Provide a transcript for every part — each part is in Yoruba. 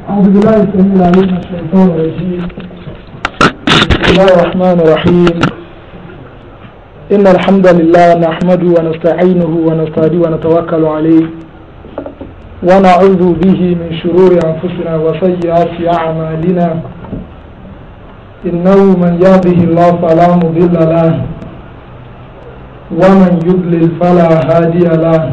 بسم الله الرحمن الرحيم إن الحمد لله نحمده ونستعينه ونستهديه ونتوكل عليه ونعوذ به من شرور أنفسنا وسيئات أعمالنا إنه من يهده الله فلا مضل له ومن يضلل فلا هادي له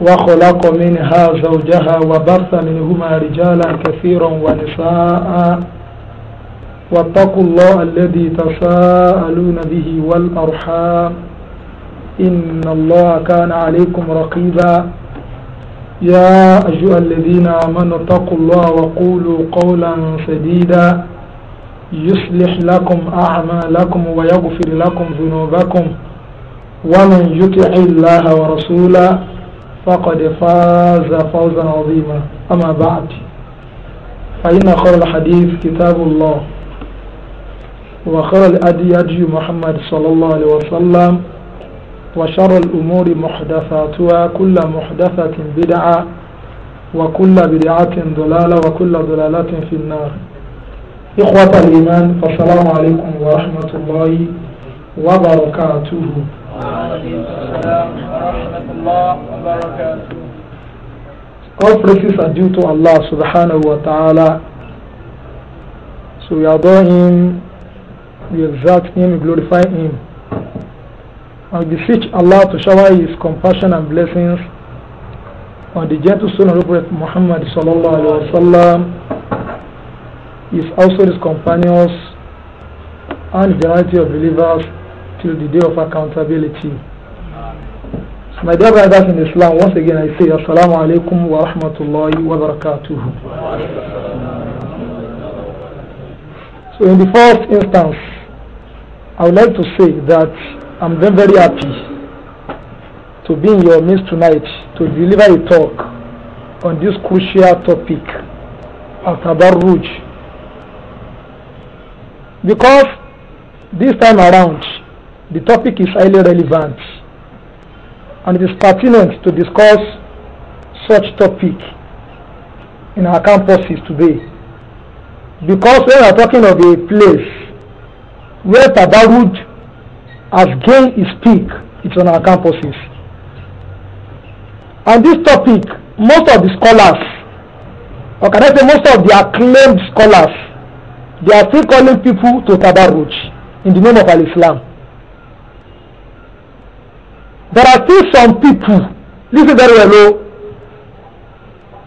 وخلق منها زوجها وبرث منهما رجالا كثيرا ونساء واتقوا الله الذي تساءلون به والأرحام إن الله كان عليكم رقيبا يا أيها الذين آمنوا اتقوا الله وقولوا قولا سديدا يصلح لكم أعمالكم ويغفر لكم ذنوبكم ومن يطع الله ورسوله فقد فاز فوزا عظيما أما بعد فإن خير الحديث كتاب الله وخير الأدي أدي محمد صلى الله عليه وسلم وشر الأمور محدثاتها كل محدثة بدعة وكل بدعة ضلالة وكل ضلالة في النار إخوة الإيمان فالسلام عليكم ورحمة الله وبركاته All praises are due to Allah subhanahu wa ta'ala. So we adore Him, we exalt Him, we glorify Him. And we beseech Allah to shower His compassion and blessings on the gentle son of Prophet Muhammad sallallahu alaihi wasallam, his household, his companions, and the variety of believers till the day of accountability. My dear brothers in Islam, once again I say Assalamu alaikum wa rahmatullahi wa barakatuh. So in the first instance, I would like to say that I'm very very happy to be in your midst tonight to deliver a talk on this crucial topic of Tabarruj. Because this time around, the topic is highly relevant and it is pertinent to discuss such topic in our campuses today because when we are talking of a place where tabarud has gained its peak it's on our campuses and this topic most of the scholars or can I say most of the acclaimed scholars they are still calling people to tabarruj in the name of al-Islam there are still some people listen very well o oh.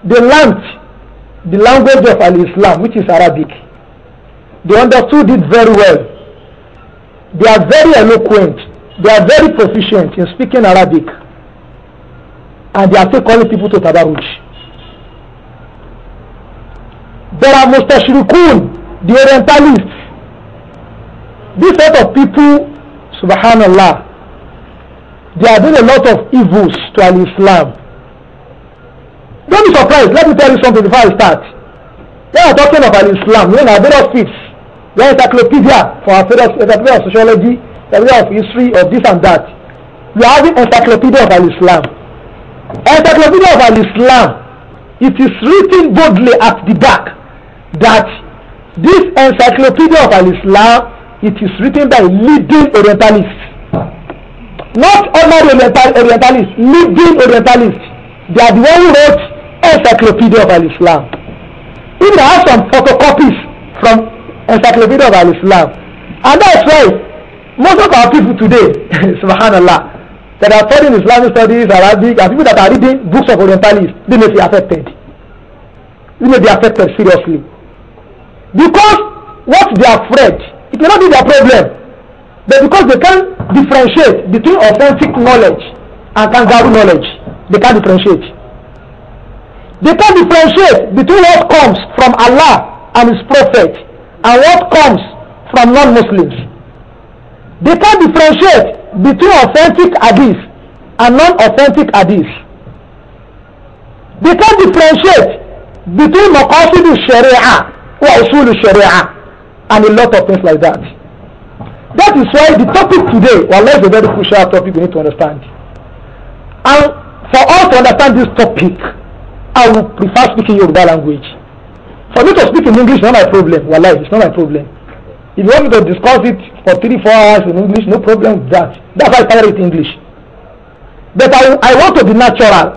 they learnt the language of al-Islam which is Arabic they understood it very well they are very eloquent they are very proficient in speaking Arabic and they are still calling people to tabaruj there are mustashirikun the orientalists this set of people subhanallah They are doing a lot of evils to an Islam. Don't be surprised. Let me tell you something before I start. They are talking about Islam. You know, various fields. There is encyclopedia for our various encyclopedia of sociology, encyclopedia of history, of this and that. We are having encyclopedia of Al Islam. Encyclopedia of Al Islam. It is written boldly at the back that this encyclopedia of Al Islam. It is written by leading Orientalists not ordinary orientalists living orientalists they are the one who wrote encyclopedia of al-islam even i have some photocopies from encyclopedia of al-islam and that's why most of our people today subhanallah that are studying islamic studies arabic and people that are reading books of orientalists they may be affected they may be affected seriously because what they are afraid it may not be their problem But because they can differentiate between authentic knowledge and kangaroo knowledge, they can differentiate. They can differentiate between what comes from Allah and His Prophet and what comes from non-Muslims. They can differentiate between authentic hadith and non-authentic hadith. They can differentiate between maqasid sharia wa usul sharia and a lot of things like that. That is why the topic today, wallahi, is a very crucial topic we need to understand. And for us to understand this topic, I would prefer speaking Yoruba language. For me to speak in English not my problem. Wallahi, it's not my problem. If you want me to discuss it for three, four hours in English, no problem with that. That's why I started with English. But I, I want to be natural.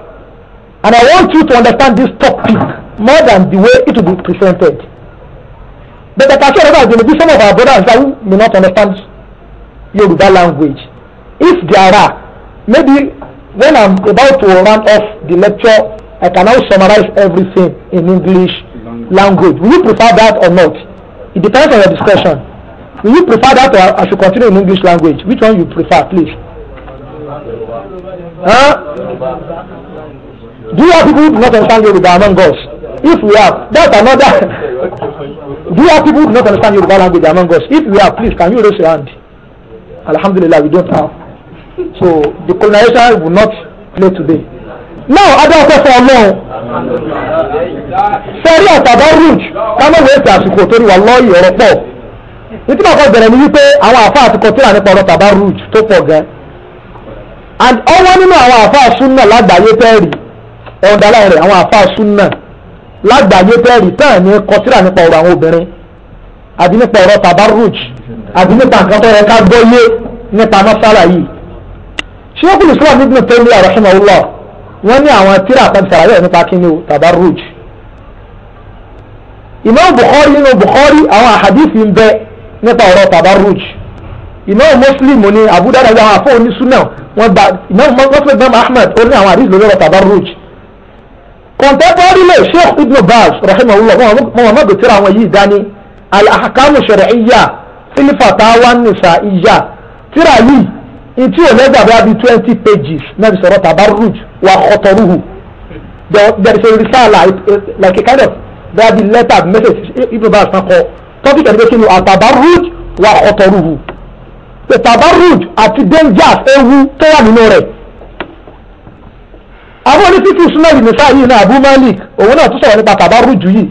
And I want you to understand this topic more than the way it will be presented. But the can sure that there may some of our brothers that may not understand Yoruba language. If there are, maybe when I'm about to run off the lecture, I can now summarize everything in English language. Will you prefer that or not? It depends on your discretion. Will you prefer that or I should continue in English language? Which one you prefer, please? Huh? Do you have people who do not understand Yoruba among us? If we have, that's another. do you have people who do not understand Yoruba language among us? If we have, please, can you raise your hand? alhamdulillah we don't have so the colonization will not play today. now adáwọ̀pẹ́ fún ọlọ́run sẹ́rí àtàbá rouge kámọ́ wẹ́ẹ́ ti àsìkò torí wà lọ́ọ̀yì ọ̀rọ̀ pọ̀ nítorí àkọ́ bẹ̀rẹ̀ ni wípé àwọn àfa àtikọ̀ tó rà nípa ọ̀rọ̀ tàbá rouge tó pọ̀ gan and ọwọ́ nínú àwọn àfa súnà lágbàáyé tẹ́ẹ̀rì ọ̀dàlá rẹ̀ àwọn àfa súnà lágbàáyé tẹ́ẹ̀rì tán ní kọtíra nípa ọ̀rọ̀ àwọn obìnrin àbí nípa ọ̀rọ̀ tàbá rouge àbí nípa nǹkan tó yẹ ká gbọ́ yé nípa mọ́sálà yìí ṣíwọ́kùn islam ibn taymiyyah rahimahullah wọ́n ní àwọn tíra àtàbí sàràyẹ̀ nípa kíni o tabarruj imam bukhari nínú bukhari àwọn àhàdíìsì ń bẹ nípa ọ̀rọ̀ tabarruj imam muslim ní abudulayi àwọn afọ onísúná wọn gba imam muslim bin ahmed ó ní àwọn àdíìsì lórí ọ̀rọ̀ tabarruj contemporary le sheikh ibn baz rahimahullah wọn wọn mọ̀ gbé àwọn yìí dání al-ahkamu shar'iyya ilfatawa nisa iya tíra yìí ìtí ò lẹ́gbà bí abi twenty pages náà fi sọ̀rọ̀ tabarruj wa kọtọruhu there is a risala like a kind of there be letter message ibn bas kan kọ topic ẹni pé kí ni atabarruj wa kọtọruhu the tabarruj àti dangers ewu tó wà nínú rẹ̀ àwọn onífífi súnmọ́ nisa yìí náà abu malik òun náà tún sọ̀rọ̀ nípa tabarruj yìí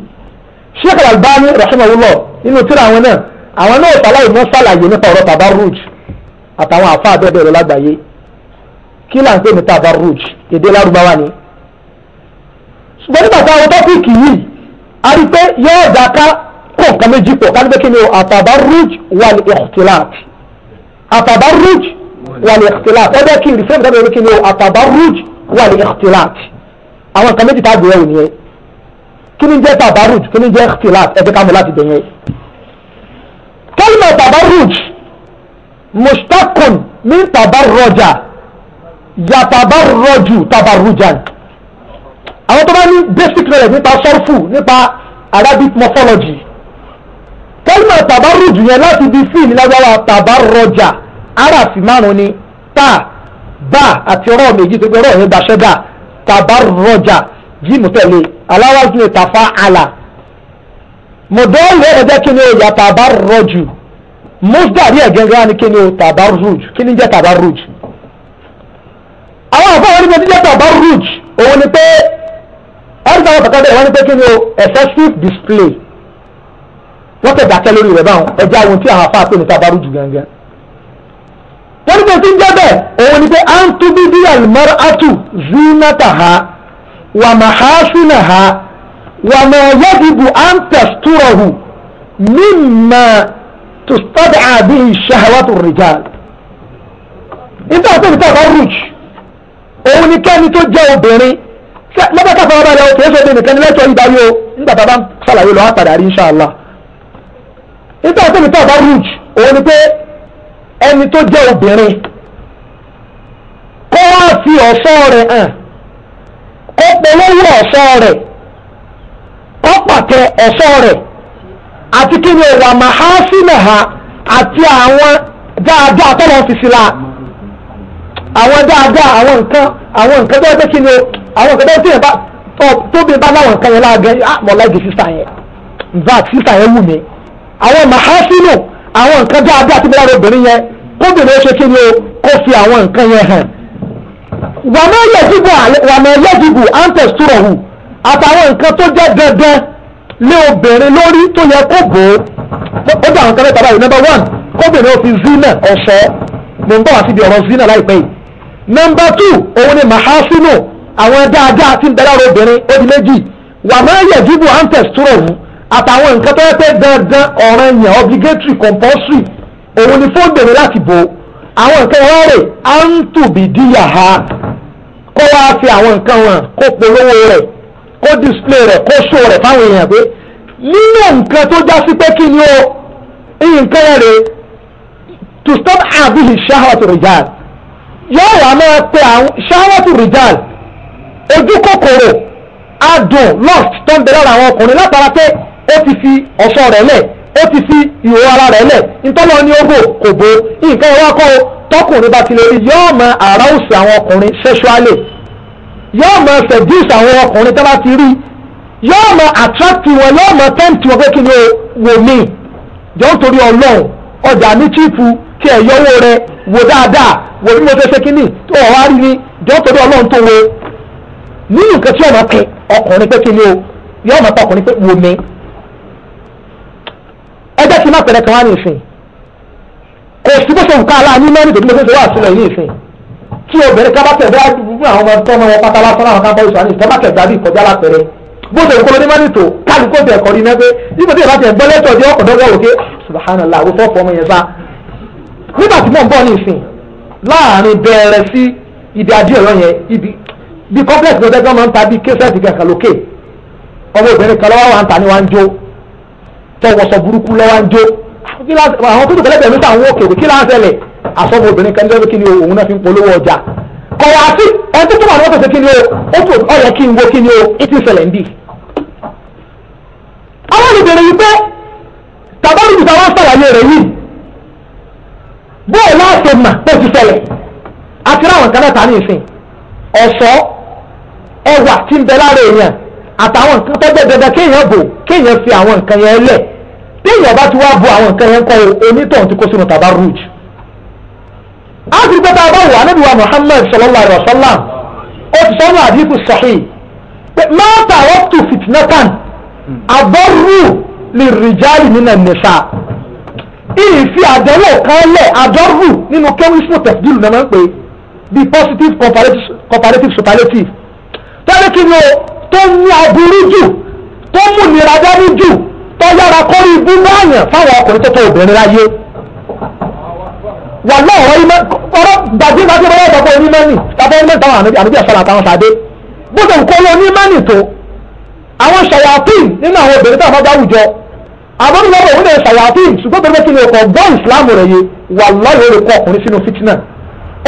sheikh albani rahimahullah nínú tíra àwọn náà àwọn náà tàláì mọ́ ṣàlàyé nípa ọ̀rọ̀ tabarruj àtàwọn àfáà bẹ́ẹ̀ bẹ́ẹ̀ lọ lágbàáyé kí là ń pè ní tabarruj èdè lárúbáwá ni. ṣùgbọ́n nígbà táwọn tọ́pìkì yìí a rí pé yóò dá ká kó nǹkan méjì pọ̀ ká nígbà kíni o àtàbarruj wal ikhtilat àtàbarruj wal ikhtilat ẹ bẹ́ẹ̀ kí n rìfẹ́ nígbà kíni o àtàbarruj wal ikhtilat àwọn nǹkan méjì tá a gbé yẹ̀wò kí ni jẹ́ tabarruj kí ni jẹ́ ikhtilat ẹ bẹ́ẹ̀ ká mọ̀ láti bẹ̀yẹn gbólóhùn tabarruj mustakun min tabarroja yatabarroju tabarrujan àwọn tó bá ní basic knowledge nípa sọ́ọ̀fù nípa arabic morphology kẹ́lìmọ̀ tabarruj yẹn láti di fíìlì lágbára tabarroja aráàfin márùn ni ta bá àti ọ̀rọ̀ méjì tó gbé ọ̀rọ̀ yẹn gbaṣẹ́ dà tabarroja jíìmù tẹ̀lé aláwájú ni tàfa àlà mọ̀dọ́ ìwé ẹ̀jẹ̀ kí ni ó yàtàbárọ̀jù mọ́sídàrí ẹ̀ gẹ́gẹ́ ni kí ni o tabarruj kí ni jẹ́ tabarruj àwọn àfọwọ́n nípa ti jẹ́ tabarruj òun ni pé ẹ̀ríkà wọn kàkà bẹ́ẹ̀ wọ́n ní pé kí ni o excessive display wọ́n tẹ̀ dákẹ́ lórí rẹ̀ báwọn ẹja ohun tí àwọn afáàpẹ́ ní tabarruj gangan wọ́n ní pé tí ń jẹ́ bẹ́ẹ̀ òun ni pé antubidu almar'atu zinataha wa mahasinaha wa ma yajibu an tasturahu mimma تستدعى به شهوات الرجال انت هتبقى تبرج òun ni kẹ́ni tó jẹ́ obìnrin lọ́bẹ̀ká fọwọ́ bá lọ kìí ṣe obìnrin kan lẹ́tọ̀ọ́ ìdáyé o nígbà tá a bá ń ṣàlàyé lọ àpàdà rí inṣàlá nígbà tó ní tọ́ọ̀bá rúùj òun ni pé ẹni tó jẹ́ obìnrin kó wá fi ọ̀ṣọ́ rẹ̀ hàn kó polówó ọ̀ṣọ́ rẹ̀ kó pàtẹ ọ̀ṣọ́ rẹ̀ àti kí ni ìwà màhásínà ha àti àwọn dáadáa tọ́lọ́ fi sí la àwọn dáadáa àwọn nǹkan àwọn nǹkan tó yẹ kí ni o àwọn nǹkan tó yẹ yẹn bá tóbi bá láwọn nǹkan yẹn láàgẹ́ mọ̀lẹ́gì sísá yẹn nvat sísá yẹn wù mí àwọn màhásínà àwọn nǹkan dáadáa tó bí lára obìnrin yẹn kóbìnrin ó ṣe kí ni o kó fi àwọn nǹkan yẹn hàn wàmọ́ yẹ jìbù àǹtẹ̀ sùrọ̀ lé obìnrin lórí tó yẹ kó bò ó ó dà àwọn mẹ́ta báyìí number one kóbìnrin ó fi zina ọ̀ṣọ́ mo ń bọ̀ wá síbi ọ̀rọ̀ zina láìpẹ́ yìí number two òun ni mahasinu àwọn dáadáa ti ń bẹ lára obìnrin ó di méjì wà máa yẹ dìbò antes tó rọrùn àtàwọn nǹkan tó yẹ pé dandan ọ̀ràn yẹn obligatory compulsory òun ni fóbìnrin láti bò àwọn nǹkan wọn rè á ń ha kó wáá fi àwọn nǹkan wọn kó polówó rẹ̀ kó display rẹ̀ kó show rẹ̀ fáwọn èèyàn pé nínú nǹkan tó já sí pé kí ni o nǹkan rẹ̀ to stop abihi shahwatu rijal yóò wá máa pe àwọn shahwatu rijal ojú kòkòrò adùn lust tó ń bẹ àwọn ọkùnrin látara pé ó ti fi ọ̀ṣọ́ rẹ̀ lẹ̀ ó ti fi ìhò ara rẹ̀ lẹ̀ ntọ́lọ́ ní ogo kò bo nǹkan ẹ̀rọ akọ́ tọkùnrin bá ti lè rí yóò mọ àráùsì àwọn ọkùnrin sexually yóò mọ seduce àwọn ọkùnrin tó bá ti rí yóò mọ attract wọn yóò mọ tempt wọn pé kí ni wò mí jọ ń torí ọlọ́run ọjà ní chíìpù kí ẹ yọwọ́ rẹ wò dáadáa wò bí mo fẹ́ ṣe kíní tó wà wá rí ni jọ ń torí ọlọ́run tó wo nínú nǹkan tí ọmọ pin ọkùnrin pé kí ni o yóò mọ tọkùnrin pé wò mí ẹjẹ́ kí n má pẹ̀lẹ́ kan wá ní ìsìn kò sí bó ṣe nǹkan aláàánú mẹ́rin tó bí mo fẹ́ ṣe wà sílẹ̀ ní ìsìn tí obìnrin ká bá tẹ̀ bí àdúgbò àwọn ọmọ ẹ̀tọ́ ọmọ wọn pátá lásán àwọn káńtọ́ ìṣòwò àníṣe bá kẹgbà bí ìkọjá lápẹrẹ bó ṣe kó lóní mẹ́rìndò kálukó ti ẹ̀kọ́ rí mẹ́fẹ́ nígbà tí ìbá ti ẹ̀gbọ́n lẹ́tọ̀ ọdí ọkọ̀ dọ́gba òkè subhanallah àwọn fọ́ọ̀fọ́ ọmọ yẹn sá. nígbà tí mò ń bọ̀ ní ìsìn láàrin bẹ̀rẹ̀ sí ibi adé ọ̀yọ́ yẹn ibi bí complex ló dẹ́gbọ́n máa ń ta bí kẹsẹ̀tì kankan lókè ọmọ obìnrin kan lọ́wọ́ wa ń ta ni wá ń jó tọwọ́sọ burúkú lọ́wọ́ ń jó àwọn tó tó tẹ́lẹ̀ bẹ̀rẹ̀ asọ́bù obìnrin kan jẹ́ kí ni òun náà fi ń polówó ọjà kọ̀wá sí ẹni tó tó wà ní ọ̀sẹ̀ kí ni o ó tó ọ̀yẹ́ kí n wo kí ni o ètí ìṣẹ̀lẹ̀ ń bì. àwọn olùbèrè yìí pé tàbárí ìgbà wọn sàlàyé rẹ̀ yìí bóò láti mà pé ti ṣẹlẹ̀ àti ráwọn kan náà ta ní ìsìn ọ̀ṣọ́ ẹwà tí ń bẹ lára èèyàn àtàwọn nǹkan tó jẹ́ dandan kéèyàn bò kéèyàn fi àwọn nǹkan yẹn lẹ̀ téèyàn bá ti wá bo àwọn nǹkan yẹn kọ́ onítọ̀hún ti kó sínú tàbá rúùjì a ti pẹ́ tá a bá wà níbi wa Muhammad sallallahu alayhi wa sallam ó ti sọ́nà àdínkù sahih pé máa ta ọ́pùtù fìtínátàn àbọ̀rù lè rìjáàlì nínú ẹ̀nẹ́sà ìfi àdánwò kan lẹ̀ àdọ́rù nínú kéwì ismu tẹ̀sídìlù náà máa ń pè bí positive comparative superlative tẹ́lẹ̀ kí ni o tó mú aburú jù tó mú nira dání jù tó yára kọ́rí ibú náà yàn fáwọn ọkùnrin tó tó obìnrin láyé wà lọ́wọ́ ọ̀rọ̀ gbàgbé gbàgbé bọ́lá ìgbàgbọ́ onímọ̀nì tàbí onímọ̀nì táwọn àmì àmì àṣà àtàwọn sàdé bó ṣe nǹkan lọ onímọ̀nì tó àwọn ṣàyàtìn nínú àwọn obìnrin táwọn bá wùjọ àwọn onímọ̀nì òun lè ṣàyàtìn ṣùgbọ́n bẹ́ẹ̀ kí ni ọkọ̀ gbọ́ ìsìlámù rẹ̀ yé wà lọ́wọ́ lè kọ ọkùnrin sínú fìtínà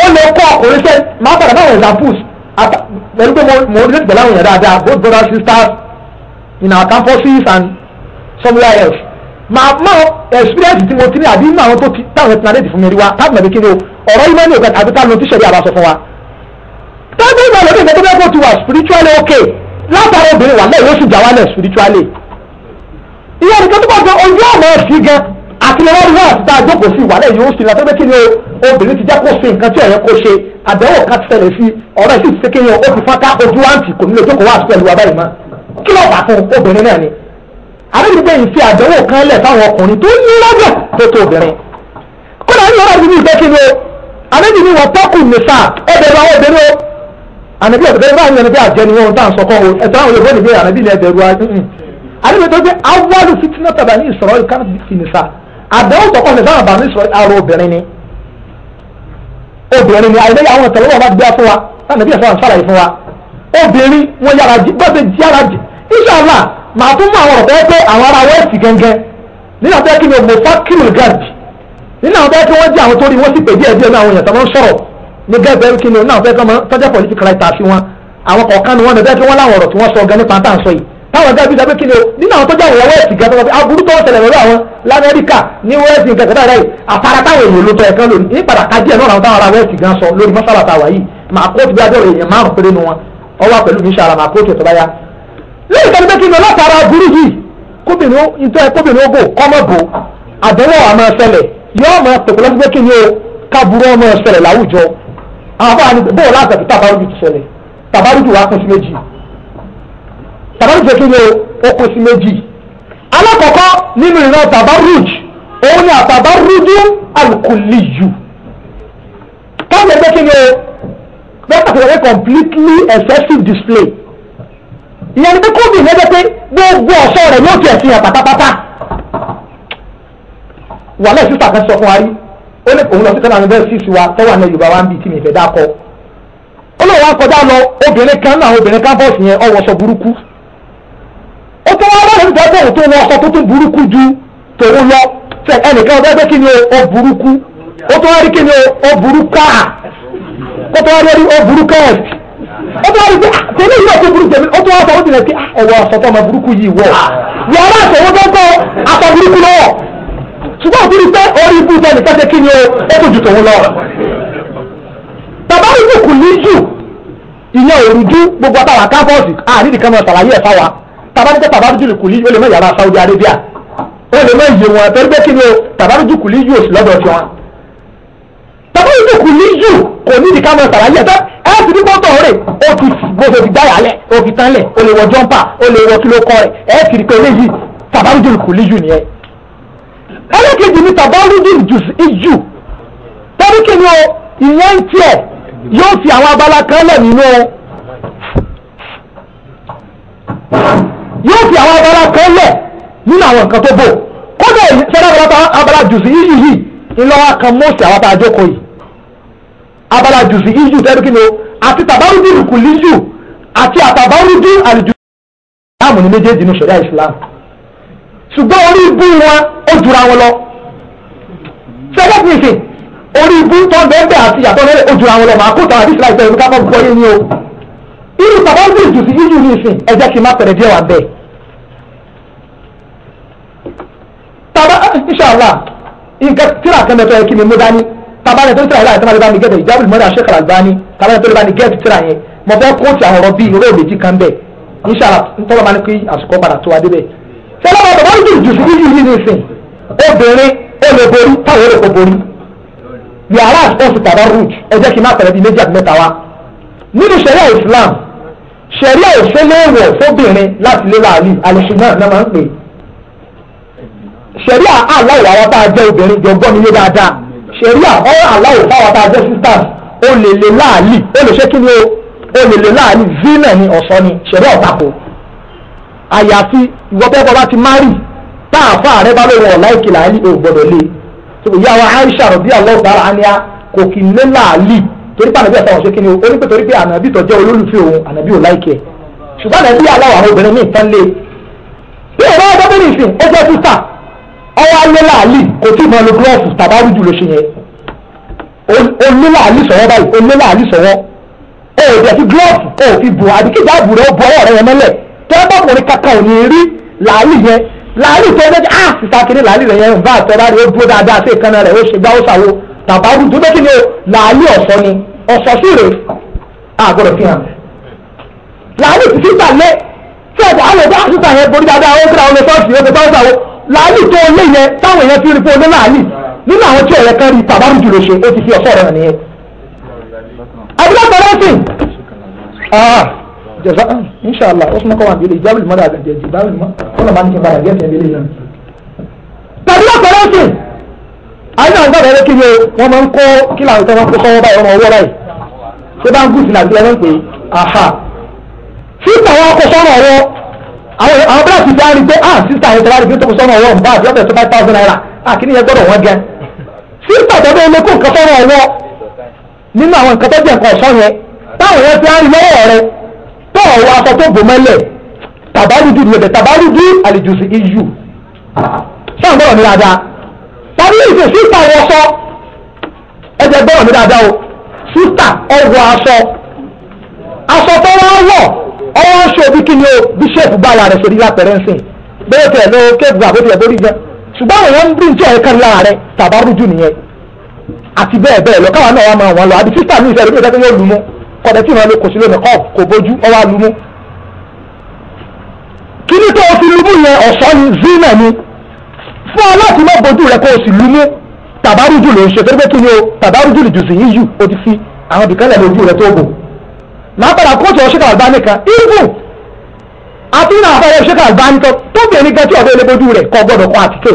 ó lè kọ ọkùnrin sẹ́ máa padà náà examples pẹ̀lú pé mo rí pẹ̀lú àwọn èèyàn dáadáa both brothers sisters in our campuses and somewhere else màá mọ experience tí mo ti ní àbí inú àwọn tó ti táwọn ti nàdéètì fún mi rí wa táwọn mọ̀ kékeré o ọ̀rọ̀ ìmọ̀ ní òkè àbí táwọn ohun tí sẹ̀rí àbá sọ fún wa. táwọn ìmọ̀ lóde ìgbà tó bẹ́ẹ̀ kó ti wà spiritually okay látara obìnrin wà lẹ́yìn oṣù jà wálẹ̀ spiritually. ìyá nìkan tó bá gbọ́ ojú ọ̀nà ẹ̀sìn gan àti lọ́wọ́ rí wọ́n àtúntà àjókòó sí ìwàlẹ̀ yìí ó sì látọ́ pé kí ni obìnrin ti jẹ́ kó ṣe nǹkan tí ẹ̀yẹ kó ṣe àdánwò ká ti ṣẹlẹ̀ sí ọ̀rọ̀ ẹ̀sìn ti ṣe kéèyàn ó ti fọ́n ká ojú wáǹtì kò nílò ìjókòó wá sí pẹ̀lú wa báyìí mọ́ kí lọ́ọ̀bà fún obìnrin náà àbẹ̀dẹ̀gbẹ̀ ìfi àdánwò kan lẹ̀ fáwọn ọkùnrin tó ní lọ́gbẹ̀ tó tó obìnrin kódà ní ọ̀rọ̀ àbíbí ìfẹ́ kí ni o àbẹ̀dẹ̀ ni wọ́n tọ́kù nìfà ẹ̀bẹ̀ bá wọ́n bẹ̀rẹ̀ o ànàbí ọ̀tẹ̀ bá yẹn bí àjẹni wọn tá à ń sọ kọ́ o ẹ̀tọ́ àwọn olùkọ́ nìgbẹ́ ànàbí ni ẹ̀bẹ̀ ruwa àbẹ̀dẹ̀ tó gbé awọ́lù fitinà tàbí ní ìsọ̀rọ̀ ìkànnì nìfà àdánwò tọkọ nìfà àbà ní ìsọ̀rọ̀ ara obìnrin ni obìnrin ni àìlẹ́yà àwọn ìtẹ̀wé wọn bá gbé fún wa ànàbí ẹ̀fọ́ àǹfààní fún wa obìnrin wọn yára jí gbọ́dọ̀ jí yára jí inṣàlá màá tún mú àwọn ọ̀bẹ pé àwọn ará wẹ́ẹ̀sì gẹ́gẹ́ nínú abẹ́ kí ni mo fa kírìl gad nínú abẹ́ kí wọ́n jẹ́ àwọn tó rí wọ́n sì pè díẹ̀ díẹ̀ ní àwọn èèyàn tó máa ń sọ̀rọ̀ ní gẹ́gẹ́ kí ni nínú abẹ́ kí wọ́n tọ́jà political writer sí wọn àwọn kọ̀ọ̀kan ni wọ́n nà bẹ́ẹ̀ kí wọ́n láwọn ọ̀rọ̀ tí wọ́n sọ gan nípa tá à ń sọ yìí táwọn gẹ́gẹ́ bíi sábẹ́ kí ni o nínú àwọn tọ́jà àwọn wẹ́ẹ̀sì gan tó aburú tó ṣẹlẹ̀ lọ́dọ̀ àwọn lamẹ́ríkà ní wẹ́ẹ̀sì nǹkan kẹta rẹ̀ àtàrà táwọn èèyàn ló tọ́ ẹ̀kan lónìí ní padà kájí ẹ̀ náà àwọn táwọn ará wẹ́ẹ̀sì gan sọ lórí mọ́sálà táwa yìí màá kóòtù bí adọ́rẹ̀ èèyàn márùn-ún péré nu wọn ọwọ́ pẹ̀lú mi ṣàrà màá kóòtù lẹ́yìn tó ń gbé kí ni látara burú yìí kóbìnrin ìtọ́ ẹ kóbìnrin ó bò kọ́mọ́ bò àdánwò àmọ́ ẹsẹ̀lẹ̀ yọ ọmọ pẹ̀lú lọ́sí pé kí ni o kábúrú ọmọ ẹsẹ̀lẹ̀ láwùjọ àwọn àni bóò láti ẹ̀kú tàbárùjù ti ṣẹlẹ̀ tàbárùjù wa kún sí méjì tàbárùjù kí ni o ó kún sí méjì alákọ̀ọ́kọ́ nínú ìran tàbárùjù òun ni àtàbárùjù alukùlìyù káwọn ẹgbẹ́ kí ni o bẹ́ẹ̀ pàtàkì completely excessive display ìyẹn ni pé kóbì lẹ́jọ́ pé gbogbo ọ̀ṣọ́ rẹ̀ yóò tiẹ̀ fi hàn pátápátá wàhálà ìsísà kan sọ fún wa rí ó lè òun lọ sí kánà níbẹ̀ sísù wa tọ́wà ní Yorùbá wa ń bì kí ni ìfẹ́ dákọ́ ó lọ wá kọjá lọ obìnrin kan náà obìnrin kan bọ́ọ̀sì yẹn ọwọ́sọ burúkú ó tó wá lọ́rùn tó bọ̀ tó wọ́n sọ tó tún burúkú ju tòun lọ ẹnìkan ọ̀dọ́ ẹgbẹ́ kí ni o burúkú ó tó wá rí kí ni ó burúkú ó tó wá rí pé ah, tèmi ìwé tó burú jẹ̀mí ó tó wá sọ ó tilẹ̀ pé ẹ̀wọ̀ ah, àsọtọ́ ọmọ burúkú yìí wọ̀ yàrá àtẹ̀wọ́ tó ń kọ́ aṣọ burúkú lọ́wọ́ ṣùgbọ́n òfin ni pé orí ibú tẹ́lẹ̀ tẹ́tẹ́ kí ni ó tó ju tòun lọ. bàbá mi kò ní jù ìyẹn òrùjú gbogbo àtàwà káfọ́ọ̀sì àníìdì kan máa ṣàlàyé ẹ̀ fáwa tàbá ní pé bàbá mi jù kò ní ó lè mọ yàrá Saudi Arabia ó lè mọ iye wọn àtẹ́rẹ́gbẹ́ kí ni ó bàbá mi jù kò ní jù òsì lọ́dọ̀ tiwọn tàbí ìlú kù ní jù kò ní ìdíkà mọ sàlàyé ẹ̀tọ́ ẹ ti ní pọ́tọ̀ rẹ̀ ó ti gbọ́dọ̀ ti gbáyà lẹ̀ ó fi tán lẹ̀ ó lè wọ jọ́mpà ó lè wọ kí ló kọ́ rẹ̀ ẹ ti rí pé eléyìí tàbárùjù kù ní jù nìyẹn. ẹlẹ́kejì ni tàbárùjù jù ìjù torí kí ni o ìyẹn ń tiẹ̀ yóò fi àwọn abala kan lẹ̀ nínú o yóò fi àwọn abala kan lẹ̀ nínú àwọn nǹkan tó bò kódà ìṣẹ́dá abala jù sí yíyí yìí ńlọ́wọ́ kan mọ́ọ̀sì àwọn abala jókòó yìí abala jùsì ìjù tẹ́lú kí ni o àti tàbárùdì rùkùlíjù àti àtàbárùdì àlùjù ìsìláàmù ní méjèèjì ní sọ̀rọ̀ ìsìláàmù ṣùgbọ́n orí ibú wọn ó jura wọn lọ sẹ́gbẹ́ ti sìn orí ibú tó bẹ́ẹ̀ àti yàtọ̀ lẹ́lẹ̀ ó jura wọn lọ màá kó tàwọn àdìsílá ìfẹ́ ìlú kápọ̀ gbọ́ yé ni o irú tàbárùdì jùsì ìjù ní ìsìn ẹ jẹ́ kí n má pẹ̀rẹ̀ díẹ̀ wà bẹ́ẹ̀ tàbá inṣàlá nǹkan tíra kan yẹ kí mi mú dání tabalẹ̀ tó ń tẹ̀lé àti tẹ́lẹ̀ bá mi gẹ́tẹ̀ ìjábùlì mọ́dà Sheikh Al-Albani tabalẹ̀ tó lè bá mi gẹ́tẹ̀ tẹ́lẹ̀ yẹn mo fẹ́ kóòtù àwọn ọ̀rọ̀ bíi ìró méjì kan bẹ̀ inṣàlá ntọ́lọ́ máa ní kí àsìkò padà tó wa débẹ̀. sọlá bàbá bá jù jù síbí yìí ní ìsìn obìnrin ó lè borí táwọn èrè kò borí yàrá àsìkò tàbá rúùj ẹ jẹ́ kí n má tẹ̀lé bíi méjì àti mẹ́ta wa. nínú sẹ̀ríà Islam sẹ̀ríà ìfẹ́léèwọ̀ fóbìnrin láti lé láàlì àlùsùnà náà máa ń pè sẹ̀ríà aláìláwọ́ tá a jẹ́ obìnrin jọ mi yé dáadáa ṣẹ̀ríà ọ̀rọ̀ aláwọ̀ báwa bá jẹ́ sisters ó lè lè láàlì ó lè ṣe kí ni ó lè lè láàlì zina ni ọ̀sọ́ ni ṣẹ̀ríà ọ̀tàkò àyàfi ìwọ́pẹ́pọ̀ bá ti márì tá àfa rẹ bá lóun ọ̀la ìkì láàlì ò gbọ́dọ̀ lé ìyá wa Aisha rọ̀bí ọlọ́ọ̀tàrà ánìyá kò kì í lé láàlì torí pé ànàbí àtàwọn ṣe kí ni ó ní pé torí pé ànàbí tó jẹ́ olólùfẹ́ òun ànàbí ò láìkẹ́ ṣùgbọ́n ànàbí aláwọ̀ àwọn obìnrin ní ìtàn lé bí ọ̀rọ̀ ọgbọ́n bẹ́ẹ̀ nìsín ó jẹ́ sísà ọwọ́ alẹ́ làálì kò tí ì mọ lo gúlọ́ọ̀fù tàbárí jù ló ṣe yẹn olé làálì sọ̀wọ́ báyìí olé làálì sọ̀wọ́ o ò dẹ̀ fi gúlọ́ọ̀fù o ò fi bù àdìkejì àbù rẹ̀ ó bu ọwọ́ rẹ̀ yẹn mọ́lẹ̀ tẹ́ bọ́kùnrin kankan ò ní rí làálì yẹn làálì tó ẹgbẹ́ ah sísá kiri làálì rẹ̀ yẹn bá àtọ́ láre ó dúró dáadáa sí ìkànnà rẹ̀ ó ṣe gbá ó ṣàwo tàbárí jù bẹ́ẹ̀ kí ni o làálì ọ̀sọ́ ni ọ̀sọ́ sí rè àgọ́dọ̀ fi hàn làálì ti fi gbà lé tí ọ̀dà àwọn ọ̀dà àtúntà yẹn borí dáadáa ó kíra ọ̀nà sọ́ọ̀tì ó ti bá ó ṣàwo láàlì tó lé yẹn táwọn èèyàn fi rí fún olé láàlì nínú àwọn tí ọ̀rẹ́ kan rí tàbárù jùlọ ṣe ó ti fi ọ̀fọ́ rẹ̀ nìyẹn. àbúrò bọ̀rọ̀ sí ah, jẹ̀sà ah, inṣàlá ó súnmọ́ kọ́wà bíi ìjábìlì mọ́ra àgbẹ̀jẹ̀ ìjábìlì mọ́ kọ́nà máa ń kí n padà gẹ́sẹ̀ ìbílẹ̀ náà. tàbí ọ̀pọ̀lọ́ sí àyínà ń gbọ́dọ̀ kí ni o wọ́n máa ń kó kí làwọn ìtọ́ máa ń kó sọ́wọ́ báyìí ọmọ ọwọ́ báyìí ṣé bá ń gùn sí nàìjíríà ló ń pè é àwọn àwọn bẹ́ẹ̀ ti dárí pé ah sísá yẹn tẹ̀lá rí bí tó kù sọ́nà ọwọ́ nbá àti ọ̀bẹ̀ tó five thousand naira ah kí ni yẹn gbọ́dọ̀ wọ́n gẹ. sísá tó bẹ́ẹ̀ lé kó nǹkan sọ́nà ọwọ́ nínú àwọn nǹkan tó jẹ́ nǹkan ọ̀ṣọ́ yẹn táwọn yẹn ti á rí lọ́wọ́ rẹ tó ọ̀wọ́ aṣọ tó bò mẹ́lẹ̀ tàbálùdù lẹ̀bẹ̀ tàbálùdù àlejò sí iyu sọ́n gbọ́dọ̀ ní dáadáa tàbí ìṣe sísá wọ gbọ́dọ̀ o sísá ọ̀wọ́ aṣọ aṣọ tó wá ọwọ́ ń ṣe òbí kí ni o bíṣẹ́ẹ̀fù bá ara rẹ̀ sórí lápẹ̀rẹ̀ ń sìn bẹ́ẹ̀ tẹ̀ lọ kéèkù àbótiẹ̀ borí gan ṣùgbọ́n àwọn ń bí njẹ́ ẹ̀ka lára rẹ̀ tàbá rújú nìyẹn àti bẹ́ẹ̀ bẹ́ẹ̀ lọ káwọn náà wà máa wọn lọ àbí sísá mi ìfẹ́ lóde yóò lumú kọ̀dẹ̀ tí ìrànlẹ́ kò sí lónìí kọ́ kò bójú ọwá lumú. kí ni tó o fi lumú yẹn ọ̀ṣọ́ ni zina ni fún ọ láti má bójú rẹ kó o sì lumú tàbá rújú ló ń ṣe torí pé kí ni o tàbá rújú lè sí yíyù o ti fi àwọn bìkẹ́lẹ̀ lójú rẹ tó bò máa padà kóòtù ọ̀ṣẹ́kà àlùbáni kan even àti nínú àfẹ́rẹ́ ọ̀ṣẹ́kà àlùbáni kan tó bẹ̀rẹ̀ gan tí ọ̀bẹ elébójú rẹ̀ kọ́ gbọ́dọ̀ kọ́ àtìkè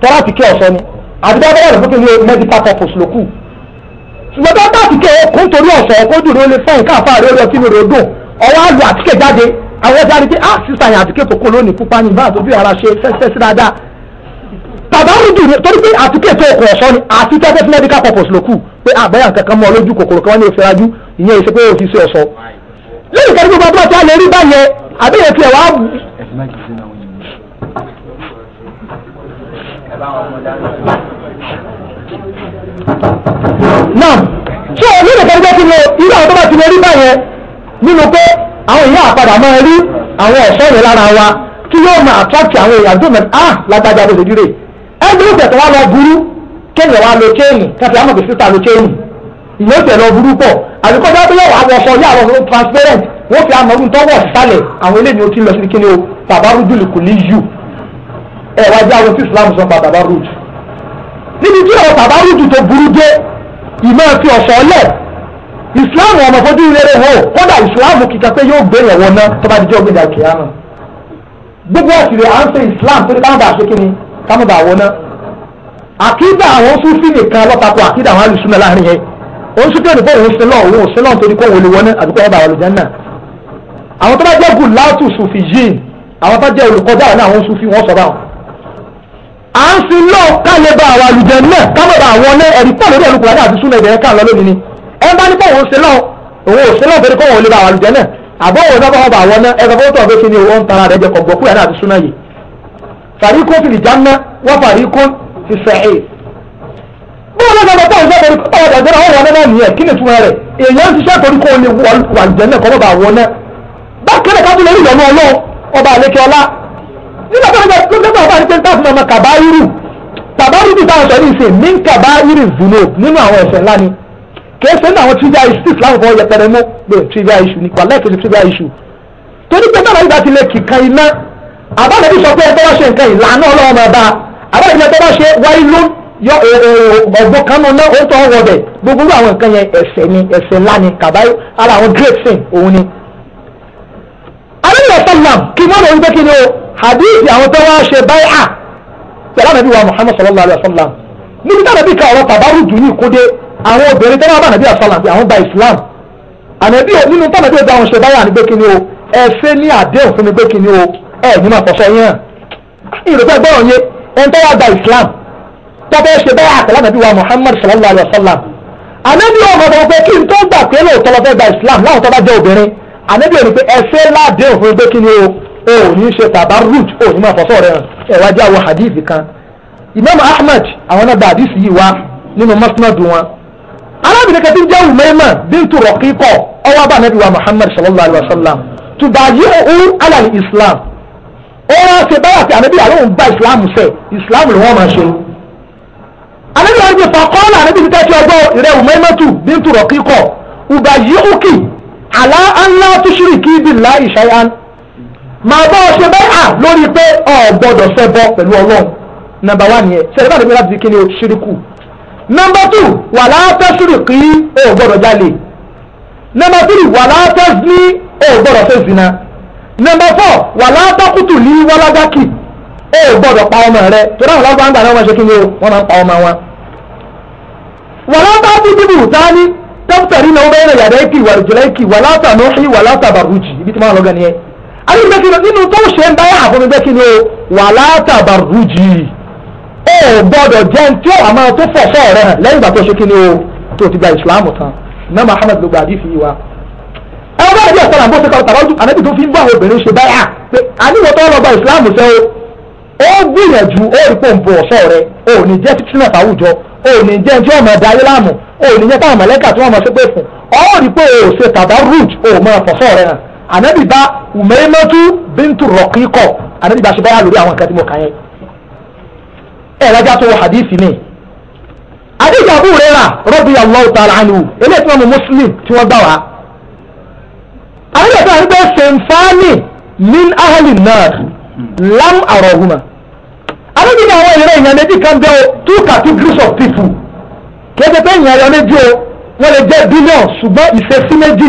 tọ́lá àtìkè ọ̀ṣọ́ ni àdúgbò abẹ́rẹ́ rẹ̀ fúnkẹ́ ní medical purpose ló kù ṣùgbọ́n tó bá àtìkè kó ń torí ọ̀ṣọ́ kójú ló lè fẹ́yìn káàfáà rẹ̀ ọtí mi rò dùn ọwọ́ àlù àtìkè jáde àwọn ọjà ah sísan yẹn àtìkè tó kó lónìí pupa ní ìbáàdó bí ara ṣe fẹ́ẹ́ sí dáadáa tàbá rúdù torí pé àtìkè tó pé àbáyà ah, kankan mọ́ lójú kòkòrò kan wọ́n ní òfin ajú ìyẹn ìṣe pé òfin ṣe ọ̀sọ́ lẹ́yìn kan gbogbo ọgbọ́n tí a lè rí báyẹn àbẹ̀yẹ tiẹ̀ wá. náà ṣé o nílò kan gbé kí lo irú àwọn tó bá ti lè rí báyẹn nínú pé àwọn ìyá àpadà máa rí àwọn ọ̀ṣọ́ yẹn lára wa kí yóò máa attract àwọn èèyàn tó mẹ́ta ah lágbájá bó ṣe díre ẹgbẹ́ ìgbẹ̀tọ̀ wa lọ burú kéèyàn wá lo chain kẹfì àmọ̀ bèsì ta lo chain ìyẹn tẹ̀ lọ burú pọ̀ àbíkọ́ bá bóyá wàá wọṣọ yá àwọn transparent wọ́n fi àmọ́ ọdún tọ́wọ́ sálẹ̀ àwọn eléyìí ó ti lọ sí kíni o bàbá rúdùlù kò ní yù ẹ wá jẹ́ àwọn tí Islam sọ pa bàbá rúdù níbi tí ọ̀rọ̀ bàbá rúdù tó burú dé ìmọ̀ fi ọ̀ṣọ́ lẹ̀ Islam ọmọ fojú rere wo kódà Islam kìkà pé yóò gbé ìyẹ̀wò náà tó bá dijọ́ gbéjà kìá náà gbogbo ọ̀sìn rẹ̀ à ń ṣe Islam torí káwọn bá ṣe kíni káwọn bá wọ náà àkídà àwọn súnfì nìkan lọ́tàkùn àkídà àwọn alùsùnà láàrin yẹn òun súnfì òdìbò òun sílọ̀ òun ò sílọ̀ nítorí kó wọlé wọná àdúgbò ẹ̀bà àlùjá náà àwọn tó bá jẹ́ gùn láàtù súnfì yìí àwọn tó jẹ́ olùkọjá àwọn àwọn súnfì wọn sọ̀rọ̀ àwọn. à ń sin lọ káyé bá àwọn alùjá náà kámọ̀ bá àwọn ọ̀nà ẹ̀rí pọ̀ lórí ẹ̀lùkùnrin àti súnà ìbẹ̀rẹ̀ káà lọ́lọ́ ni òun tara fi sahih bọ́ọ̀lù ọ̀gá bàtà ìṣe àtọ̀rí kọ́ ọ̀gá àjẹrà ọ̀rọ̀ ọ̀nà náà nìyẹn kí ni túmọ̀ rẹ̀ èèyàn ti ṣe àtọ̀rí kọ́ ọ̀lẹ̀ wà jẹ́nẹ̀ kọ́ bàbá wọn náà bákẹ́rẹ̀ ká tún lè rí ìyọ̀nù ọlọ́run ọba àlekè ọlá nígbà tó ń bẹ tó ń bẹ ọba àti pé táàfin ọmọ kàbáyírù kàbáyírù táwọn sọ ní ìsìn ní kàbáyírù zùlọ nínú àwọn ẹ̀ṣẹ̀ ńlá ni kì í ṣe nínú àwọn trivia issue islam fọwọ́ yẹpẹrẹ mú pé trivia issue nípa lẹ́ẹ̀kì sí trivia issue torí pé náà nígbà tí ilé kìkan iná àbálẹ̀ bí sọ pé ẹgbẹ́ wọ́n ṣe nǹkan ìlànà ọlọ́run ọba àbá ìjọba tó bá ṣe wáyé ló yọ ọgbọ́n kan náà ó tọ́ ọwọ́ bẹ̀ gbogbo àwọn nǹkan yẹn ẹ̀ṣẹ̀ ni ẹ̀ṣẹ̀ ńlá ni kàbáyé ara àwọn great sin òun ni. àbẹ̀yẹ̀ sọ́nàm àwọn obìnrin tó bá àbẹ̀bí àṣàlà àwọn gba Islam àbẹ̀bí nínú táwọn àbẹ̀bí àwọn ṣe báyà ni o ẹ̀ṣẹ̀ ní àdéhùn fún mi pé o ẹ̀ ní máa fọ́sọ yẹn ìròpẹ́ gbọ́rọ̀ yẹn ẹni tó wá gba islam tó fẹ́ ṣe bẹ́ẹ̀ àtàlámà bí wa muhammad sallallahu alayhi wa sallam ànábì ọmọ ọmọ pé kí n tó gbà pé lóòótọ́ lọ fẹ́ gba islam láwọn tó bá jẹ́ obìnrin ànábì òní pé ẹsẹ̀ ládé òfin pé kí ni o ò ní ṣe tabarruj ò ní máa fọ́sọ́ rẹ̀ hàn ẹ̀wá jẹ́ àwọn hadith kan imam ahmad àwọn náà gba hadith yìí wá nínú masnad wọn arábìnrin kan tí jẹ́ umayma bintu rọ̀kíkọ̀ ọwọ́ bá ànábì wa muhammad sallallahu alayhi wa sallam tubayi'u ala al-islam ó rán ṣe báyà tí ànábì àlóhùn gba islam sẹ islam ló wọn máa ṣe ànábì wọn gbé fàkọ́ọ̀lá ànábì ti tẹ́tí ọjọ́ ìrẹ́ ùmẹ́mẹ́tù bíntu rọ̀kíkọ̀ ùbà yìí ókì àlá ńlá tó ṣírí kí ibi ńlá ìṣáyán màá bọ́ ọ ṣe báyà lórí pé ọ gbọ́dọ̀ ṣẹ́ bọ́ pẹ̀lú ọlọ́run nàmbà wà nìyẹn ṣẹlẹ̀ bá ànábì láti kí ni ṣíríkù nàmbà tù wà látẹ́ ṣírí kí ó gbọ́dọ̀ jalè nàmbà tù wà látẹ́ ní ó gbọ́dọ̀ ṣe zina Number four, wà látọkùtù ní wọlágákì ó gbọ́dọ̀ pa ọmọ rẹ torí àwọn ọlọ́gbà ń gbà náà wọ́n ṣe kí ni o wọ́n máa ń pa ọmọ wọn. wà látọkùtù dìbò tání tẹ́pútẹ̀rí náà bẹ́ẹ̀ rẹ̀ yàrá ìkì wà rìjìlá ìkì wà látà nọ́ọ̀hì wà látà bàrújì ibi tí wọ́n lọ gan yẹn. alíbẹ̀ kí ni nínú tó ṣe ń báyà àfọ̀mí bẹ́ẹ̀ kí ni o wà látà bàrújì ó gbọ́dọ̀ jẹ́ tí ó àmọ́ tó fọ̀fọ́ rẹ̀ ẹ̀rọ bá ìdí ọ̀sán àbọ̀ ṣẹta ọ̀tàwájú ànábì tó fi ń bá àwọn obìnrin ṣe báyà pé àníwọ̀ tó lọ bá Islam, sẹ́ o ó gbìyànjú ó rí pòǹpò ọ̀ṣọ́ rẹ ó ní jẹ́ fitinẹ̀ fàwùjọ ó ní jẹ́ tí ọmọ ẹ̀dá ayé láàmú ó ní jẹ́ táwọn mọ̀lẹ́kà tí wọ́n mọ̀ sí pé fún ọ rí pé o ṣe tàbá root o mọ̀ ọ̀fọ̀ṣọ́ rẹ hàn ànábì bá ùmẹ́mẹ́tú bíntù rọ̀kíkọ̀ ànábì bá ṣe báyà lórí àwọn nǹkan tí mo kà yẹn. ẹ lọ́jà tó wọ hadith mi adéjà Abu Hurairah radiyallahu ta'ala anhu eléyìí tí wọ́n mú Muslim tí wọ́n gbà wá àwọn ìgbà tó à ń gbé min ahali náà lam àrọ̀húnmá àwọn ìgbà àwọn ìrẹ́ ya méjì kan bẹ́ two categories of people kéde pé ìyàn ẹ̀yọ o wọ́n je billion ṣùgbọ́n ìṣesí méjì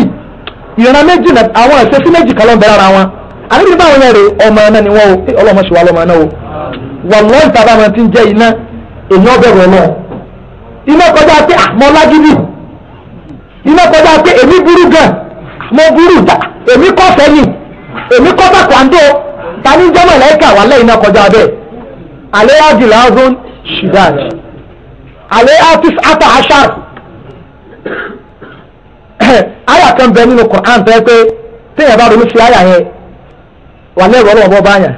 ìran meji na ìṣesí méjì kan ló ń bẹ lára wọn àwọn ìgbà àwọn ìrẹ́ ọmọ ni wọ́n o ọlọ́mọ ṣe wà lọ́mọ ẹ̀nà o wàlọ́ ìtàbá wọn ti ń jẹ́ iná èyàn bẹ̀rù mo burú ìjà èmi kọ́ sẹ́yìn èmi kọ́ sàkóńdó tani jẹ́mọ̀ lẹ́kà wà lẹ́yìn náà kọjá bẹ́ẹ̀ alẹ́ àjìlá ọdún ṣìdáàjì alẹ́ àtis ata ashar àyà kan bẹ nínú Quran tẹ́ pé téèyàn bá ronú sí àyà yẹn wà lẹ́rọ ọlọ́wọ́ bá yàn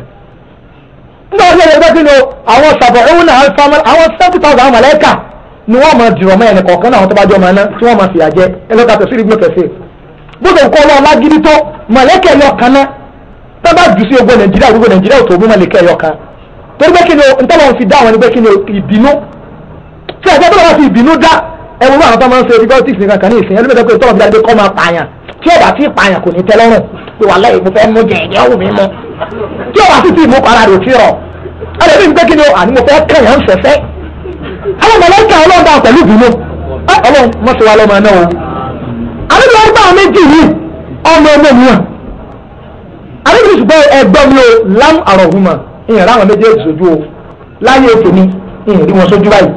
nígbà wọ́n lè gbẹ́bí lo àwọn sàbọ̀ òun náà alfàmọ́ àwọn seven thousand àwọn mọ̀lẹ́kà ni wọ́n máa dìrọ̀ mọ́ ẹnì kọ̀ọ̀kan náà àwọn tó bá jọ máa ná tí wọ́n máa fìyà jẹ ẹlọ́ta tẹ̀sí ìdígbò kẹsì bóde nǹkan ọlọ́run lágídí tó mọ̀lẹ́kẹ̀ ẹyọ kan náà tó bá jù sí ogun nàìjíríà gbogbo nàìjíríà ò tó mú mọ̀lẹ́kẹ̀ ẹyọ kan torí pé kí ni ntọ́lọ́run fi dá àwọn ẹni pé kí ni ìbínú tí àti ẹgbẹ́ wọn fi ìbínú dá ẹwọ náà àwọn tó máa ń ṣe antibiotics nìkan kan ní ìsìn ẹni pé tọ́lọ́run fi dá ẹni pé kọ́ máa pààyàn tí ọba tí pààyàn kò ní tẹ́ lọ́rùn pé wàhálà ìmú fẹ́ mú jẹ ìyẹn wù mí mú tí ọba sì ti mú para rò tí rọ ẹni bí pé kí ni àní mo fẹ́ kẹ̀yàn ń fẹ́fẹ́ àwọn mọ̀lẹ́kẹ̀ ọlọ́run dá pẹ̀lú ìbínú ọlọ́run mọ̀ sí wa àbíbi wọn bá méjì yìí ọmọ ẹgbẹ́ mi hàn àbíbi ṣùgbọ́n ẹgbẹ́ mi ò lám àrọ̀húnmá ìyẹn ráwọn méjèèjì sójú o láyé ètò mi ìyẹn rí wọn sójú báyìí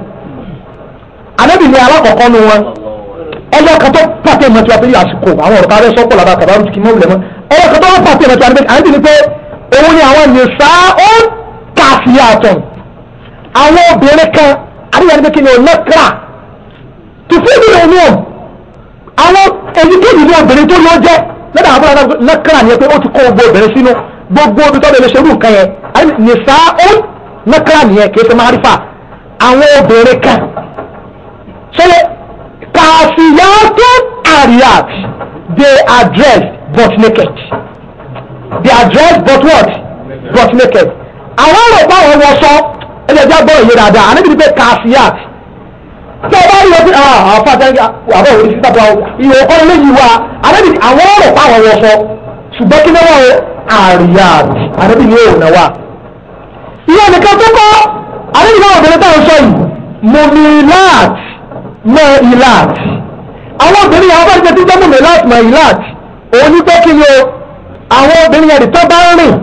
àbíbi ni alákọ̀ọ́kọ́ nu wọn ẹgbẹ́ kan tó pàtẹ́ mọ́tò àbíbi àsìkò àwọn ọ̀rọ̀ kárẹ́ sọ́kọ̀ làbá kàbá rúti kì í mọ́ wulẹ̀ mọ́ ẹgbẹ́ kan tó pàtẹ́ mọ́tò àbíbi ni pé òun ni àwọn nìṣá ó ń kà sí àtọ̀ àwọn obìnrin kan àbíbi wọn ni pé kí ni ò lẹ́kra tùfíìdì rẹ̀ ní ọ̀ àwọn èyíkéyìí ní obìnrin tó lọ jẹ́ lọ́dà àbúrò lọ́kàrà ni pé ó ti kó gbogbo obìnrin sínú gbogbo omi tọ́lẹ̀ lè ṣerú nǹkan yẹn nìṣá ó lọ́kàrà nìyẹn kì í ṣe márífà àwọn obìnrin kan ṣẹlẹ̀ kàfíyàtò àríyàt they are dressed but naked they are dressed but what but naked àwọn ọ̀rọ̀ báwọn wọ sọ ẹ̀jẹ̀ jágbọ́ ìyẹn dáadáa àníbi pé kàfíyàtò tẹ ẹ bá rí ọtí àfa àtẹnudí àbọ̀ òní sí tàbí àwọn ìwọ ọkọ eléyìí wa àdébì àwọn ọ̀rọ̀ pàwọn wọ sọ ṣùgbọ́n kí ni wọ́n àríyá àdébì ni òun náà wà. ìyá nìkan tó kọ́ àdébì náà obìnrin táwọn sọ yìí mo ní láàt mọ ìlàt àwọn obìnrin yàrá bá ti tẹ́tí jẹ́ mọ̀mí láàt mọ ìlàt òun ní pé kí ni o àwọn obìnrin yẹn tó bá ń rìn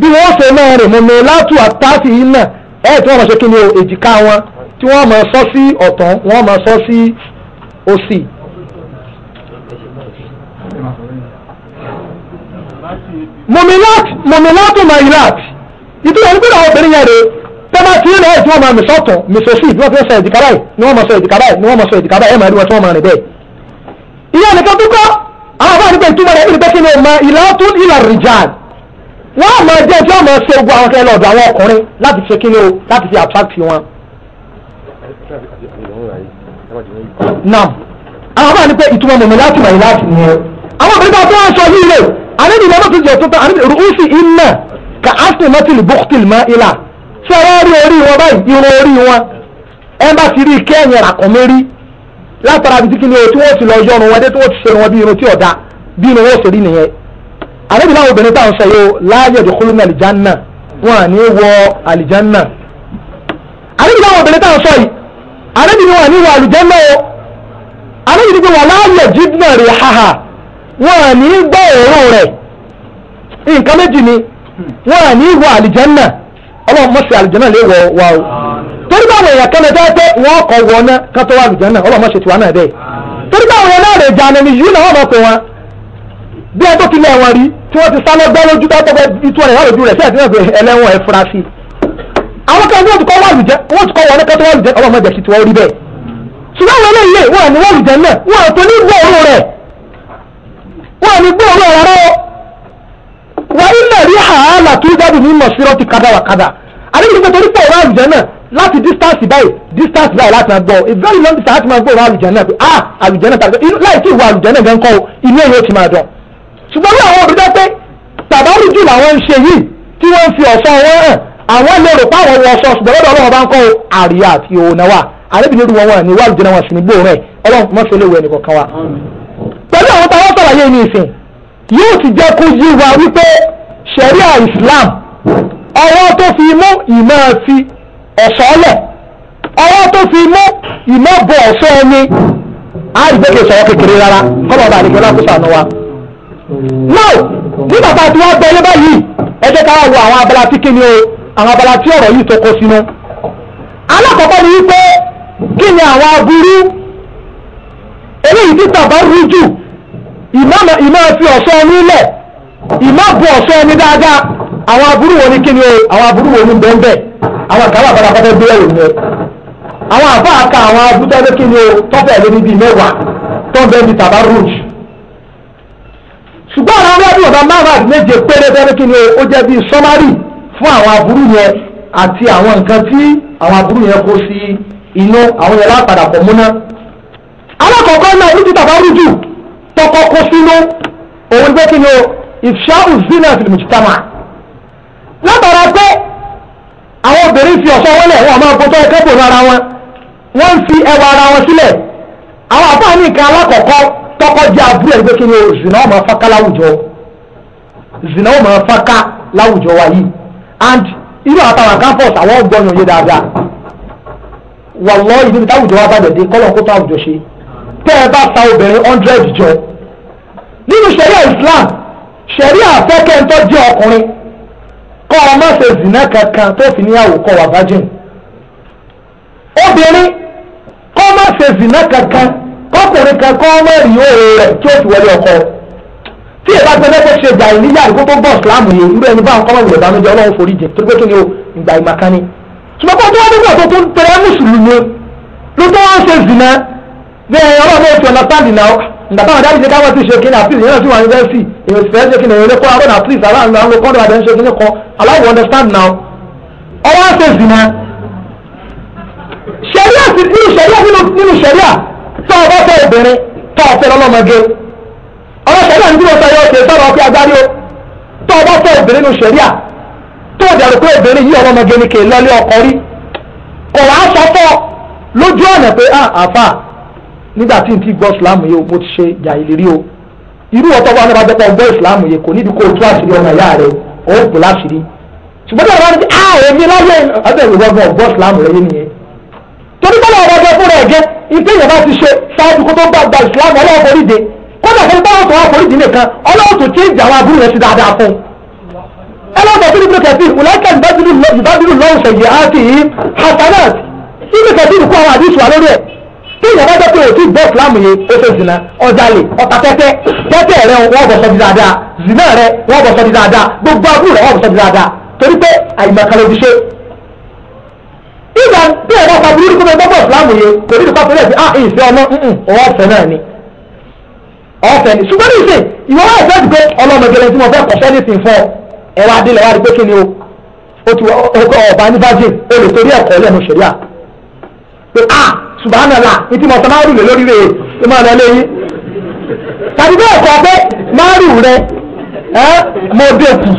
bí wọ́n ṣe máa rìn mọ̀mí láàtù àtàtì yìí náà ẹ̀ tí wọ́n máa ṣe kí ni o èjìká wọn tí wọ́n máa sọ sí ọ̀tún wọ́n máa sọ sí òsì. mọ̀mílát mọ̀mílátù mayilat ìdúró ń gbọ́dọ̀ obìnrin yẹn rè tẹ́ bá ti ń lọ ìdúró máa mìsọ̀tún mìsọ̀sì bí wọ́n fi ń sọ èdìkà báyìí ni wọ́n máa sọ èdìkà báyìí ni wọ́n máa sọ èdìkà báyìí ẹ̀ máa rí wọn tí wọ́n máa rìn bẹ́ẹ̀. ìyá nìkan tó kọ́ àwọn afáà nípa ìtumọ̀ rẹ̀ ìrìbẹ́ kí ni ọmọ ìlàtún ìlà rìjàn wọ́n máa jẹ́ tí wọ́n máa ṣe ogun àwọn kẹlẹ́ ọ̀dọ̀ àwọn ọkùnrin láti ṣe kí ni o láti fi attract wọn now àwọn bá ní pé ìtumọ̀ mọ̀mọ́ láti mọ̀ láti ní ẹ àwọn obìnrin bá tó wá sọ yìí rè àníbi ìmọ̀ tó jẹ́ tó tán àníbi rúùsì iná ka aston martin buchtel mọ́ ilà tí ọwọ́ rí orí wọn báyìí irun orí wọn ẹ bá ti rí kẹ́yìn ràkọ̀mẹ́rí látara bíi kíni o tí wọ́n ti lọ yọrun wọn dé tí wọ́n ti ṣe wọn bí irun tí ọ̀dà bí irun wọn ṣe rí nìyẹn àníbi láwọn obìnrin táwọn sọ yìí o láàyè ìdókòló ní àlìjánná wọn à ní wọ àlìjánná àníbi láwọn obìnrin táwọn sọ yìí arábìnrin wà ní ìwà àlùjànnà o arábìnrin pé wà láàyè jídùnà rè haha wọn à ní gbọ́ òórùn rẹ̀ nǹkan méjì ni wọn à ní ìwà àlùjànnà ọlọ́run mọ̀ sí àlùjànnà lè wọ̀ wá o torí báwọn èèyàn kan lẹ́tọ́ pé wọ́n kọ̀ wọ̀ náà kan tó wà àlùjànnà ọlọ́run mọ̀ ṣe tiwa náà bẹ́ẹ̀ torí báwọn èèyàn náà rè jà ní yìí náà wọ́n mọ̀ wọn bí ẹ tó ti lẹ̀ wọn rí tí wọ́n ti sá lọ́gbọ́n lójú tó tọ́gbẹ́ ìtú ọ̀rẹ́ yàrá sí àtúnyẹ̀fẹ́ ẹlẹ́wọ̀n ẹ̀ fura àwọn kan wọ́n ti kọ́ wà lùjẹ́ wọ́n ti kọ́ wọn lẹ́kọ́ tó wà lùjẹ́ ọlọ́run mọ̀jẹ̀ sí ti wọ́n rí bẹ́ẹ̀ ṣùgbọ́n àwọn eléyìí wọ́n ní wọ́n lùjẹ́ náà wọ́n àtọ́ ní gbọ́ òórùn rẹ̀ wọ́n ní gbọ́ òórùn ọ̀rọ̀ wà ilẹ̀ rí àhálà tó jáde ní mọ̀sírọ́ ti kada wà kada àdéhùn tó torí pọ̀ wọ́n lùjẹ́ náà láti distance báyìí distance báyìí láti máa gbọ́ a very long distance láti máa gbọ́ òórùn àlùjẹ́ náà pé ah àlùjẹ́ náà tàbí láì tí ìwọ àlùjẹ́ náà gan kọ́ ilé yóò ti máa dán ṣùgbọ́n bí àwọn òbí dá pé tàbárùjù làwọn àwọn lè rò pààrọ̀ wọ ṣọ́ọ̀ṣì lọ́dọ̀ ọlọ́run bá ń kọ́ àríyá àti òun wa àrẹ́bìnrin wọn wọn ni wàá jẹun wọn sì ní gbóòórùn ẹ̀ ọlọ́run mọ́ sí ilé ìwé ẹnìkọ̀ọ̀kan wa. pẹ̀lú àwọn táwọn sọ̀rọ̀ yé ní ìsìn yóò ti jẹ́ kó yí wa wípé ṣẹ̀ríà Islam ọwọ́ tó fi mú ìmọ̀ ti ọ̀ṣọ́ lẹ̀ ọwọ́ tó fi mú ìmọ̀ bọ̀ ọ̀ṣọ́ ẹni àrígbẹ́kẹ̀ sọ̀rọ̀ kékeré rárá kọ́mọ bá àdìgbẹ́ lákòóso àná wa. now nígbà tá a ti wá gbẹ ẹ báyìí ẹ jẹ́ ká wá wo àwọn abala tí kí ni o àwọn abala tí ọ̀rọ̀ yìí tó kó sínú. alákọ̀ọ́kọ́ ni wípé kí ni àwọn aburú eléyìí tí tàbá rú jù ìmọ̀ fi ọ̀ṣọ́ ẹni lẹ̀ ìmọ̀ bu ọ̀ṣọ́ ẹni dáadáa àwọn aburú wo ni kí ni o àwọn aburú wo ni bẹ́ẹ̀ àwọn àkàwà àbára kọ́kọ́ gbé ẹ̀rù ni o àwọn àbá àka àwọn abúdá kí ni o tọ́fẹ̀ lórí bíi mẹ́wàá tó ń bẹ́ẹ̀ ni tàbá rú jù ṣùgbọ́n àwọn ọmọdé ọ̀dà márùn-ún àti méje péré bẹ́ẹ̀ kí ni o ó jẹ́ bíi sọ́márì fún àwọn aburú yẹn àti àwọn nǹkan tí àwọn aburú yẹn kó sí inú àwọn yẹn lápadà pọ̀ múná. alákọ̀ọ́kọ́ náà ní ti bàbá rújù tọkọ kó sínú òun pé kí ni o ìfṣà òzínà fil mujtama látara pé àwọn obìnrin fi ọ̀ṣọ́ wọlé wọn máa bọ́tọ́ ẹ̀kẹ́bò lára wọn wọ́n ń fi ẹwà ara wọn sílẹ̀ àwọn àbá ní nǹkan alákọ̀ọ́kọ́ tọkọ jẹ́ àbúrò ẹgbẹ́ kí ni o zìnà ọmọ afáká láwùjọ zìnà ọmọ afáká láwùjọ wa yìí and irú àtàwọn campus àwọn gbọ́yàn yé dáadáa wàlọ́ ìdíbi táwùjọ wa bàjẹ́ dé kọ́lọ̀ kó tó àwùjọ ṣe tẹ́ ẹ bá sa obìnrin hundred jọ nínú ṣẹ̀ríà Islam ṣẹ̀ríà àfẹ́kẹ́ńtọ́ jẹ́ ọkùnrin kọ́ ọ má ṣe zìnà kankan tó fi níyàwó kọ́ wà virgin obìnrin kọ́ ọ má ṣe zìnà kankan kọ́kùnrin kan kọ́ ọ má rí òòrè tí ó fi wọlé ọkọ rẹ̀ tí èyí bá gbé lẹ́gbẹ́ ṣe gbà ìníyà ìkó tó gbọ́ ìsìláàmù yìí irú ẹni báwọn kọ́mọ̀ ìgbẹ̀bá méjì ọlọ́run forí jìn torí pé kí ni o ìgbà ìmàkánni ṣùgbọ́n kó tó wá nígbà tó tó ń tẹ̀lé mùsùlùmí ló tó wá ń ṣe zìnà bí ẹ̀yìn ọlọ́run ètò ọ̀nà táàdì náà ìgbà táwọn dáàdì ṣe káwọn ti ṣe kí ni àpìlì yẹn ti wà ní bẹ́ẹ̀sì èyàn ti fẹ́ ṣe kí ni èyàn lè kọ́ àwọn àpìlì sàrà ń àwọn kọ́ńdọ̀ àdé ń ṣe kí ni kan aláwọ̀ understand now ọwọ́ ṣe zìnà ṣẹ̀ríà ti nínú ṣẹ̀ríà nínú ṣẹ̀ríà tó ọba fẹ́ obìnrin tó ọ̀fẹ́ lọ́lọ́mọge ọlọ́pàá náà ní kí wọ́n sọ yọ ọ̀sẹ̀ sọ̀rọ̀ ọ̀fẹ́ agbárí o tó o bá fẹ́ obìnrin nu ṣẹ̀ríà tó o dàrú pé obìnrin yìí ọmọge ni kì í lọlé ọkọ rí kò wá sọ fọ́ lójú ọ̀nà pé ah àfà nígbà tí n ti gbọ́ ìsìlámù yìí mo ti ṣe jà ìlérí o irú ọ̀tọ́ bá nípa jẹ́pọ̀ gbọ́ ìsìlámù yìí kò nídìí kó o tú àṣírí ọmọ ìyá rẹ o ò bù láṣìírí ṣùgbọ́n tí wọ́n bá ní ah èmi láyé ọ̀dọ̀ ìwé gbọ́ gbọ́ ìsìlámù rẹ yé nìyẹn torí bọ́lá ọ̀rọ̀ ọ̀gẹ́ fúnra ẹ̀gẹ́ ìpéyàn bá ti ṣe ṣáájú kódà fún báwọn tó wá forí dì nìkan ọlọ́run tó change àwọn aburú rẹ̀ sí dáadáa fún ẹ lọ́sọ̀ fún ibùdó kẹfì wùláìkà ìbádìrú lọ́wọ́ ṣèyí àti hasanat ibùdó kẹfì kó àwọn àdìsù alẹ́ rẹ̀ tí ìyàbá jẹ́ pé òtún gbọ́ fúlàmù yẹn ó ṣe zìnà ọ̀dàlẹ̀ ọ̀tà tẹ́tẹ́ tẹ́tẹ́ rẹ̀ wọ́n bọ̀ sọ di dáadáa zìnà rẹ̀ wọ́n bọ̀ sọ di dáadáa gbogbo aburú rẹ̀ wọ́n bọ̀ sọ di dáadáa torí pé àyìnbàkan ló ti ṣe ìgbà bí ẹ̀rọ ọ̀tà burúkú mẹ́gbọ́gbọ̀ fúlàmù yẹn kò ní ìdíkọ́ pẹ̀lú ẹ̀sìn ah ìṣe ọmọ ọ̀ọ́fẹ́ náà ni ọ̀fẹ́ ni ṣùgbọ́n ní ìsìn ìwọ wá ìfẹ́ ti pé ọlọ́mọdéle tí wọ́n fẹ́ kọ́ṣẹ́ ní ìsìn fún ọ ẹ wá délẹ̀ wá rí pé kí ni o ó ti ọba ní virgin o lè torí ẹ̀kọ́ lẹ́nu ṣẹ̀ríà pé a ah, subhanallah ní tí mo sọ máa rù lé lórí rèé ní máa lọ léyìn tàbí bẹ́ẹ̀ kọ́ pé máa rù rẹ ẹ mo dé kù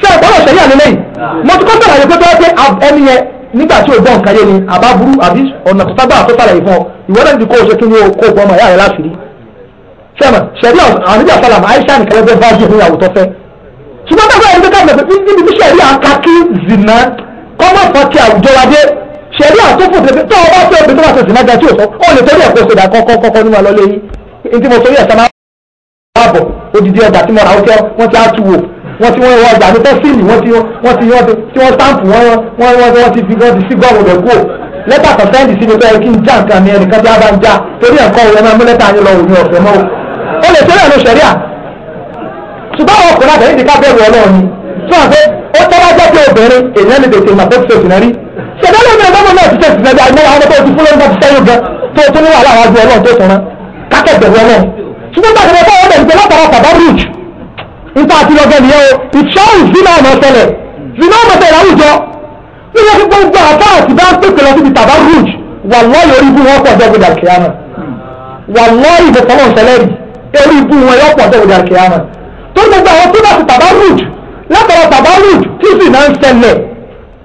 ṣé ẹ̀kọ́ lọ ṣẹ̀ríà nílẹ̀ yìí mo ti kọ́ sọ̀rọ̀ àyè pé tó ẹ pé ẹni yẹn nígbà tí o gbọ́ nǹkan yé ni àbá burú àbí ọ̀nà tó sábà tó sàlàyé fún ọ ìwọ náà ti kó o ṣe kí ni o kó o bọ́ ọmọ ìyá rẹ láṣìírí sẹ́mọ̀ sẹ́rí àníjà sálàmù Aisha nìkan lọ́gbẹ́ bá jẹ́ níyàwó tó fẹ́ ṣùgbọ́n bá báyìí nígbà tó fi níbi tí sẹ́rí àkàkí zìnà kọ́mọ̀ fà kí àwùjọ wa dé sẹ́rí àtúfò tó o bá fẹ́ obìnrin tó bá ṣe zìnà gan tí o sọ ó lè torí ẹ̀kọ́ ṣèdá kọ́kọ́ kọ́kọ́ nínú alọ́lé yìí ní tí mo torí wọ́n ti wọ́n wọ ọjà ní tẹ́sílì wọ́n ti wọ́n ti wọ́n ti wọ́n sáǹpù wọ́n wọ́n wọ́n wọ́n ti fi wọ́n ti sí gọ́ọ̀mù rẹ̀ kúrò lẹ́tà kan sẹ́ndì sí mi tó yẹ kí n já nǹkan mi ẹnìkan bí a bá ń já torí ẹ̀kọ́ òun ẹ̀ máa mú lẹ́tà yín lọ òun ọ̀fẹ́ mọ́ o lè tẹ́lẹ̀ ló ṣẹ̀ríà ṣùgbọ́n àwọn ọkùnrin àtẹ̀yìn ti ká bẹ̀rù ọlọ́run ni tí wọ́n fẹ́ ó tọ́lá jẹ́ pé obìnrin èèyàn lè tètè mà tó ti ṣèṣìn rí ṣèdálẹ́ mi ọlọ́run náà ti ṣèṣìn rí àwọn ọmọ tó ti fún lórí náà ti sẹ́yìn gan tó tún wà láwọn àjọ ọlọ́run tó tún rán kákẹ́ bẹ̀rù ọlọ́run ṣùgbọ́n bàtà bàbá ọlọ́run tó lọ́pàá nípa àti lọ́gẹ́ nìyẹn o ìṣọ́hùn sínú ọmọ tẹlẹ̀ sínú ọmọ tẹlẹ̀ àwùjọ nínú ẹni gbogbo àbá àti bá ń pèpè lọ síbi tàbá rúj wà lọ́ọ̀yọ̀ orí ibú wọn pọ̀ dẹ́gbẹ̀dà kìámà wà lọ́ọ̀yọ̀ ìbò fọlọ́ ìṣẹ̀lẹ̀rì orí ibú wọn yọ pọ̀ dẹ́gbẹ̀dà kìámà tó gbogbo àwọn tó bá ti tàbá rúj látọ̀rọ̀ tàbá rúj tí sì náà ń ṣẹlẹ̀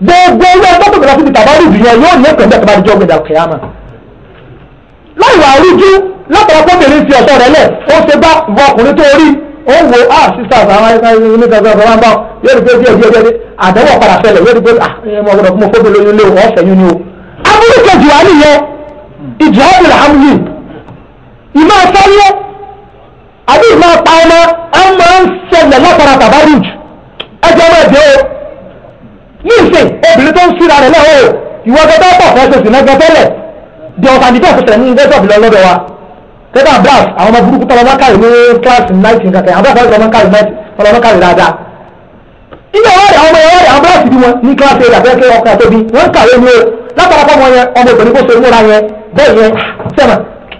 gbogbo ẹgbẹ́ tó pèpè lọ síbi tàbá rúj yẹn yóò ní ẹ̀kọ́ ìjọba ìjọ gbẹ̀dà kìámà láì wà rújú látọ̀rọ̀ pọ́bìnrin ti ọ̀tọ̀ rẹ̀ lẹ̀ ó ṣe bá wọ ọkùnrin tó rí ó wo ah sisters àwọn ẹ̀ka níta tó ń bá yóò rí pé díẹ̀ díẹ̀ díẹ̀ àdánwò padà fẹlẹ̀ yóò rí pé ah ẹ̀mọ ọ̀gbọ̀dọ̀ fún mo fẹ́ bẹ̀rẹ̀ lóyún lé wọ́n fẹ́ yún ni o. abúlé kejì wà nìyẹn ìjọ àbúlé hamlin ìmọ̀ sáré àbí ìmọ̀ pa ọmọ ẹ̀ máa ń ṣẹlẹ̀ látara tabarij ẹjọ́ máa dé o ní ìsìn obìnrin tó ń síra rẹ̀ náà o ìwọ́gẹ́tọ́ pọ̀ fẹ́ ṣe sì lọ́gẹ́ tẹ́lẹ̀ di ọ̀tàndínlọ́sẹ̀ ní ìdẹ́sọ̀bì lọ́lọ́dọ̀ wa tẹ́tà brass àwọn ọmọ burúkú tọ́lọ́mọ́ kárì ní kíláàsì náìtì nǹkan kẹ́yìn àbúrò tọ́lọ́mọ́ kárì náìtì tọ́lọ́mọ́ kárì dáadáa. ilé ọwọ́ rẹ̀ ọmọ ẹ̀wọ́ rẹ̀ àwọn brass bí wọn ní kíláàsì rẹ̀ àbẹ́kẹ́ ọkọ̀ tóbi wọ́n kàwé ní o látara fọmọ yẹn ọmọ obìnrin kó so múra yẹn bẹ́ẹ̀ yẹn sẹ́mà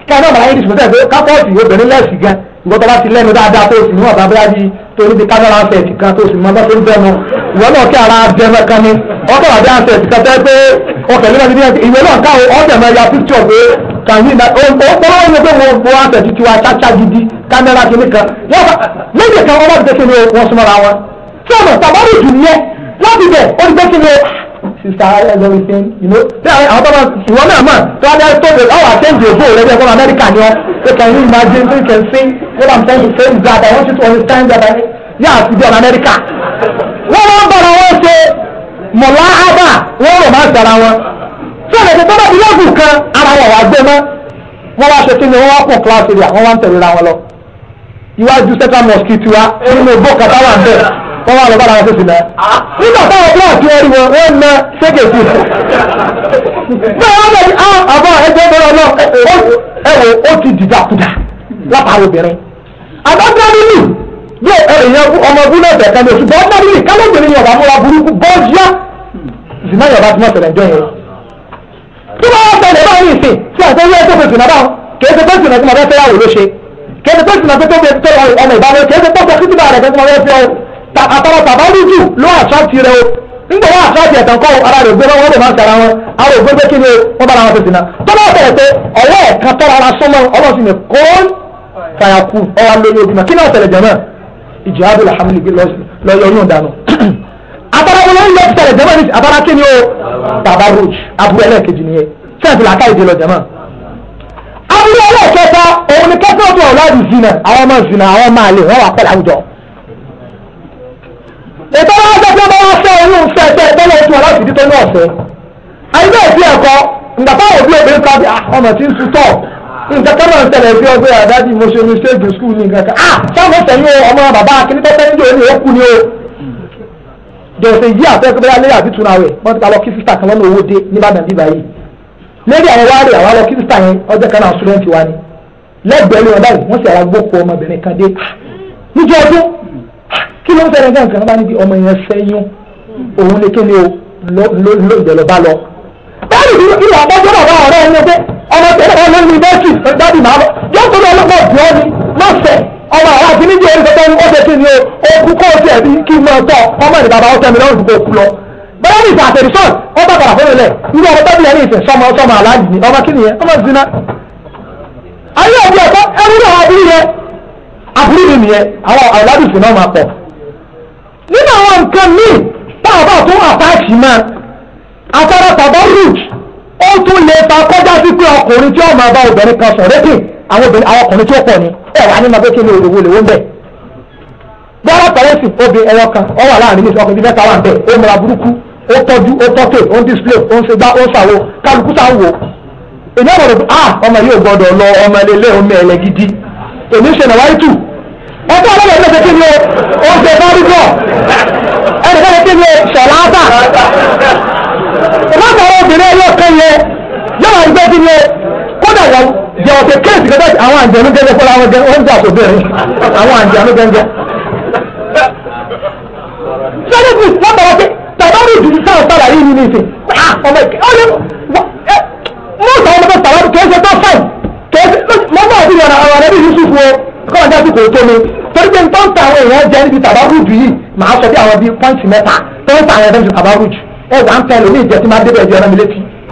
káyọ̀ màláyé ní sùpẹ́tẹ̀ pé kápọ́ọ̀tì obìnrin lẹ́ẹ̀sì gan nǹkan tó bá ti lẹ́nu dáadáa tó sì níwọ̀n bàbá bí torí bí kámẹ́rà ansẹ̀tì kan tó sì mọ bá tó ń bẹ́ẹ̀ mọ ìwọ náà kí ara bẹ́ẹ̀ kan ni ọkọ̀ àbí ansẹ̀tì kan tẹ́ pé ọkẹ̀ lẹ́nu ìwé náà káwọn ọ̀tẹ̀ mọ ẹ̀yà píkítọ̀ pé kàwé náà ọ̀pọ̀lọpọ̀ wọn pé wọ́n bu àṣẹ títí wa ṣáṣá gidi kámẹ́rà kìíní kan yóò bá méjì kan wọ́n bá dé kíni wọ́n súnmọ́ra wọn. sọ̀rọ̀ tàbí jù ní ẹ láti bẹ̀ ó ti dé kíni sista everything you know tí àwọn tó bá ìwọ náà mọ̀ tó wá dé tó dé ọ̀wà change your goal ẹgbẹ́ ọmọ Amẹ́ríkà ni ọ́ they can you imagine they can sing what I'm trying to say is that I want you to understand that I yà á ti di ọmọ Amẹ́ríkà. wọ́n wá ń bára wọn ṣe mọ̀lá ábà wọ́n rò má sara wọn tí ọ̀nà ìṣètò náà ti lẹ́gùn kan ara wọn wá gbé mọ́ wọ́n wá ṣe kí ni wọ́n wá pọ̀ kíláàsì rẹ̀ àwọn wá ń tẹ̀lé ra wọn lọ iwájú central mosque tiwa nínú ìbò kàtà wà bẹ́ẹ̀ wọ́n wá lọ bára wọn ṣèṣì náà nígbà táwọn kíláàsì wọn rí wọn wọ́n na ṣéke sí bẹ́ẹ̀ wọ́n bẹ̀rẹ̀ á ah, àbọ̀ ẹgbẹ́ bọ́lá náà ẹ wò ó ti dìdàkudà lápá obìnrin àbájáde yóò èèyàn ọmọ gúnlẹ̀ ẹ̀bẹ̀ kan ní oṣù bọ́ọ̀dá nínú ìkálóbìnrin yọ̀bá múra burúkú bọ́ọ̀dá zìnà yọ̀bá tí wọ́n ṣẹlẹ̀ jọ yẹn tí wọ́n wá sọ̀rọ̀ báyìí ìsìn tí àti ẹgbẹ́ tó fèsì náà báwọn kì í ṣe pẹ́sì náà tí mo fẹ́ fẹ́yàwó ló ṣe kì í ṣe pẹ́sì náà tó tó tó ọmọ ìbáwọ̀ kì í ṣe pọ́sọ̀ títí bàrẹ̀ tó fẹ́ fẹ́ àtàwọn tàbá ní jù ló àṣà ti rẹ o nígbà wọn àṣà ti ẹ̀tàn kọ́ ara rẹ̀ gbé wọn wọ́n lè máa ń ṣara wọn ara rẹ̀ gbé kí ni wọ́n bára wọn fèsì náà tó bá bẹ̀rẹ̀ pé ọwọ́ ẹ̀ka tọ́ra ara sọ́mọ ọmọ sì ní kọ́ọ́n fàyàkù ọwọ́ lórí ojúmọ́ kí náà tẹ̀lẹ̀ jẹ̀ náà ìjì abúlé hamlin lọ́yọ̀ọ́nù dànù abara wọn ń lọ tẹ̀lẹ̀ jẹ́mọ́ ní abara kí ni o bàbá roj aburú ẹlẹ́ẹ̀kejì nìyẹn sẹ́ǹtì làákà ìdè lọ jẹ́mọ́. aburú ẹlẹ́ẹ̀kẹta òun ni kẹ́kọ̀ọ́ tó ọ̀làdì zina àwọn ọmọ zina àwọn ọmọ àlè wọn wà pẹ̀lú àwùjọ. ètò wọn á gbẹ́gbẹ́ bá wọn fẹ́ oyún fẹ́ tẹ́ tẹ́lẹ̀ tí wọn láti di tó ní ọ̀sẹ̀. àyíká ìdí ẹ̀kọ́ ǹdàpá òbí obìnrin kan ah, ọmọ tí ń tutọ́ nǹkan kan náà ń tẹ̀lé fi ọgbẹ́ àdájì mo ṣe mistake school ní nǹkan kan ah sáwọn ọ̀sẹ̀ yìí ọmọ bàbá akíní tẹ́tẹ́ níjọ́ ni ó kú ni ó jọ̀sẹ̀ yí àtẹ́kọ̀bẹ́yà lẹ́yìn àti túnra rẹ̀ wọ́n ti ta lọ kí sísà kan lọ́nà owó dé nìbàdàn bíbá yìí lẹ́yìn àwọn wáárẹ̀ àwọn lọ kí sísà yẹn ọjọ́ kan náà sùdẹ́ǹtì wa ni lẹ́gbẹ̀ẹ́ lóyún ọ̀dà wọ́n sì ara gbókò ọmọbìnrin kan dé níjọ ọdún kí ló ń fẹ́rẹ̀ gan kan bá níbi ọmọ yẹn sẹ́yún òun lè kéde lóòjọ́ bá lọ. báyìí ìlú àbájọ́ bàbá ọ̀rẹ́ ẹni pé ọmọ tẹ̀lé ọlọ́run yunifásitì dábì máa lọ jọ́sọ̀rọ̀ ọlọ́pàá òbí ọ́ ni lọ́sẹ̀ ọmọ àwọn àti níjẹ́ orí sọ́tọ́ ó ṣe kí ni o okú kó ṣe ẹ̀bí kí n máa tọ́ ọmọ ìdí bàbá ọ̀sẹ̀ mi lọ́rùn gbogbo lọ. bẹ́ẹ̀ ni ìsàtẹ̀ rìsọ́ọ̀t ó bá bàrà fún ilẹ̀ irú ọmọ tẹ́bí ẹni ìsìn sọmọ sọmọ aláàjì ni ọmọ kí nìyẹn ọmọ zina. ayé ọ̀bí ẹ̀kọ́ ẹrú náà aburú yẹn aburú mi nìyẹn àwọn àwòládùsùn náà máa pọ̀. nínú àwọn nǹkan míì táwọn bá tún àtàkì máa afárá tàbá rúùt ó tún lè ta kọjá sí pé ọkùnrin tí ọmọ abá obìnrin kan sọ̀rẹ́kìn àwọn obìnrin àwọn ọkùnrin tí ó pọ̀ ni ẹ wà nínú abẹ́kẹ́ ní olówó lówó ń bẹ̀. bọ́lá pẹ̀lẹ́sì obìnrin ẹ̀rọ kan ọ wà láàrin ní ọkùnrin mẹ́ta wà ń bẹ̀ ó burúkú ó tọ́jú ó ó ń ó ń ó ń kálukú sáà ń wò. èmi ọmọ ah, yìí ò gbọ́dọ̀ lọ ọmọ ilé gidi èmi ṣe nàwárí tù kódà wọn jẹ ọ̀sẹ̀ kéèsì kẹta àwọn àjẹnú gẹ́gẹ́ fọlá wọn gẹ wọn jà àwọn àjẹnú gẹ́gẹ́. sọ́dọ̀ wọ́n bá wọ́n pé ìdùnnú sáà sára yìí nínú ìsìn ọmọ ìkẹ́ ọ̀lẹ́ mọ́ sọ ọmọ bẹ́ẹ̀ sàrà tó fẹ́ẹ̀ kìí mọ́ bá àbí yàrá àwọn ẹbí yìí ṣùkú kọ́ ọjà tó kò tó mi torí pé ń ta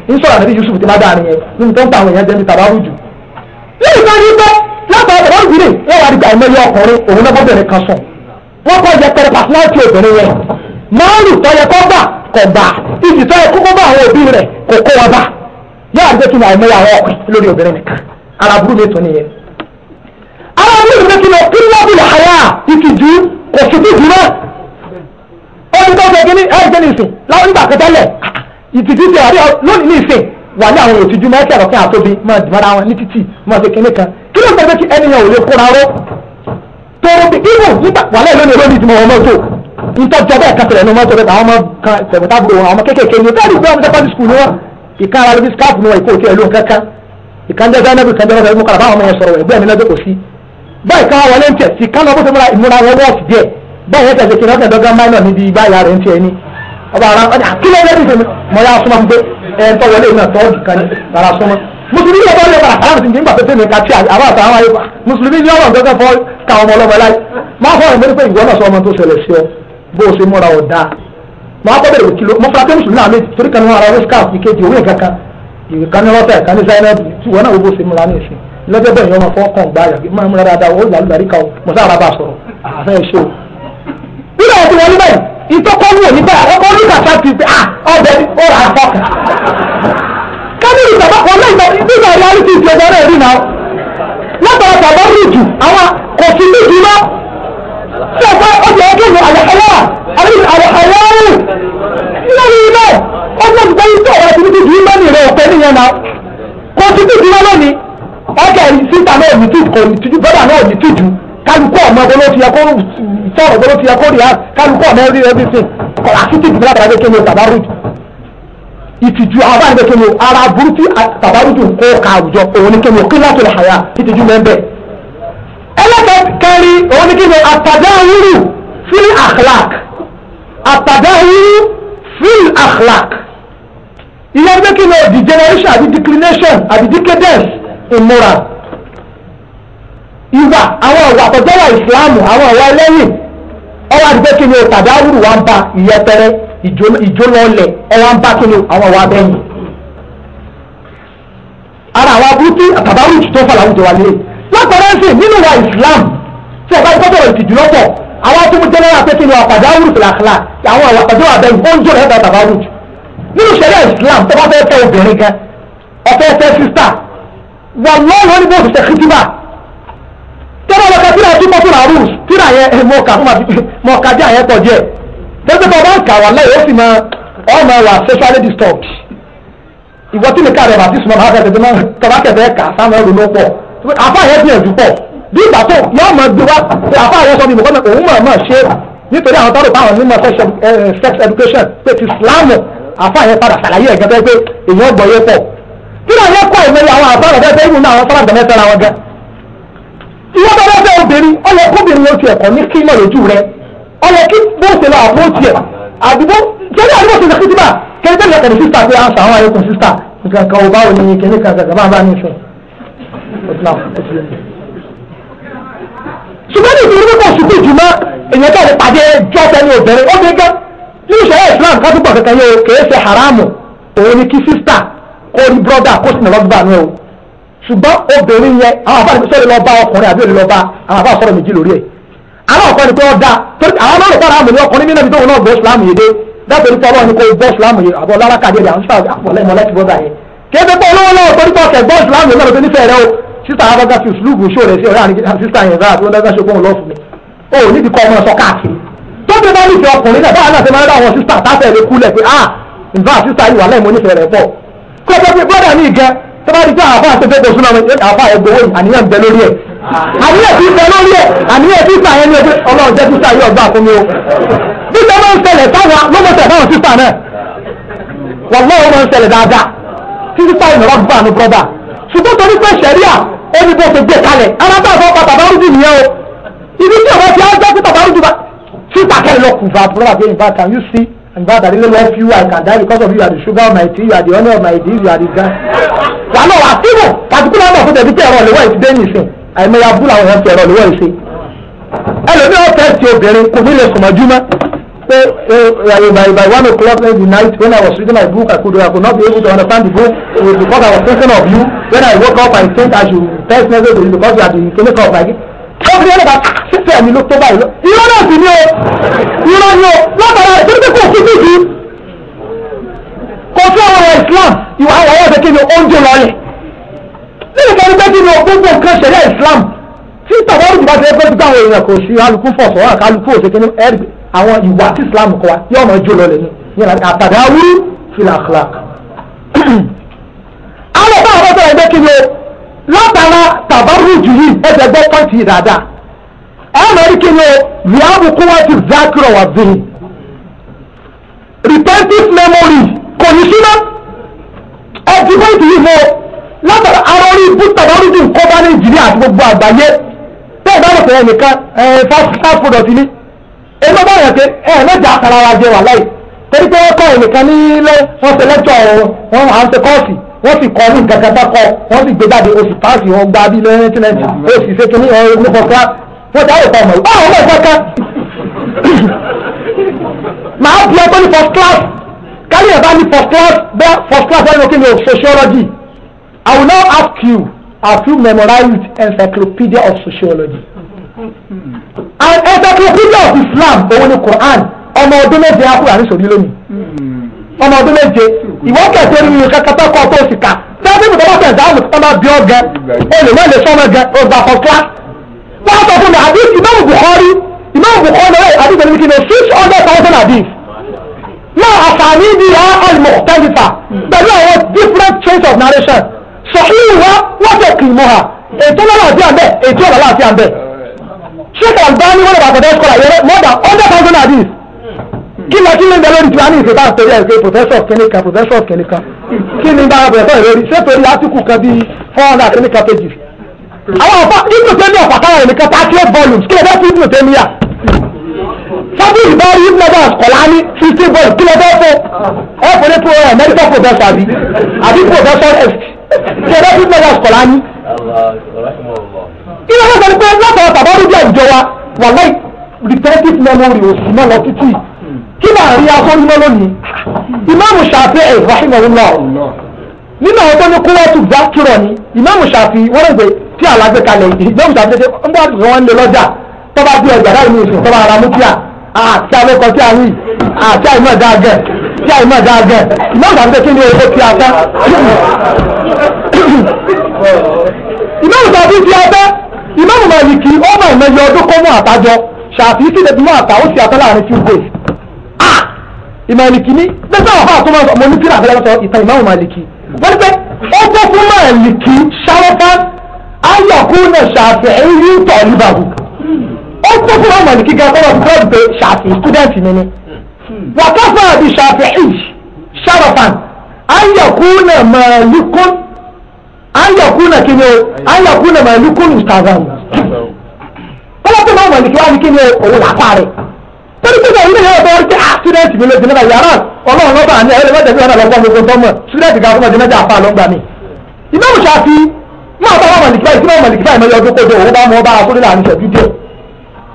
ń sọ̀rọ̀ àbí Yusuf ti ládàá nìyẹn níbi tó ń pa àwọn èèyàn jẹ́ ní tàbárù jù. lẹ́yìn tó ní gbọ́ látọ̀ ọ̀rọ̀ ìdílé wọ́n wà nígbà ìmọ̀lẹ́ ọkùnrin òun náà bọ́bẹ̀rẹ̀ kan sùn. wọ́n kọ́ yẹ pẹrẹ pàṣínàtì obìnrin yẹn máàlù tó yẹ kó gbà kò gbà ìjì tó yẹ kókó bá àwọn òbí rẹ̀ kò kó wọn bá. yóò àdé kí ni àìmọ̀ àwọn ọkùnrin lórí obìnrin nìkan aláburú mi tó nìyẹn. aláburú mi kí ni kí ni wọ́n bí làyà ìtìjú kò sì ìtìtì ti àárẹ̀ lónìí ní ìsìn wà ní àwọn òtìjú máa ń kẹrọ kí àtòbí máa dìbára wọn ní títì máa ṣe kinní kan kí ló ń gbàgbé kí ẹni yẹn ò lè kóra ró tóró bí ibò nígbà wà lẹ́yìn lónìí lónìí tí mo wọ mọ́tò ntọ́jọ́ bẹ́ẹ̀ kan tẹ̀lé ní mọ́tò rẹ̀ àwọn ọmọ kan tẹ̀gbọ́tà búrò wọn àwọn ọmọ kéékèèké ni bẹ́ẹ̀ ni gbọ́dọ̀ secondary school ni wọ́n ìka ara lóbi scarf ni wọ́n ìkó òtí ẹ̀ lóhùn kankan ìkànjẹ́ zainabu ìkànjẹ́ rẹ̀ mọ́kànlá báwọn ọmọ yẹn sọ̀rọ̀ ẹ̀gbẹ́ mi lọ́dọ̀ kò sí báyìí ń tẹ̀ sí ọba ara ọdẹ akílẹ̀ ẹ̀rẹ́ nìkan mọ̀ ya súnmọ́ gbé ẹ̀ ń tọ́wọlé náà tọ́ọ̀dù kan tara súnmọ́ mùsùlùmí yóò bọ́ọ̀lù ẹ̀fà àrùn ti ń gbà pépé mi kàtí àbá àtàwọn ayé mùsùlùmí ní ọ̀rọ̀ nǹkan fọ́ ka ọmọ ọlọ́mọ láì máa fọ́ ọ̀rọ̀ pé ìwọ náà sọ ọmọ tó ṣẹlẹ̀ sí ọ bó o ṣe múra ọ̀ dáa máa kọ́ bẹ̀rẹ̀ kìlọ̀ mo fura pé mùsùlùmí náà méjì torí kan ní wọn ara wíṣíkà ìkejì òwe kankan ìwé kan ní rọ́tà ìka ní zainab tí ìwọ náà wo bó o ṣe múra ní ìsìn lọ́jọ́ bẹ́ẹ̀ yọ ọmọ fọ́ kàn gbá yàgbé máa múra dáadáa ó làlùbáríkà ó mọ̀ sáà ara bá sọ̀rọ̀ ìtọ́kọ́ wò nígbà àkọ́kọ́ ní kàtà ti gbé à ọbẹ̀ ó rà àfọ́kà kábíyì bàbá kan lẹ́yìn nígbà ìyárí ti ti ẹgbẹ́ rẹ̀ rí náà látara bàbá rìjù àwọn kò sí rìjù náà tí ọ̀pá ọjà ọjọ́ ìlú àyàkọ́lá àbí àyàwó lórí iná ọjọ́ ìgbà yìí tó ọ̀rọ̀ tìbí tìbí lónìí rẹ̀ ọ̀pẹ nìyẹn náà kò sí kálukú ọmọ ọgbọ́n ló fi ẹ kó sọ̀rọ̀ ọgbọ́n ló fi ẹ kó rí ha kálukú ọmọ ẹrí everything kọ̀lá títí ìdílé àbàrà bẹ́ẹ̀ kéde tàbárù ìtìjú àwọn àbáyé bẹ́ẹ̀ kéde ara burú tí tàbárù dùn kó ka àwùjọ òun ni kéde kí látò lè hàyà ìtìjú mẹ́ńbẹ́. ẹlẹ́gbẹ̀ẹ́ kẹrin òun ni kéde àtàdáwúrú fíl àkàlàk àtàdáwúrú fíl àkàlàk ìyẹn bẹ́ẹ̀ kéde degeneration àbí declination àbí decadence in moral ìwà àwọn ìwà àtọ̀jọ́wà ìsìláàmù àwọn ìwà ẹlẹ́yìn ọwọ́ àdìgbé kí ni tàdáwùrù wa ń ba ìyẹpẹrẹ ìjólọ́lẹ̀ ọwọ́ ń bá kí ni àwọn ìwà abẹ́yìn. ara àwọn abúrúkú àtàbárù tó fà láwùjọ wa lé látọ̀rọ̀ ẹ̀sìn nínú wa ìsìláàm tí ọba ìkọ́bọ̀rọ̀ ìtìjú lọ́pọ̀ àwọn tó mú jẹ́nẹ́rà pé kí ni àtàdáwùrù fìlàkìlà àwọn ìwà àtàjọ́wà abẹ́yìn ó ń jọ ẹ̀dá àtàbárù nínú ṣẹ̀ríà ìsìláàm tó bá fẹ́ fẹ́ obìnrin gan ọ̀fẹ́ fẹ́ sísà wà lọ́wọ́ ní bó ti ṣe kìtìbà tọ́lá lọ́kọ̀ tíra tí mo fúnra rúùs tíra yẹn mo kà fún mo kà díẹ̀ yẹn pọ̀ díẹ̀ tẹ́sí bọ́ bá ń kà wà láyé ó sì máa ọmọ wa sexually disturbed ìwọ tí mi ká rẹ̀ bàtí sùnmọ́ bàtà tẹ̀tẹ̀ náà tọ́lá kẹ̀kẹ́ kà sáwọn ẹrù ló pọ̀ àfa yẹn gbìyànjú pọ̀ bí ìgbà tó yọ ọmọ gbé wá àfa yẹn sọ mi mọ̀kọ́ òun mọ̀ mọ̀ ṣe nítorí àwọn tọ́lù táwọn onímọ̀ sex education pé ti Islam àfa yẹn padà ṣàlàyé ẹ̀gẹ́ pé èèyàn gbọ́ yẹn pọ̀ tíra yẹn kọ́ ìmẹ́lẹ̀ àwọn àfa rẹ̀ bẹ́ẹ̀ ìwọ bá bá bẹ́ẹ̀ obìnrin ọyẹ kóbìnrin oṣù ẹ̀kọ́ ní kí náà lójú rẹ ọyẹ kí bó ṣe lọ àbó tiẹ̀ àdúgbò sẹ́ni àdúgbò ṣe kí tìbà kẹ́ni tẹ́lẹ̀ kẹ́ni sísà pé àǹsà àwọn ayẹ́kùn sísà nǹkan ọba òní kẹ́ni kan gàgà máa bá ní sùn ṣùgbọ́n ìdúró pọ̀ sùkú ìjùmọ́ èèyàn kẹ́ni pàdé jọ́tẹ́ ní obìnrin ó dé gán ní ìṣẹ̀lẹ̀ Islam ká túbọ̀ kankan yóò kèé ṣe haramu òun ni kí sísà kó rí brọ́dà kó sì ní lọ́gbà náà ṣùgbọ́n obìnrin yẹn àwọn àbá àti sọ́ọ̀lì lọ́ba ọkùnrin àbí olùlọ́ba àwọn àbá sọ̀rọ̀ méjì lórí ẹ̀ àwọn ọ̀kan ni pé ọ̀dà torí àwọn náà lọ́pàá àmì ọkùnrin nínú ìdóhùn náà gbọ́ ìsìlámù yìí dé dábẹ́ nípa ọlọ́run ni kò gbọ́ ìsìlámù yìí àbọ̀ lára kàdé rẹ̀ àwọn ọ̀lẹ́mọ lẹ́tì bọ́dà yẹn kéde pé olówó náà torí pé ọ̀kẹ́ gbọ́ ìsìlámù yìí lọ́dọ̀ nífẹ̀ẹ́ rẹ o sísá abọ́gá fi sùlùgù ṣó rẹ̀ sí ọ̀rẹ́ àti sísá yẹn rà tó dágbà ṣogbọ́n lọ́ fún mi o níbi kọ́ ọmọ sọ káàkiri tó bí bá nífẹ̀ẹ́ ọkùnrin náà báwa náà ṣe máa ń rà àwọn sísá táfẹ́ rẹ kúlẹ̀ pé ah nfa sísá yìí wà lẹ́mọ nífẹ̀ẹ́ rẹ pọ̀ kó tó fi bọ́dà ní ìgẹ́ tó bá rí pé àáfà àtẹ́fẹ́ kò súnmọ́ àáfà ẹgbẹ̀wò àníyàn bẹ lórí ẹ̀ àníyàn ti bẹ lórí ẹ̀ àníyàn ti fà yẹn ní ojú ọlọ́run jẹ́ sísá yóò gbà fún mi o bí sọ máa ń ṣẹlẹ̀ táwa lọ́mọ̀tẹ̀ báwọn sísá náà wọ́n lọ́wọ́ máa ń ṣẹlẹ̀ dáadáa tí sísá ìnira gbà ní brọ́dà ṣùgbọ́n torí pé ṣẹ̀ríà ó ní bó ṣe gbé kalẹ̀ alábà àbọ̀ pa tàbárùjù nìyẹn o ibi tí ọ̀rọ̀ ti á jẹ́ sí tàbárùjù bá sísá kẹ́lẹ́ lọ kù bá brọ́dà bí in fact I really love you I can die because of you you are the sugar of my tea you are the honey of my tea you are the gas. wàá náà wà á síbò pàtíkúlà náà fún tẹ̀sí tí ẹ̀rọ ìléwọ́ ìsìdé ní ìsìn àìmọye abúlé àwọn èèyàn ti ẹ̀rọ ìléwọ́ ìsìn. ẹlòmíì ó tẹ̀sí obìnrin kò ní lè sùn mọ́jú mọ́ pé eh, eh, by by one o'clock in the night when I was reading my book I could I could not be able to understand the book because I was thinking of you when I woke up I think I should text message because you are the clinic of my ọkùnrin yẹn lọ́ba fífẹ́ mi ló tó báyìí lọ irọ́ náà sì ni o irọ́ ni o látara rẹ̀ torí pé kò fi bíbí kò fẹ́ ọ̀rọ̀ Islam ìwà àwọn ọ̀rọ̀ ọ̀sẹ̀ kéde oúnjẹ lọ́ọ̀lẹ̀ nínú ìgbà wípé kí ni o gbogbo nǹkan ṣẹlẹ̀ Islam tí tàbá olùdìbò àti ẹgbẹ́ gbígbà àwọn èèyàn kò sí alùpùpù fọ̀sọ̀ wọn kálukú òṣèké ní ẹ̀rí àwọn ìwà tí Islam kọ wa yóò máa jó lọlẹ̀ ní yẹn láti àtàdáwí filaklak. àwọn ọ̀sán àwọn ọ̀sán ẹgbẹ́ kí ni o látara tàbárùjù yìí ẹ̀ẹ́dẹ̀gbẹ́ pọ́ǹtì dáadáa ẹ̀ẹ́mẹ̀rí kí ni riabu kúwàtí zakiro wà zihìn repentive memory kò ní síná ẹ̀ẹ́dẹ̀gbẹ́ntì yìí mo látara ara orí ibú tàbárùjù nǹkan bá nàìjíríà àti gbogbo àgbáyé bẹ́ẹ̀ bá lọ́pọ̀ ẹnìkan fast food ọ̀tí ní ẹgbẹ́ bá yẹ̀ pé ẹ̀ẹ́mẹ́ta àkàrà wa jẹ wà láì torí pé wọ́n kọ́ ẹnìkan ní ilé wọn ṣe lẹ́jọ́ wọn à ń ṣe kọ́ọ̀sì wọ́n ti kọ́ ní nǹkan kan dákọ̀ wọ́n ti gbé jáde oṣù páàsì wọn gba bí lẹ́yìn tí lẹ́yìn oṣù ṣe kí ní ọ̀rọ̀ ní kọ̀ọ̀kan wọ́n ti àwòkọ́ ọmọ ìgbà àwọn ọmọ ìkọ̀ọ̀kan màá bí ẹgbẹ́ ní first class kárí ẹ̀ bá ní first class bẹ́ first class wọ́n ní kí ni sociology I will now ask you have you memorized encyclopedia of sociology and encyclopedia of Islam òun ni Quran ọmọ ọdún méje akúrà ní sòrí lónìí ọmọ ọdún méje ìwọ́n kẹ̀sẹ̀ rí nínú kẹ́kẹ́ tó kọ́ tó sì ká sẹ́yìn tó bá tẹ̀sán àmì tó bá bí ọ gan olùwé lè sọ́mọ gan ọgbà fọ́fúlá. wọ́n sọ fún mi àdìs ìmáàmù Bukhari ìmáàmù Bukhari rẹ̀ àdìs ẹni kí ni six hundred thousand àdìs. náà àfààní ni a àlùmọ̀ tẹ́lifà pẹ̀lú àwọn different chains of narration sọ̀hí ìwọ́ wọ́n tẹ̀ kì í mọ́ ha ètò lọ́láàfíà bẹ́ẹ̀ ètò ọ̀làláàfíà bẹ́ẹ̀. Sheikh Albani wọn lè bàtọ̀ kí lọ kí ló ń bẹ lórí tiwa ní ìfipá àtòrí ẹ̀ pé professor kìnìkan professor kìnìkan kí ni bá professor lórí sẹ́tòrí átíkù kan bíi four hundred kìnìkan pages. àwọn ọ̀fà ibùdó tó ní ọ̀fà táwọn ènìyàn thirty eight volumes kí lè fẹ́ fún ibùdó tó ní yà. sábì ìbá rí ibùdó kọ̀lá ní fifteen volumes kí lè fẹ́ fún ẹ fún ní pro medical professor àbí àbí professor s kí lè fẹ́ fún ibùdó kọ̀lá ní. ilé wọn sọ pé látọ̀ tàbá rúbíà ìjọ wa wà láì repetitive memory ò sí mọ́ lọ títí kí náà rí asọ́rí mọ́ lónìí ìmáàmù Ṣafi'i rahimahullah nínú àwọn tó ní kúwọ́tù zákìrọ̀ ni ìmáàmù Ṣafi'i wọ́n rẹ̀ tí alágbé kalẹ̀ ìmáàmù Ṣafi'i ṣe ń bá àtúnṣe wọn lé lọ́jà tó bá bí ọjà láì ní ìsìn tó bá ara mú kíá àti alẹ́kọ̀ọ́ tí a rí àti àìmọ̀ dáagẹ̀ tí àìmọ̀ dáagẹ̀ ìmáàmù Ṣafi'i kí ni owó tí a fẹ́ ìmáàmù Ṣafi'i tí a fẹ́ ìmáàmù Màlìkì ọmọ ìmẹ̀yẹ ọdún kọ́mú àtàjọ Ṣafi'i kí Ah! ìmàlìkì ní dẹ́sẹ̀ ọ̀họ́ àtúmọ̀ sọ mo ní tíra àbẹ́lẹ́ lọ́sọ̀ ìtàn ìmáàmù màlìkì wọ́n ní pé ó bọ́ fún màlìkì ṣàrọ́fà ayọ̀kúnà ṣàfihàn yí tọ̀ níbàbù ó bọ́ fún màlìkì gan tọ́lọ̀ bẹ́ẹ̀ pé ṣàfihàn stúdẹ̀ntì nínú wàkàfà àbí ṣàfihàn ṣàrọ́fà ayọ̀kúnà màlìkún ayọ̀kúnà kí ni o ayọ̀kúnà màlìkún ìtàgàn ó bọ́ fún màlìkì wá ní kí ni o òun làpá rẹ̀ torí pé ìgbà yóò bọ́ ọ́kẹ́ à sídẹ̀tì mi ló di mẹ́ta yàrá ọlọ́run lọ́ba àní ẹ̀rọ mẹ́ta ìgbà náà lọ́gbọ́n gbogbo tọ́mọ̀ sídẹ̀tì kan fún ọdún mẹ́ta àfa lọ́gbà mi. ìmáàmù ṣáfi máa bá wà mọ̀lìkì báyìí tí wọ́n mọ̀lìkì báyìí mọ́yọ́ ọdún kó jọ òun bá mọ́ bá akórí láàrin ìṣẹ́jú díẹ̀.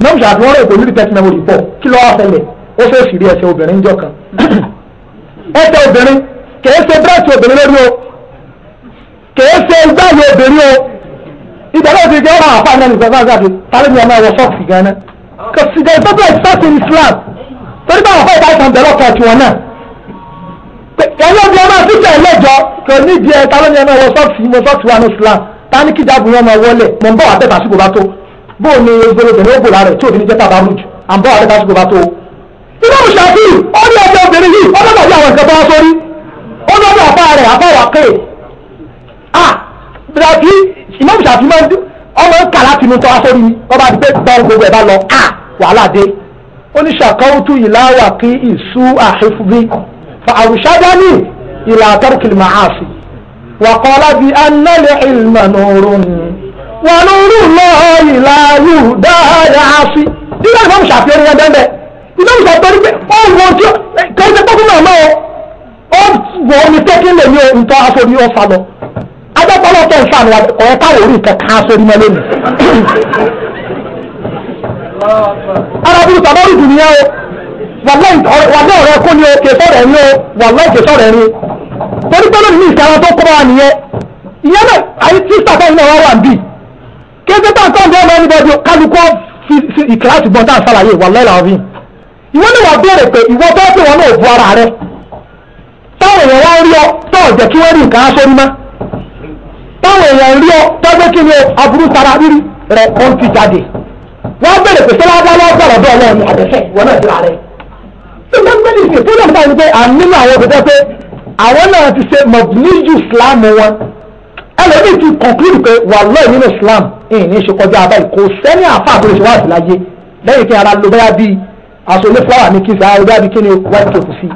ìmáàmù ṣáfi wọ́n rẹ̀ pẹ̀lú rìpẹ́tì mẹ́mórì pọ̀ kí ló wá fẹlẹ̀ ó fẹ́ fìrí ẹsẹ̀ obìnrin níjọ́ kan. ẹsẹ̀ obìnrin kèé ṣe bírẹ̀tì obìnrin lórí o kèé ṣe gbáyé obìnrin o ìgbàlódé jẹ́ ọ̀rọ̀ àpá náà nìkan sáà sáà fi tálẹ́ mi ọmọ ẹ̀wọ̀ sọ́ọ̀kì gan náà kò sì dé ìfẹ́ bẹ́ẹ̀ sọ́ọ̀tì Islam torí báwọn fẹ́ ìdájọ́ ń bẹ̀rẹ̀ ọ̀kan tiwọn náà ẹlọ́bi ọmọ àfíìsẹ̀ ẹlẹ́jọ kò ní di ẹ̀ta lónìí ẹ̀mọ́ ẹ̀wọ̀ sọ́ọ̀tì mo sọ́ọ̀tì wa ní Islam ta ní kíjà bu wọn wọlé mo ń bọ̀ wá tẹ̀ta síkò bá tó bó ni gbólógbò ní ó bòlá rẹ̀ tí òfin jẹ́ tàbá rújù à ń bọ̀ wá tẹ̀ta síkò bá tó. iná òṣàfì ó ní ẹgbẹ́ obìnrin yìí ó lọ́dọ̀ bí àwọn nǹkan bọ́ sórí ó lọ́dọ̀ àbá rẹ̀ àbá wà pé ah bí ọmọ ń kà láti inú tọ́wá sórí ọba àti pé báwọn gbogbo ẹ̀ bá lọ à wàhálà dé oníṣàkọ́wútú ìláwà kí ìṣú àhífúbí fa àwùṣájání ìlà àtọ́rùkìlì màáfi wà kọ́ lábí análẹ̀ ìlmà nùrùn wà nùrùn lọ́ọ́ ìlà dáadáa sí. dídá ìbámu ṣàfihàn yẹn bẹ́ẹ̀ ìbámu ṣàfihàn pé ó wọ tí kẹ́sẹ̀ pọ́kúnmọ́ náà ó wọ omi tẹ́kí lè ní ohun tó aṣọ bá pọ́lọ́ tó ń fa àwọn ọ̀rẹ́ káwọ̀ orí nǹkan kan sórí mọ́ lónìí. arábìnrin bàbá òrùkù ni ẹ o wàlẹ́ ọ̀rẹ́ kó ni o kè sọ̀rọ̀ ẹni o wàlẹ́ kè sọ̀rọ̀ ẹni. torí pé lónìí ìṣẹ́ra tó kọ́ wa nìyẹn ìyẹn náà àyè tí sàtọ́ iná wa wà bí kéde tá à ń tọ́ ọ̀dọ́ ọmọ ẹnibọ́dì kálukú ìkíláàsì gbọ́n tá à ń sàlàyé wàlẹ́ làwọn fi. ìwọ ni wàá béèrè pé ìwọ tó ń pè wọn náà bu ara rẹ táwọn èèyàn wá ń rí ọ tó ọ̀jẹ̀ kí wọ́n táwọn èèyàn rí ọ tọ́gbé kí ni aburú tara rírí rẹ ó ti jáde wọ́n bẹ̀rẹ̀ pé sọ́lá dá lọ́wọ́ sọ̀rọ̀ bẹ́ẹ̀ lọ́wọ́ ni àbẹ̀fẹ́ wọn náà dira rẹ̀. ṣùgbọ́n gbẹ́dì sí tó dàbí báyìí pé à ń nínú àwọn òbí pé àwọn náà ti ṣe mọ̀bùníjù islam wọn ẹlẹ́bí ti conclude pé wallahi nínú islam ìní ṣe kọjá abáyìí kò sẹ́ni àfa àbúrò ṣe wá sí láyé lẹ́yìn kí ara lo bẹ́yà bíi aṣọ onífúláwà ní kí n sá ẹgbẹ́ àbí kí ni wáyé tó kù sí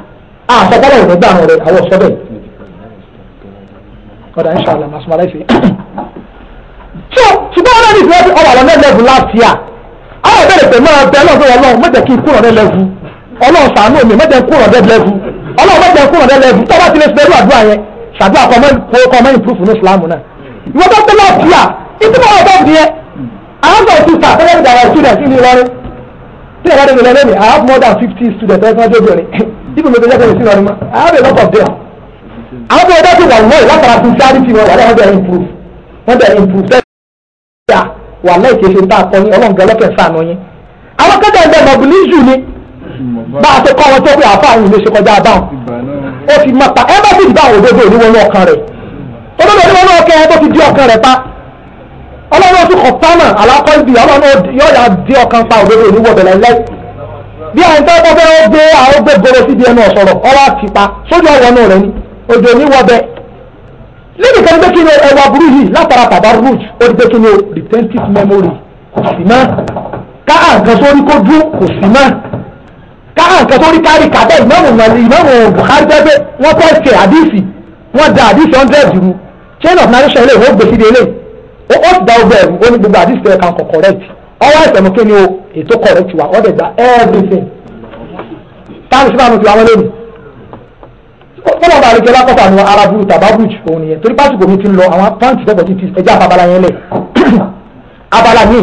àṣọ ọ̀dà inshàlá màá sọmọ aláìsè. so ṣùgbọ́n ọ̀rẹ́ mi ìfẹ́ ọ̀rọ̀ àwọn ẹlẹ́lẹ́fù láti à àwọn ìbéèrè pẹ̀lú ọ̀bẹ ọlọ́run ọlọ́run mẹ́jẹ̀ kí n kúrò lẹ́lẹ́fù ọlọ́run ṣàánú mi mẹ́jẹ̀ kúrò lẹ́lẹ́fù ọlọ́run mẹ́jẹ̀ kúrò lẹ́lẹ́fù tó bá ti lè ṣẹ́rú àdúrà yẹn ṣàdúrà kọ́ mẹ́rin púrúfù ní ìsìlámù náà ìwọ́n tó tẹ́lẹ̀ ọ̀tí à ìtumọ̀ ọ̀tọ́ fi yẹn àwọn ọ̀tọ̀ ti sà tẹ́lẹ̀ ìdàrà student ní Ìlọrin tí ẹ̀rọ I have more than fifty students ẹ̀sán tó bẹ̀rẹ̀ ibi mi tó jẹ́ kẹ́lẹ́ sí Ìlọrin mọ́ I have a lot of them àwọn ọmọ ẹgbẹ́ wà lọ́ọ̀ látara bíi charity wọn wà lọ́wọ́ bẹ́ẹ̀ improve wọ́n bẹ́ẹ̀ improve fẹ́ẹ́ gbà wà lẹ́yìn kí n ṣe ń tà kọ́ yín ọlọ́run gẹ́lọ́ kẹ̀ sáà yín. àwọn kẹ́kẹ́ ẹgbẹ́ mọ̀bìlì jù ni bá a ṣe kọ́ wọn tó pé àáfà àwọn ìlú ṣe kọjá báwọn. ó fi mọ́ pa ẹ bá sì bá àwọn òdodo oníwọlé ọkàn rẹ̀ òdodo oníwọlé ọkàn rẹ̀ tó ti di ọkàn rẹ̀ pa ọlọ́run tún kọ̀ pánà alákọ̀ ibi ọlọ́run yóò yà di ọkàn pa òdodo oníwọlé láíláí bí àwọn ìtọ́jú bẹ́ẹ̀ ó gbé àwọn gbé gbòòrò síbi ẹnu ọ̀sọ̀rọ̀ ọwọ́ àti pa sójú ọ̀wọ́ náà rẹ̀ ni odò ní wọbẹ níbi kan gbé kí ni ẹwà burú yìí látara tabarruj ó ti gbé kí ni retentive memory kò sí mọ́ ká àǹkan sórí kó dún kò sí mọ́ ká àǹkan sórí kárí kàbẹ́ ìmọ̀mù ìmọ̀lì ìmọ̀mù Bukhari jẹ́ pé wọ́n tẹ̀sẹ̀ àdìsí wọ́n da àdìsí hundred rú chain of narration eléyìí wọ́n gbèsè délé ó ó ti da ọgbẹ́ ẹ̀rù ó ní gbogbo àdìsí tẹ̀ kan kọ̀ correct ọwọ́ ìfẹ̀mú kí ni o ètò correct wa ọ̀dẹ̀ gba everything táwọn ìṣúná mi ti wá wọn lónìí fọlọ́n bá àlejò alákọ̀ọ́ta ni arabu tababuj òun nìyẹn torí pásítọ̀ mi ti ń lọ àwọn pàǹtì tẹ́gbọ̀ ti ti ẹja abala yẹn lẹ̀ abala mi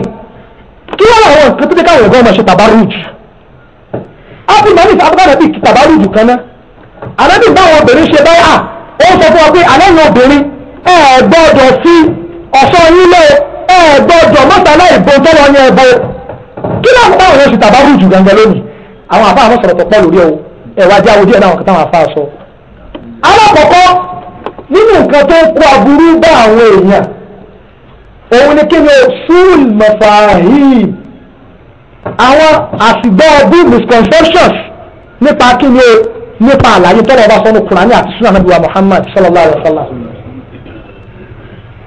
kí wọ́n àwọn nǹkan tó dé káwọn ẹ̀gbọ́n ọmọ ṣe tabaruj abdulmanis abdulmanabi tabaruj kan ná anabi báwọn obìnrin ṣe báyà ó sọ fún wa pé aláìní obìnrin ẹ gbọ́dọ̀ sí ọ̀ṣọ́ yín lé ẹ gbọ́dọ̀ mọ́tàlá ìbò tọ́lọ yẹn ẹ̀bọ kí láwọn alákọ̀ọ́kọ́ nínú nǹkan tó ń kó aburú bá àwọn èèyàn òun ni kí ni fúl mọ̀fàáhìm àwọn àsìgbọ́ ọdún misconceptions nípa kí ni nípa àlàyé tọ́lọ̀ ọba sọ́nu kùránì àti sunan abiwa Muhammad sallallahu alaihi wasallam, sallam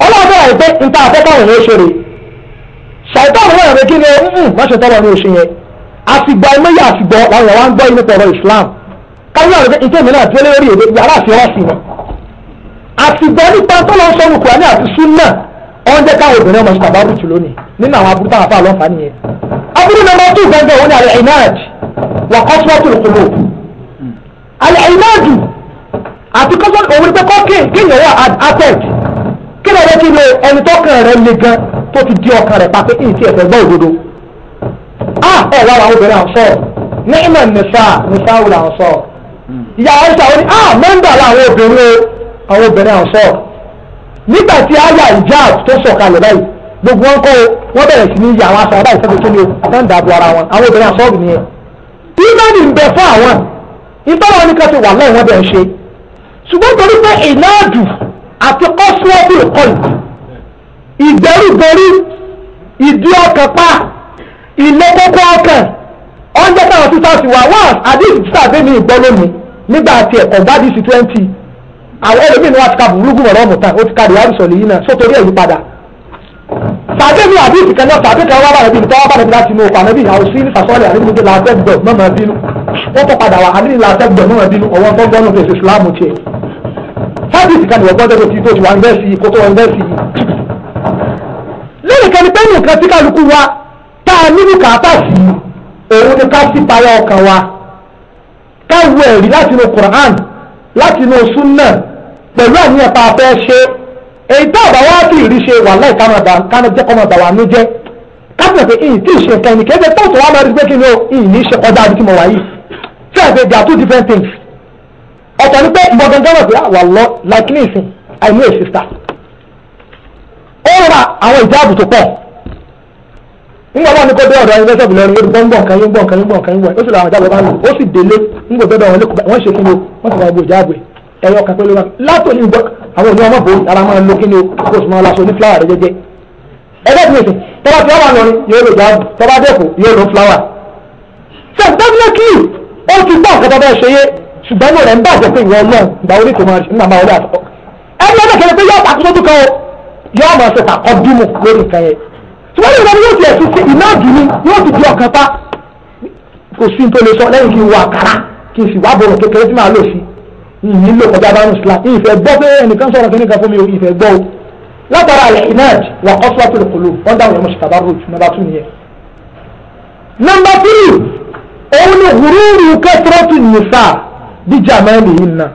ọlọ́dọ̀ àìpé níta àfẹ́kọ̀ òun ó ṣeré ṣàìtàn òun ẹ̀rẹ́ kí ni ó ń mọ̀ṣẹ̀ tọ́lọ̀ ní oṣù yẹn àsìgbọ́ ẹ̀mẹ́yà àsìgbọ́ làwọn èèyàn wá ń gbọ́ yìí nípa ọ̀rọ̀ Islam káyọ̀ rẹ̀ ìtẹ́ mi náà dúró lórí èdè yàrá àti ọ̀sìn wọn. àtìgbọ́ nípa tó lọ sọ́nù kùránì àti súnà ọ̀n jẹ́ káwọn obìnrin ọmọ sùkà bá rùtù lónìí nínú àwọn aburú táwọn afáàlọ́ fà nìyẹn. aburú nọmba tù gbẹngàn òun ni àlẹ́ ìnáàjì wà kọ́sọ́tù lùkùlù. àlẹ́ ìnáàjì àti kọ́sọ́tù òun pé kọ́kì kéèyàn wà atẹ́t kí ni ọ̀rẹ́ kí ní ìmọ̀ nìsa nìsa wùlà àwọn sọ̀rọ̀ ìyá ẹ̀ṣà ó ní ah mẹ́ńdà làwọn obìnrin o àwọn obìnrin àṣọ nígbà tí àyà ìjáàb tó sọ̀kalẹ̀ báyìí gbogbo wọn kọ́ wọn bẹ̀rẹ̀ sí ní yà àwọn aṣọ àbáyé sẹ́kẹ̀ tó ní àtẹ́ǹdà bu ara wọn àwọn obìnrin àṣọ ọ̀gbìn yẹn ìmánì ń bẹ fún àwọn ìtọ́wọ́ ní kan ti wà lẹ́yìn wọn bẹ̀rẹ̀ ṣe ṣùgbọ́n torí pé ìnáàdù àti kọ́síwọ́bù ìkọlù ìgbẹ́rùgbẹ́rù ìdí ọkàn pa ìlẹ́kọ́kọ́ ọkàn hundred thousand two thousand wa wá àdéhùn títà bẹ́ẹ̀ mi ìgbọ́ lónìí nígbà tí ẹ̀kọ́ bá di sí twenty àwọn ẹlòmíì ni wọ́n ti ka bùrúgùn ọ̀rọ̀ ọ̀mùtà ó ti ka rẹ̀ àrùsọ̀ lè yí náà sótórí ẹ̀yí padà sàdéhùn àdéhùn kan náà sàdéhùn kan wá bá nàbí nìkan wá bá nàbí láti inú òkú ànábì àwọn sí ìfàsọ́lẹ̀ àdéhùn làtẹ́gbọ̀ mọ́mọ́ bínú wọ́n tó padà wá àdéhùn làtẹ́gbọ̀ mọ́mọ́ bínú ọ̀wọ́n tó gbọ́nù fèsì ìsìláàmù tiẹ̀ sàdéhùn kan nìwọ̀n wà òun ni ká sì payá ọkàn wa ká wo ẹ̀rí láti inú Quran láti inú súnà pẹ̀lú àníyàn pa afẹ́ ṣe èyí tá àbá wá sí ìrí ṣe wà láì kánà jẹ́ kọ́mọ bàwà ní jẹ́ kápẹ̀ pé ìyìn tí ì ṣe nǹkan ẹni kéde tó tó wá máa rí pé kí ni ó ìyìn ní ṣe kọjá àbí tí mo wà yìí tí ẹ̀ pé are two different things ọ̀tọ̀ ni pé ìmọ̀gàn gánà pé ah, wà lọ like me sin I know a sister ó ra àwọn ìjáàbù tó pọ̀ nígbà wọn ni kó dé ọ̀dọ̀ ayélujára ìlọrin yóò gbọ́n gbọ̀n kan yín gbọ̀n kan yín gbọ̀n kan yín gbọ̀n ó sì làwọn ìjábọ̀ bá lò ó sì délé nígbà tó dọ̀ wọn lẹ́kọ̀ọ́ wọ́n ṣe kí ni o wọ́n sì bá gbogbo ìjáàbò ẹ̀ ẹ̀yọ kan pé lóra látòlí ìgbọ́ àwọn òní ọmọ bòó ara máa ń lo kí ni o kó sì máa laṣọ ní fúláwà rẹ jẹjẹ ẹgbẹ́ mi sìn tọ́ba tí wọ́n lọrin yóò lo ìjáàbò tọ́ba dẹ́kù yóò lo fúláwà. sọ definitely ó ti gbọ́ nǹkan tó bá ṣe yé ṣùgbọ́n mo rẹ̀ ń bàjẹ́ pé ìwọ náà ìgbà orí kò máa ṣe nígbà máa wọlé àtọ́kọ́ ẹgbẹ́ ọ̀dọ̀ kẹlẹ́ pé yóò takú lójú kan o wọ́n lè lọ yóò ti ẹ̀sùn sí ìmáàdù ni yóò ti di ọ̀kan pa kò sí tó lè sọ lẹ́yìn kí n wọ àkàrà kí n sì wá bọ̀rọ̀ kékeré tí màá lò sí ìyìn lò kọjá bá ń sùlá ìfẹ́ gbọ́ pé ẹnìkan sọ̀rọ̀ kí nìkan fún mi ò ìfẹ́ gbọ́ o látara àlẹ́ ìmáàdù wà ọ́sùwà tó lè kò lò wọ́n dáhùn ẹ̀mọ́ ṣìkàbá road nọ́mbà tún nìyẹn. nọ́mbà tírì òun ni hurúurú kẹtírọ́tù nìfà bíjà mẹ́lì yìí ná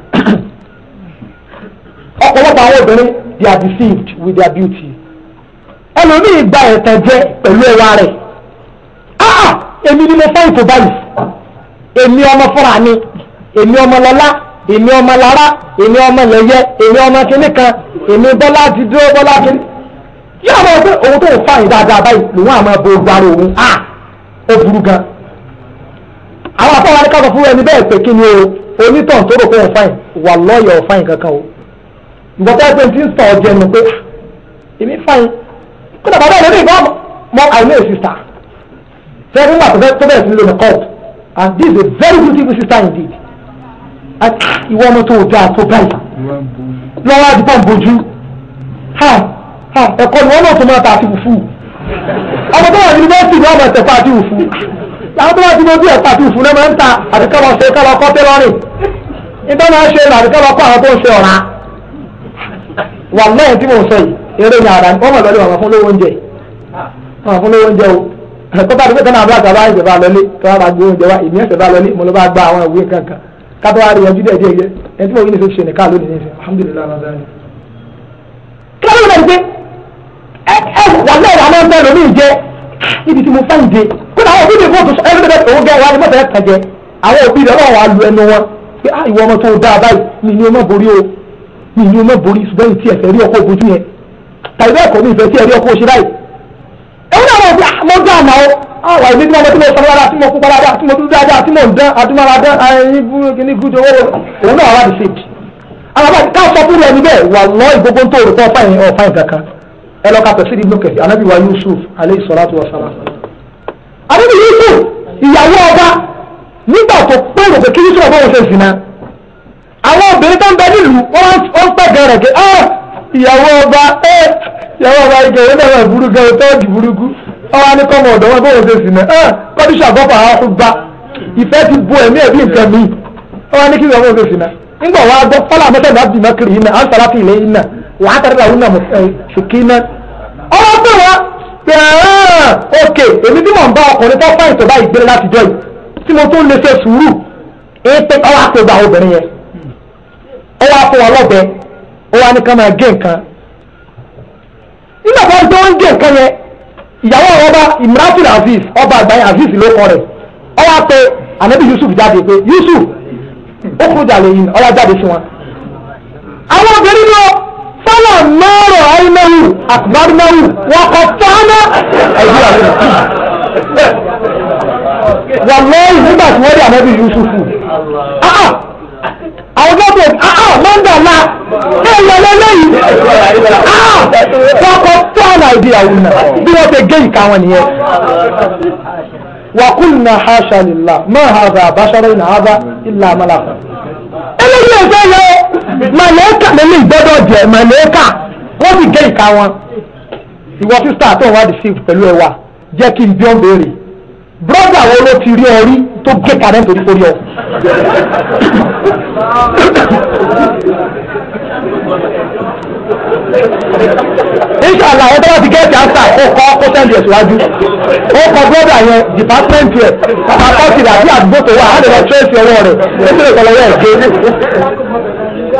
ọ̀pọ̀lọpọ̀ àwọn obìnrin they are deceived with their beauty ẹlòmíì gba ẹ̀tàn jẹ pẹ̀lú ẹwà rẹ̀ ah, ah èmi ni mo fọ́ ìtò báyìí èmi ọmọ fúnra mi èmi ọmọ lọ́lá èmi ọmọ lára èmi ọmọ lẹ́yẹ èmi ọmọ kìnnì kan èmi bọ́lá ti dúró bọ́lá kìnnì yóò máa gbé tó ń báyìí lòun àmọ́ bo gbàrú òun ah ó burú gan àwọn afọwọ́ fún ẹni bẹ́ẹ̀ pé kí ni o onítàn tó rò pé òun wà lọ́ọ̀yà òun kankan o ti ń sọ ọ̀jẹ̀ nù pé ah, èmi kódà bàbá rẹ̀ ní ìbọn mọ àìní èsì sà fẹ́ nígbà tó bẹ̀rẹ̀ sí lónìí court and this is a very beautiful sister indeed ìwọ ọmọ tó dáa tó báyìí lọ́wọ́ àdìpọ̀ ń bojú ẹ̀kọ́ ni wọ́n náà tó máa ta àti fùfú ọmọ tó wà ní yunifásitì ni wọ́n máa tẹ̀kọ́ àti fùfú àwọn tó wà ní ojú ẹ̀kọ́ àti fùfú náà máa ń ta àti káwọn ṣe káwọn kọ́ pé lọ́rìn ìbámu ṣe àti káwọn kọ́ àwọn tó ń ṣe ọ̀ra wà lẹ́yìn tí mo sọ yìí eré ni àrà wọ́n mọ̀ lọ́lé wọn fún lówó oúnjẹ wọn fún lówó oúnjẹ o ẹ̀kọ́ bá dúpẹ́ tọ́nà àbúrò àtàwọn ìjọba lọ́lé tọ́wọ́ bá gbé oúnjẹ wa ìmí ẹ̀sẹ̀ bá lọ́lé mo ló bá gba àwọn ìwé kankan kátó wá rí yanjú díẹ̀ díẹ̀ ẹni tí mo rí ní fífi ṣe nìkan lónìí nífẹ̀ẹ́ alhamdulilayi ramadan. kílódé ló dé ẹ ẹ wàlẹ́ ìlànà ń bẹ̀rù mí jẹ níbi tí mo fẹ́ ń de kó làwọn òbí mi fún òtún ẹni bẹ́ẹ̀ òun gẹ́ wa ni mọ̀tẹ́ kan jẹ àwọn òbí rẹ̀ wọ́n wà lu ẹnu wọn pé ah, ìwọ ọmọ tó dáa báyìí mi ni o mọ̀ borí o mi ni o mọ̀ borí ṣùgbọ́n ìtì ẹ̀fẹ̀ rí ọkọ̀ ojú yẹn tàbí bẹ́ẹ̀ kọ́ ní ìfẹ́ sí ẹ̀rí ọkọ̀ òṣèré yìí. ẹ̀rọ náà wọ́n fi ah, mọ́ dá àná o àwọn ìwé tí wọ́n mọ́ tí mo sọ dáadáa tí mo kú dáadáa tí mo dúdú dáadáa tí mo ń dán adúmọ̀ra dán ah, ẹyin bú kíní gúdú owó òun náà wà dìṣe. àwọn bá ká sọ fúnra ẹni bẹ́ẹ̀ wà lọ ìgbógun tó rò fún fáyìn ọ̀fáyìn kankan ẹ lọ ka tẹ̀sí nínú kẹ̀kẹ́ anábì wa Yusuf aleyhi salatu wa salam. anábì Yusuf ìyàwó ọba nígbà tó pé rò pé kí Yusuf ọba òun ṣe zina àwọn obìnrin tó ń bẹ nílùú wọ́n pẹ̀ gẹ̀rẹ̀gẹ̀ ah, ìyàwó ọba ẹ ìyàwó ọba ìkẹyẹ náà burúkú ẹ tọ́ọ̀kì burúkú ọwọ́ ní kọ́mọ ọ̀dọ́ wọn bóun ṣe sì náà ẹ kọ́díṣà bọ́pà àhùbá ìfẹ́ ti bu ẹ̀mí ẹ̀bí nǹkan mi ọwọ́ ní kí ìyàwó ṣe sì náà nígbà wàá gbọ́ fọlá mẹ́tẹ̀ náà bìmọ́ kiri yìí náà à ń sara fi ilé yìí náà wàá tẹ̀lé àwọn náà ṣùkì náà ọwọ́ pé wọ́n pé ókè èmi bí mò ń bá ọkùnrin tó fáyìn tó bá ìgbélé láti jọ yìí tí mo tún lè ṣe sùúrù èyí pé ọwọ́ àpò ìgbà obìnrin yẹn ọwọ́ àpò ọlọ́bẹ̀ẹ́ ó wá ní ká máa gé nǹkan nígbà tó ń tó ń gé nǹkan yẹn ìyàwó ọba imratul aziz ọba àgbáyé aziz ló kọ rẹ̀ ó wá pé ànábì yusuf jáde pé yusuf ó kúrò jà lẹ́yìn ó wá jáde sí wọn. àwọn obìnrin lọ fọlọ mẹrọ àìmẹwù àkùbárùmẹwù wọn kọ fáná ẹgbẹ́ àti wọn lọ ìgbà tí wọn rí ànábì yusuf. àwọn ah, ah mọ́ndà la ẹ lọ lẹ́lẹ́yìn ah fọkọ fọ́ọ̀nà ìdí àwọn náà bí wọ́n ti gé ìka wọn nìyẹn. وقلنا حاشا لله ما هذا بشر إن هذا إلا ملك eléyìí ẹgbẹ́ yẹ màlẹ́kà lẹ́nu ìgbọ́dọ̀ jẹ màlẹ́kà wọ́n ti gé ìka wọn ìwọ sísá tó wà pẹ̀lú ẹwà jẹ́ kí n bí ó béèrè brọ́dà wo ló ti rí ọ rí tó gé kàdé nítorí torí ọ. Inshallah àwọn tó bá ti gẹ́ẹ̀tì áńsà ó kọ́ kó sẹ́ndì ẹ̀ síwájú ó kọ brọ́dà yẹn dìpátẹ́ǹtì ẹ̀ bàbá kọ́ọ̀tì àti àdúgbò tó wà á lè lọ tírèsì ọwọ́ rẹ̀ ètò ìkọlọ́wọ́ ẹ̀ gé.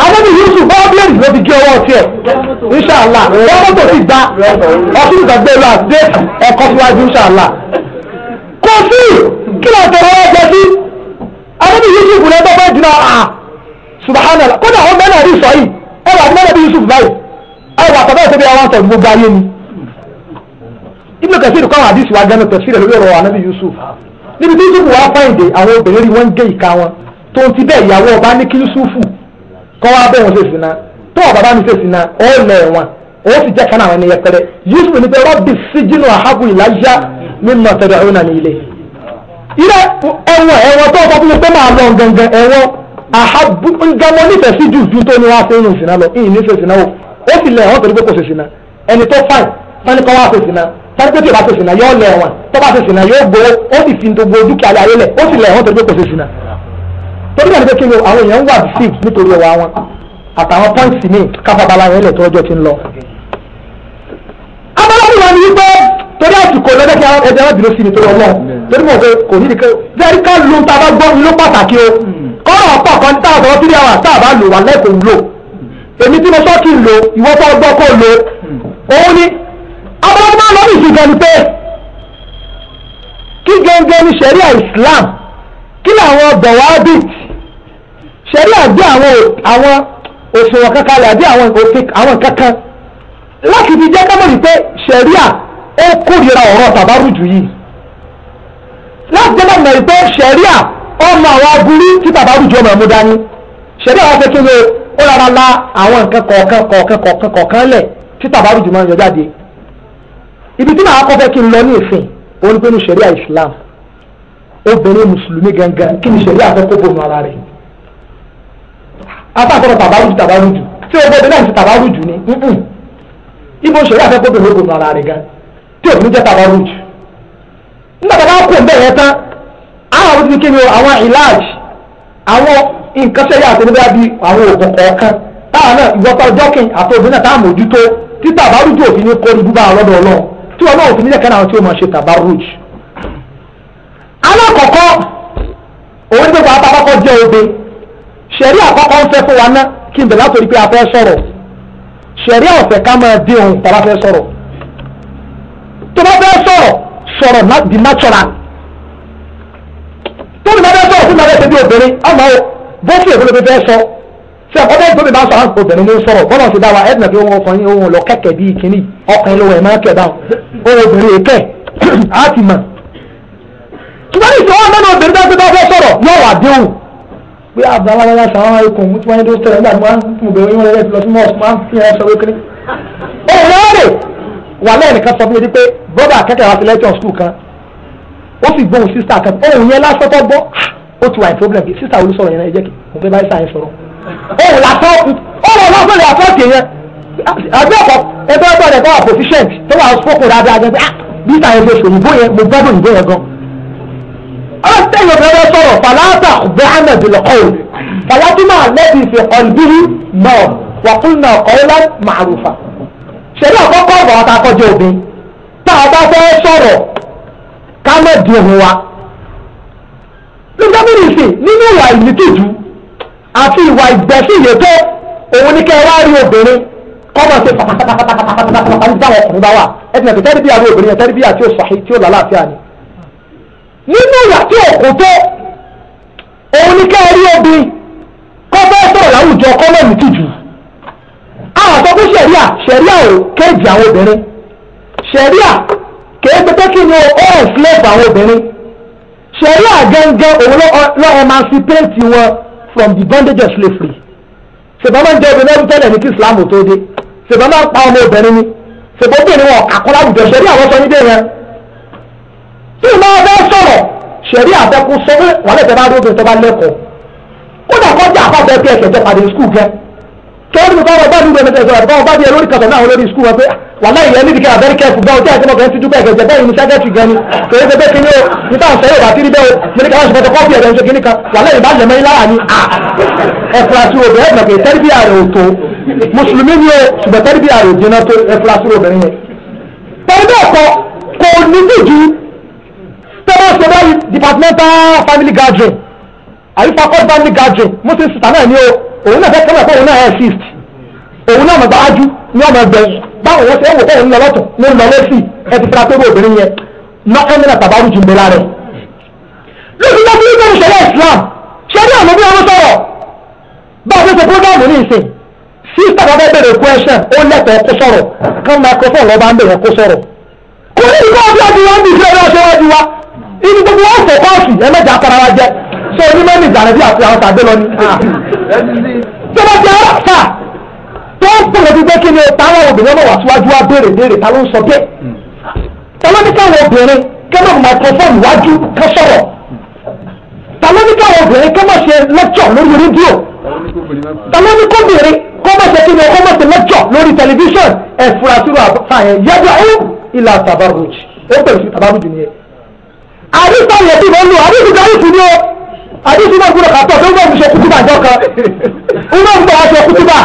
Adébí Yusuf Bọ́ọ̀bíẹ̀lì ló ti gé ọwọ́ tiẹ̀. Inshallah wọ́n mọ́tò ti gba ọtún ìgbàgbé lọ àti ẹ̀kọ́ síwájú Inshallah pọ̀ sí kí lọ tọrọ wọn pọ̀ sí arábí yusuf rẹ bọ́ bẹ́ẹ̀ dínà àà subhanallah kódà àwọn mẹ́rin àrí sọ yìí ẹ wà mẹ́rin bí yusuf báyìí ẹ wà tọ́ bẹ́ẹ̀ tó bí ẹ wọ́n sọ gbogbo ayé ni ibi kẹsí ìdíkọ́ àwọn àdìsí wa gẹ́nu tẹ̀sí rẹ̀ lórí ọ̀rọ̀ anábì yusuf níbi tí yusuf wà fáìndé àwọn obìnrin rí wọ́n ń gé ìka wọn tó ti bẹ́ẹ̀ ìyàwó ọba ní kí yusuf kọ́ wá bẹ́ẹ̀ wọn ṣe sìnà tó ọba bá mi ṣe sìnà ó lẹ̀ wọn ó sì jẹ́ kánà àwọn ẹni yẹpẹrẹ yusuf ní pé rọ́bì síjínú àhábù ìlàjá mímọ̀ tẹ̀dọ̀ ẹ̀rọ náà ní ilé. ilé ẹ̀wọ̀n ẹ̀wọ̀n tó sọ fún mi pé máa lọ gangan ẹ̀wọ̀n àhábù nǹkan mo nífẹ̀ẹ́ sí jù ju tó ní wàá fẹ́ràn ìsìnà lọ ìyìn nífẹ̀ẹ́ ìsìnà o ó sì lẹ̀ ẹ̀wọ̀n pẹ̀lú pé kò ṣe ìsìnà ẹni tó fáìn sani kọ́ wá ṣe ìsìnà sani pé tí o bá ṣe ìsìnà yóò lẹ̀ ẹ̀wọ̀n tó bá ṣe ìsìnà yóò gbowó ó sì fi gbogbo dúkìá ayé lẹ̀ ó sì lẹ̀ ẹ̀wọ̀n pẹ̀lú pé kò ṣe ìsìnà torí ẹni pé kí ni àwọn èèyàn ń wà deceived nítorí ọwọ́ àwọn àtàwọn pọ́ǹsì míì káfàbàlà yẹn lẹ̀ tó ọjọ́ ti ń lọ. abala mi wà ní wípé torí àsìkò lọ́dẹ́ kí ẹ̀dẹ̀ wọn bìnú sí ni torí ọlọ́run torí mọ̀ pé kò ní nìkan very calm ló ń ta bá gbọ́ ló pàtàkì o hmm. kọ́rọ̀ ọ̀pọ̀ kan tá a sọ three hours tá a bá lò wà lẹ́kọ̀ọ́ ń lò èmi tí mo sọ kí n lò ìwọ tó gbọ́ kó lò hmm. òun ni abọ́dé máa lọ́ ìsìn gan ni pé kí gẹ́gẹ́ ní sẹ́ríà Islam kí làwọn bọ̀wábì sẹ́ríà gbé àwọn òṣèwọ̀n kankan àbí àwọn òfin àwọn kankan láti fi jẹ́ ká mọ̀ wípé sẹ́ríà ó kórìíra ọ̀rọ̀ tàbárùjù yìí láti jẹ́ lọ́nà ìpẹ́ ṣẹ̀ríà ọmọ àwọn aburú tí tàbárùjù ọmọ ẹ̀mú dání ṣẹ̀ríà wọn fẹ́ kí ló ó rárá la àwọn nǹkan kọ̀ọ̀kan kọ̀ọ̀kan kọ̀ọ̀kan kọ̀ọ̀kan lẹ̀ tí tàbárùjù máa ń yọ jáde ibi tí màá kọ́ fẹ́ kí n lọ ní ìsìn òun pé ní ṣẹ̀ríà Islam obìnrin mùsùlùmí gangan kí ni ṣẹ̀ríà fẹ́ kó bòun ara rẹ̀ afáàkọ́rọ̀ tàbárùjù tàbárùjù tí o gbọ́dọ̀ náà ti tàbárùjù ni ibo ṣẹ̀ríà fẹ́ kó bòun ara rẹ̀ gan-an tí òun jẹ́ tàbá rújù nígbà tó bá kó ń bẹ̀rẹ̀ tán àwọn àwọn tuntun kí ni àwọn ìlàjì àwọn nǹkan ṣẹ́yà àti nígbà bíi àwọn oògùn kọ̀ọ̀kan táwọn náà ìwọ́pá jọ́kìn àti obìnrin náà táwọn mójútó tí tàbá rújù òfin ní kó ibú bá lọ́dọ̀ ọlọ́run tí wọn náà òfin nílẹ̀ kẹ́nà àwọn tí ó máa ṣe tàbá rújù. alákọ̀ọ́kọ́ òun ní gbogbo àtàkọ́kọ́ jẹ́ obe ṣẹ̀rí àkọ́kọ́ ń fẹ́ fún wa ná kí n bẹ̀rẹ̀ látòrí pé a fẹ́ sọ̀rọ̀ ṣẹ̀rí ọ̀fẹ́ ká máa dín òun tàbá fẹ́ sọ̀rọ̀ tó bá fẹ́ sọ̀rọ̀ sọ̀rọ̀ di natural tó ní bá fẹ́ sọ̀rọ̀ tó ní bá fẹ́ bí obìnrin ọmọ o bófì èkó ló fẹ́ sọ ṣe ọ̀pọ̀ bẹ́ẹ̀ tó ní bá sọ̀rọ̀ àwọn obìnrin ló sọ̀rọ̀ bọ́lá ti dá wa ẹ̀dùn àbí ohun ọkùnrin ohun lọ kẹ̀kẹ́ bíi kínní ọkùnrin ló wẹ̀ máa kẹ̀ dá o obìnrin èkẹ́ á ti mọ̀ ṣùgbọ́n ìṣòwò ọmọ náà obìnrin bá fẹ́ sọ̀rọ̀ yóò wà déhùn pé àbáwáwá sàwọn ikùn mú tí wọ́n yẹ dó sọ̀rọ̀ nígbà tí wọ́n ń wà lẹ́ẹ̀nìkan sọ fún mi pé brother akẹ́kẹ́ wa ti lecture school kan ó sì gbóhùn sister kan ohun yẹn lásán tó gbọ́ ó ti wà ní problem yìí sister olùsọ̀rọ̀ yẹn náà ẹ jẹ́ kí mo fẹ́ báyìí sáyẹn sọ̀rọ̀ ohun lásán ọ̀rọ̀ lásán lè àfọ́ọ̀tì yẹn àbí ọ̀pọ̀ ẹgbẹ́ ọgbọ́n rẹ̀ kọ́ wà tó wà spoken dáadáa gan pé ah bí sáyẹn fẹ́ sòyìnbó yẹn mo gbádùn ìbò yẹn gan. ọ̀sẹ̀yìn ọ̀gá sọ̀rọ̀ fàlàtà bẹ́hánà bìlọ̀ ọ̀hún fàlàtúmọ̀ lẹ́bi ìfẹ́ ọ̀lbírí náà wàkúnnà ọ̀ọ́lá màrúfà ṣẹlẹ àkọ́kọ́ ọ̀rọ̀ àtàkọjọ obìnrin tá a bá fẹ́ sọ̀rọ̀ ká má di ohun wa lóòótọ́ bíi ìsìn nínú ìwà ìlítìjú àti ìwà ìgbẹ́sí ìyètò òun ní kẹ́ ẹ wá rí obìnrin kọ́mọ̀ ṣe pàtàkàtàkàtàkàtàkàtàkàtà ní táwọn ọkùnrin bá wà ẹ̀sìn ẹ̀kọ́ tẹ́lifíà ní obìnrin tẹ́lifíà tí ó sàhí tí ó lálàáfíà ni. nínú ìwà tí òkú tó òun ní kẹ́ ẹ rí obìnrin kọ́ bẹ́ẹ̀ sọ̀rọ̀ láwùjọ kọ́mọ̀ ìlítìjú sọ pé ṣẹ̀ríà ṣẹ̀ríà ò kéèjì àwọn obìnrin ṣẹ̀ríà kéèpé pé kí ni ó ń flẹ́ẹ̀fù àwọn obìnrin ṣẹ̀ríà gẹ́gẹ́ òun ló emancipate wọn from the bondage of slavery ṣèbọn máa ń jẹ obìnrin ọdún tẹ́lẹ̀ ní kí Islam tó dé ṣèbọn máa ń pa ọmọ obìnrin ni ṣèbọn obìnrin wọn àkọlá àwùjọ ṣẹ̀ríà wọ́n sọ ní bẹ́ẹ̀ yẹn tí ìmọ̀ ọ̀dọ́ sọ̀rọ̀ ṣẹ̀rí àbẹ́kú sọ pé wọ́n lè tẹ́ bá rí obìnrin tó bá lẹ́kọ̀ọ́ kódà kọjá àpapọ̀ ẹgbẹ́ ẹ̀kẹ́ jẹ́ pàdé skul gẹ́ tọ́wọ́n mi báwọn báwọn ìlú ẹ̀mẹ́tẹ̀ sọ̀rọ̀ báwọn bá di ẹ lórí kàtọ̀ náà lórí skul wọn pé wàhálà ìyẹn níbi kí abẹ́rẹ́ kẹ́ẹ̀fù bá ọjọ́ àtẹ́mọ̀kẹ́ ti dúpẹ́ ẹ̀gẹ́jẹ́ bẹ́ẹ̀ ni sẹ́gẹ́tì gan ni kèrè pé kí ni o ní táwọn sẹ́yìn wà kiri bẹ́ẹ̀ o mo ní káwọn sọ fọ́tọ̀ kọ́ọ̀fì ẹ̀rẹ́ ṣe kíní kan wàhálà ìbá lẹ̀mọ́ ilá àní ẹ̀fúrasì obìnrin ẹ̀gbọ̀n kì í tẹ́rí bí ààrẹ òtó mùsùlùmí ni o ṣùgbọ́n tẹ́rí bí ààrẹ òjìnà tó ẹ̀fúrasì obìnrin yẹn. pẹ̀lú ọ̀kọ́ kò ní dìjú tẹ́lẹ̀ ṣe báyìí departmental family gathering àyíká court family gathering mo ti sùtà náà ní o òun náà fẹ́ kọ́mọ̀ pé òun náà exist òun náà mọ̀ gbáájú ní ọmọ ẹgbẹ̀yìn báwo wọ́n ṣe ń wò pé òun lọ lọ́tọ̀ ní ń lọ lẹ́sì ẹ ti fira pé obìnrin yẹn ná ẹ́mìnà tàbárù jù mí lára ẹ̀. lóṣù tó bí wọ́n ṣẹlẹ̀ Islam ṣe ní àmọ́ bí wọ́n sọ̀rọ̀ bá a ṣe ṣe program ní ìsìn sísá bàbá bẹ̀rẹ̀ question ó lẹ́tọ̀ọ́ kó sọ̀rọ̀ kán microphone lọ́ba ń bẹ̀rẹ̀ kó sọ̀rọ̀ kò ní ìgbà ọdún ọdún wọn bí ìṣẹ́ ọdún ọṣẹ́ wájú wa ìdí gbogbo wọn fò kọ́ọ̀sì ẹ̀mẹ́jà para wa jẹ́ ṣé onímọ̀ ní ìjà rẹ̀ bí àti àwọn tàbí lọ ni. tó ah. bá jẹ́ àfà tó ń pèrè gbígbé kí ni táwọn obìnrin náà wà síwájú wá béèrè béèrè ta ló ń sọ bẹ́ẹ̀. tọ́lọ́dúnkàwọn obìnrin kẹ́mọ̀ microphone wájú ká sọ̀rọ̀ tọ́lọ́dúnkàwọn obìnrin kẹ́mọ̀ ṣe lẹ́kṣọ̀ lórí rédíò tọ́lọ́dúnkọ́bìnrin kọ́mọ̀ ṣe kí ni kọ́mọ̀ ṣe lẹ́kṣọ̀ lórí tẹlifíṣàn ẹ̀fúra sílùú àfààyàn yájọ́ ẹ̀ ìlà tàbárùjì ó pè sí tàbárùjì nìyẹn àríṣà yẹ̀bí mọ́lú àríṣù garíṣù ni ó àdìsí náà gbúdọ̀ kàtọ́ tó gbọ́dọ̀ ṣe kútúbà jọ kan ńlọ ń bọ̀ wá ṣe kútúbà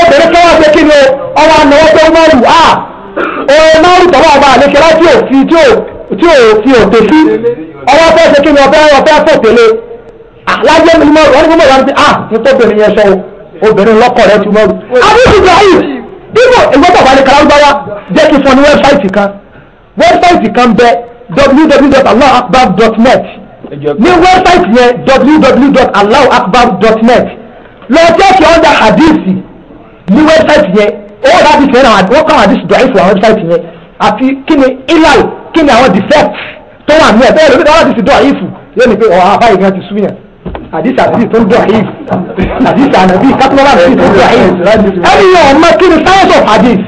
obìnrin kẹwàá ṣe kí ni ọmọ ànáwó tó ń mọ́rù á òun mọ́rù tọ́wọ́ ọba àlekẹ́lá tí ò fi tí ò tí ò fi òde sí ọwọ́ fẹ́ ṣe kí ni ọbẹ̀ ọbẹ̀ fòtélé alájẹ́ ah! mi mọ́rù wọ́n ní gbọ́dọ̀ wá ní ah ní tó obìnrin yẹn sọ obìnrin lọ́kọ̀ rẹ ti mọ́rù àdìsí ibrahim ibo ìgbọ́dọ̀ wà ní kalarubawa jẹ́ kí fún ní wẹ́bsáìtì kan wẹ́bsáìtì kan bẹ www.allahakbar.net ní wẹ́bsáìtì yẹn www.allahuakbar.net lọ tẹ́sí ọ̀dà hadisi ní wẹ́bsáìtì yẹn owó láti fẹ́ràn àwọn kan hadisi dọ̀ẹ́ fún àwọn wẹ́bsáìtì yẹn àti kí ni ilal kí ni àwọn defect tó wà ní ẹ̀ bẹ́ẹ̀ lóbi dáwọ́ hadisi dọ̀ẹ́ fún yóò ní pé ọ̀hún abáyé kan ti sún yẹn hadisi àdìsí tó ń dọ̀ẹ́ hadisi ànàbí kápẹ́lá àdìsí tó ń dọ̀ẹ́ ẹni yẹn ọmọ kí ni science of hadith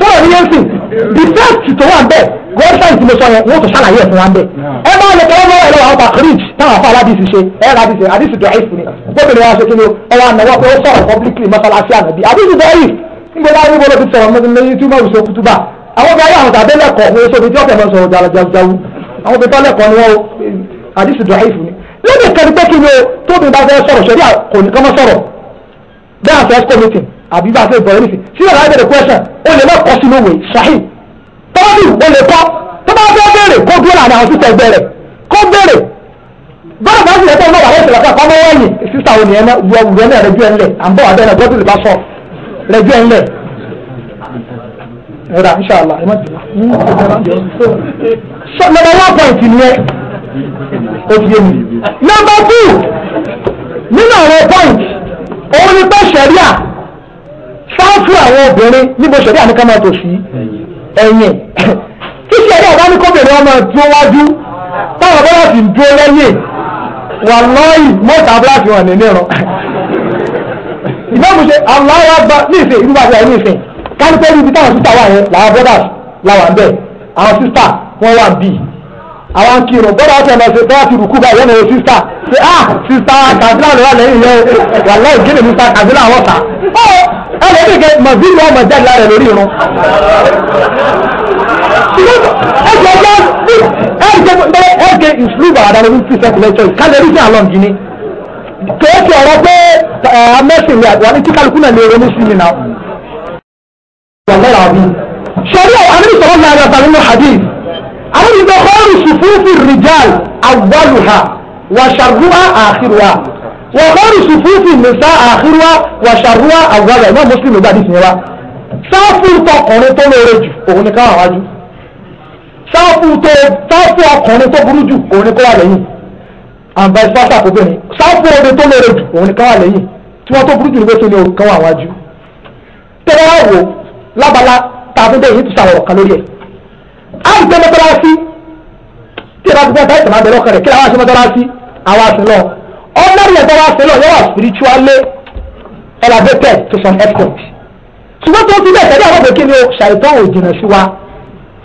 sọ̀rọ̀ ní yẹn sìn research tó wà bẹ́ẹ̀ website tí mo sọ yẹn wọ́n tó ṣàlàyé ẹ̀ fún wa bẹ́ẹ̀ ẹ máa lè tẹ́wọ́ mọ́ ẹ̀rọ àwọn pakrij táwọn afọ aládìsí ṣe ẹ̀ aládìsí àdìsí dọ̀ ẹ̀fù ni gómìnà wa ṣe kí ni ẹ wá nàwọ́ pé ó sọ̀rọ̀ publicly mọ́sálásí ànàbí àdìsí dọ̀ ẹ̀yìn nígbà láwọn níbo ló fi sọ̀rọ̀ mọ́ ní youtube ọ̀rùn sókútù bá àwọn bí ayé àwọn tàbí lẹ́kọ̀ọ́ wọn sọ ìdí ọ̀fẹ́ mọ́ sọ̀rọ̀ jàlajàlajawu àwọn bí tọ́lẹ̀kọ́ ni wọ́n àdìsí dọ̀ ẹ̀fù ni lẹ́yìn kẹ́ni pé kí ni o tóbi bá fẹ́ sọ̀rọ̀ ṣẹ́rí kò ní kọ́ mọ́ sọ̀rọ̀ bẹ́ẹ̀ àfẹ́ school meeting àbí bá a fẹ́ bọ̀rọ̀ nífi sí ọ̀rọ̀ àgbẹ̀rẹ̀ question o lè má kọ́ sínú òwe ṣáhìn tọ́jú o lè kọ́ tó bá fẹ́ béèrè kó dúró àwọn àwọn sísè ẹgbẹ́ rẹ̀ kó béèrè bọ́dọ̀ bá sì lẹ́tọ̀ náà wàlẹ́ ìṣẹ̀lẹ̀ kan kọ́mọ́ wẹ̀yìn sísà òní ẹ̀ náà wùwẹ́ náà rẹjú ẹ̀ ńlẹ̀ à ń bọ̀ wàbẹ́ náà gbọ́dọ̀ lè bá sọ rẹjú ẹ̀ ńlẹ̀ ẹ̀rọ inṣàlá ẹ̀ má ti sọ nọ́mbà one point nìyẹn ó ti yé mi nọ́mbà two nínú àwọn point òun ni pé sẹ́ríà sáfù àwọn obìnrin níbo ṣẹ̀dá àníkà máa tò sí ẹ̀yìn tí ṣẹ̀dá àbá ní kọ́bìnrin ọmọ tó wájú táwọn bá wà sí ń dúró lẹ́yìn wà lọ́ọ̀yì mọ́ta bíláàsì wọn ní níran ìbámu ṣe aláwa gba ní ìsìn ìlú bàbá ẹ̀ ní ìsìn kánipẹ́rì ibi táwọn sísá wà yẹn làwọn brothers làwọn bẹ́ẹ̀ àwọn sísá wọn wà bíi àwọn kìrò bọ́dá ọ̀tẹ̀ ẹ̀mọ̀ ṣe ti rùkú báyìí ẹ̀mọ̀ sísá ṣe ah sísá kàdúrà lọ́wọ́ lẹ́yìn yẹn wà lẹ́yìn ẹlẹ́dẹ̀gẹ̀ mọ̀bílù ọmọ jáde lára lórí irun ẹgbẹ́ ìṣúlùbà àdáni ní tí sẹ́kù lẹ́tọ̀ ìkálẹ́rí sí àlọ́ gíní kèékì ọ̀rọ̀ pé amẹ́sìn rẹ̀ wà ní tí kálukú náà lè ronú sí mi náà ṣẹ̀rí àmìlì sọ̀rọ̀ náà yàtọ̀ nínú hadith àmìlì sọ̀rọ̀ ṣùfúrúfú rìjáàl àwọlùhà wàṣàrúhà àkìrùhà wọ́n kọ́rù sùfúùfù nìsa àhírúwá wàṣàrúwá àgbàgbà ìmọ̀ mùsùlùmí gbàdí sí wa sáfù tọkùnrin tó lóore jù òun ni káwọn wájú sáfù tó sáfù ọkùnrin tó burú jù òun ni kó wà lẹ́yìn àǹbá ìfásà kò bẹ̀rẹ̀ sáfù omi tó lóore jù òun ni káwọn lẹ́yìn tí wọ́n tó burú jù nígbèsè ni òun káwọn wájú tẹ́lẹ̀ wá wò lábala tàbí bẹ́ẹ̀ yìí ti sàrọ̀ kan lórí ẹ̀ àìsàn mọ́tọ́lá sí tí ẹ bá ti bẹ́ẹ̀ bá ìtàn àgbẹ̀rẹ̀ ọkàn rẹ̀ kí ordinary ẹ̀tọ́ wa sílẹ̀ yóò wà spiritually elevated to some extent ṣùgbọ́n tó ti bẹ́ẹ̀ tẹ́lẹ̀ àwọn òbí o ṣàìtàn ò jìnà sí wa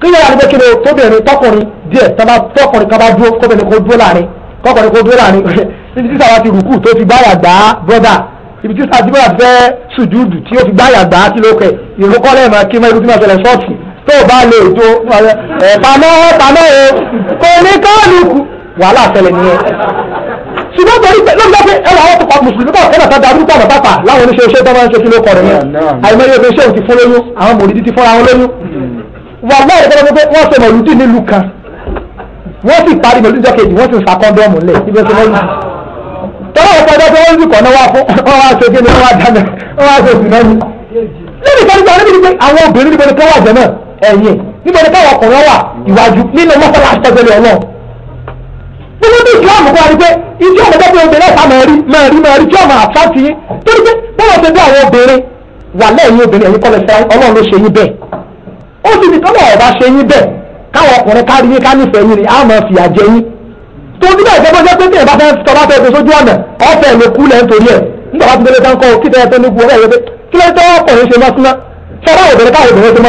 kí ni àwọn òbí o tóbìnrin tọkùnrin díẹ̀ tọkùnrin kan bá dúró kóbìnrin kó dúró láàrin kọkùnrin kó dúró láàrin níbi tí sàwọn ti rùkù tó fi báyà gbá brọ́dà ibi tí sàwọn ti báyà fẹ́ sùjúdù tí ó fi báyà gbá kí ló kẹ̀ ìrókọ́lẹ̀ máa kí máa irú tí máa ṣẹlẹ̀ ṣọ́ọ̀tì tó o bá lè jó ẹ̀ pamọ́ pamọ́ o kò ní kọ́ọ̀lù wàhálà ṣẹlẹ̀ nìyẹn ṣùgbọ́n torí pé lórí lọ́pẹ́ ẹ̀rọ àwọn tọpa mùsùlùmí kọ̀ kẹ́nà tán darúgbó àwọn bàtà láwọn oníṣẹ́ iṣẹ́ tó máa ń ṣe kí ló kọ̀ rẹ̀ yẹn àìmọye ife iṣẹ́ òtí fún lóyún àwọn mòlídìí ti fúnra wọn lóyún hmm. wà láì pẹ́ pé wọ́n ṣe mọ̀lúdì nílùú kan wọ́n sì parí mọ̀lúdì jọ kejì wọ́n sì ń fa kọ́ndọ́ọ̀mù lẹ̀ ibi ṣe lẹ́yìn tọ́lá ọ̀pọ̀ ọjọ́ pé wọ́n ń kọ̀ náà wá fún wọ́n wá ṣe kí ni wọ́n wá dáná wọ́n wá ṣe nínú bí islam kọ́ ni pé ijó ọmọdé bí obìnrin ẹ̀ka máa rí máa rí máa rí jọ́ máa fà sí yín torí pé bọ́lá ṣe bí àwọn obìnrin wà lẹ́yìn obìnrin ẹ̀yìn kọ́lẹ̀ sẹ́yìn ọlọ́run ló ṣe yín bẹ́ẹ̀ ó sì nìkan náà ọba ṣe yín bẹ́ẹ̀ káwọn ọkùnrin kárí yín ká nífẹ̀ẹ́ yín ni á máa fìyà jẹ yín tó bí bẹ́ẹ̀ gẹ́gẹ́ jẹ́ pé bí ìbá fẹ́ tọ́lá fẹ́ fi sójú ọ̀nà ọ̀fẹ́ ló kú lẹ́yìn torí ẹ̀ nígbà wá ti délé sáńkọ́ kí tẹ́lẹ̀ tó ní gbogbo ẹ̀ yẹ pé kí lẹ́yìn tó ọkùnrin ṣe mọ́síná ṣọlá obìnrin káwọn obìnrin ṣe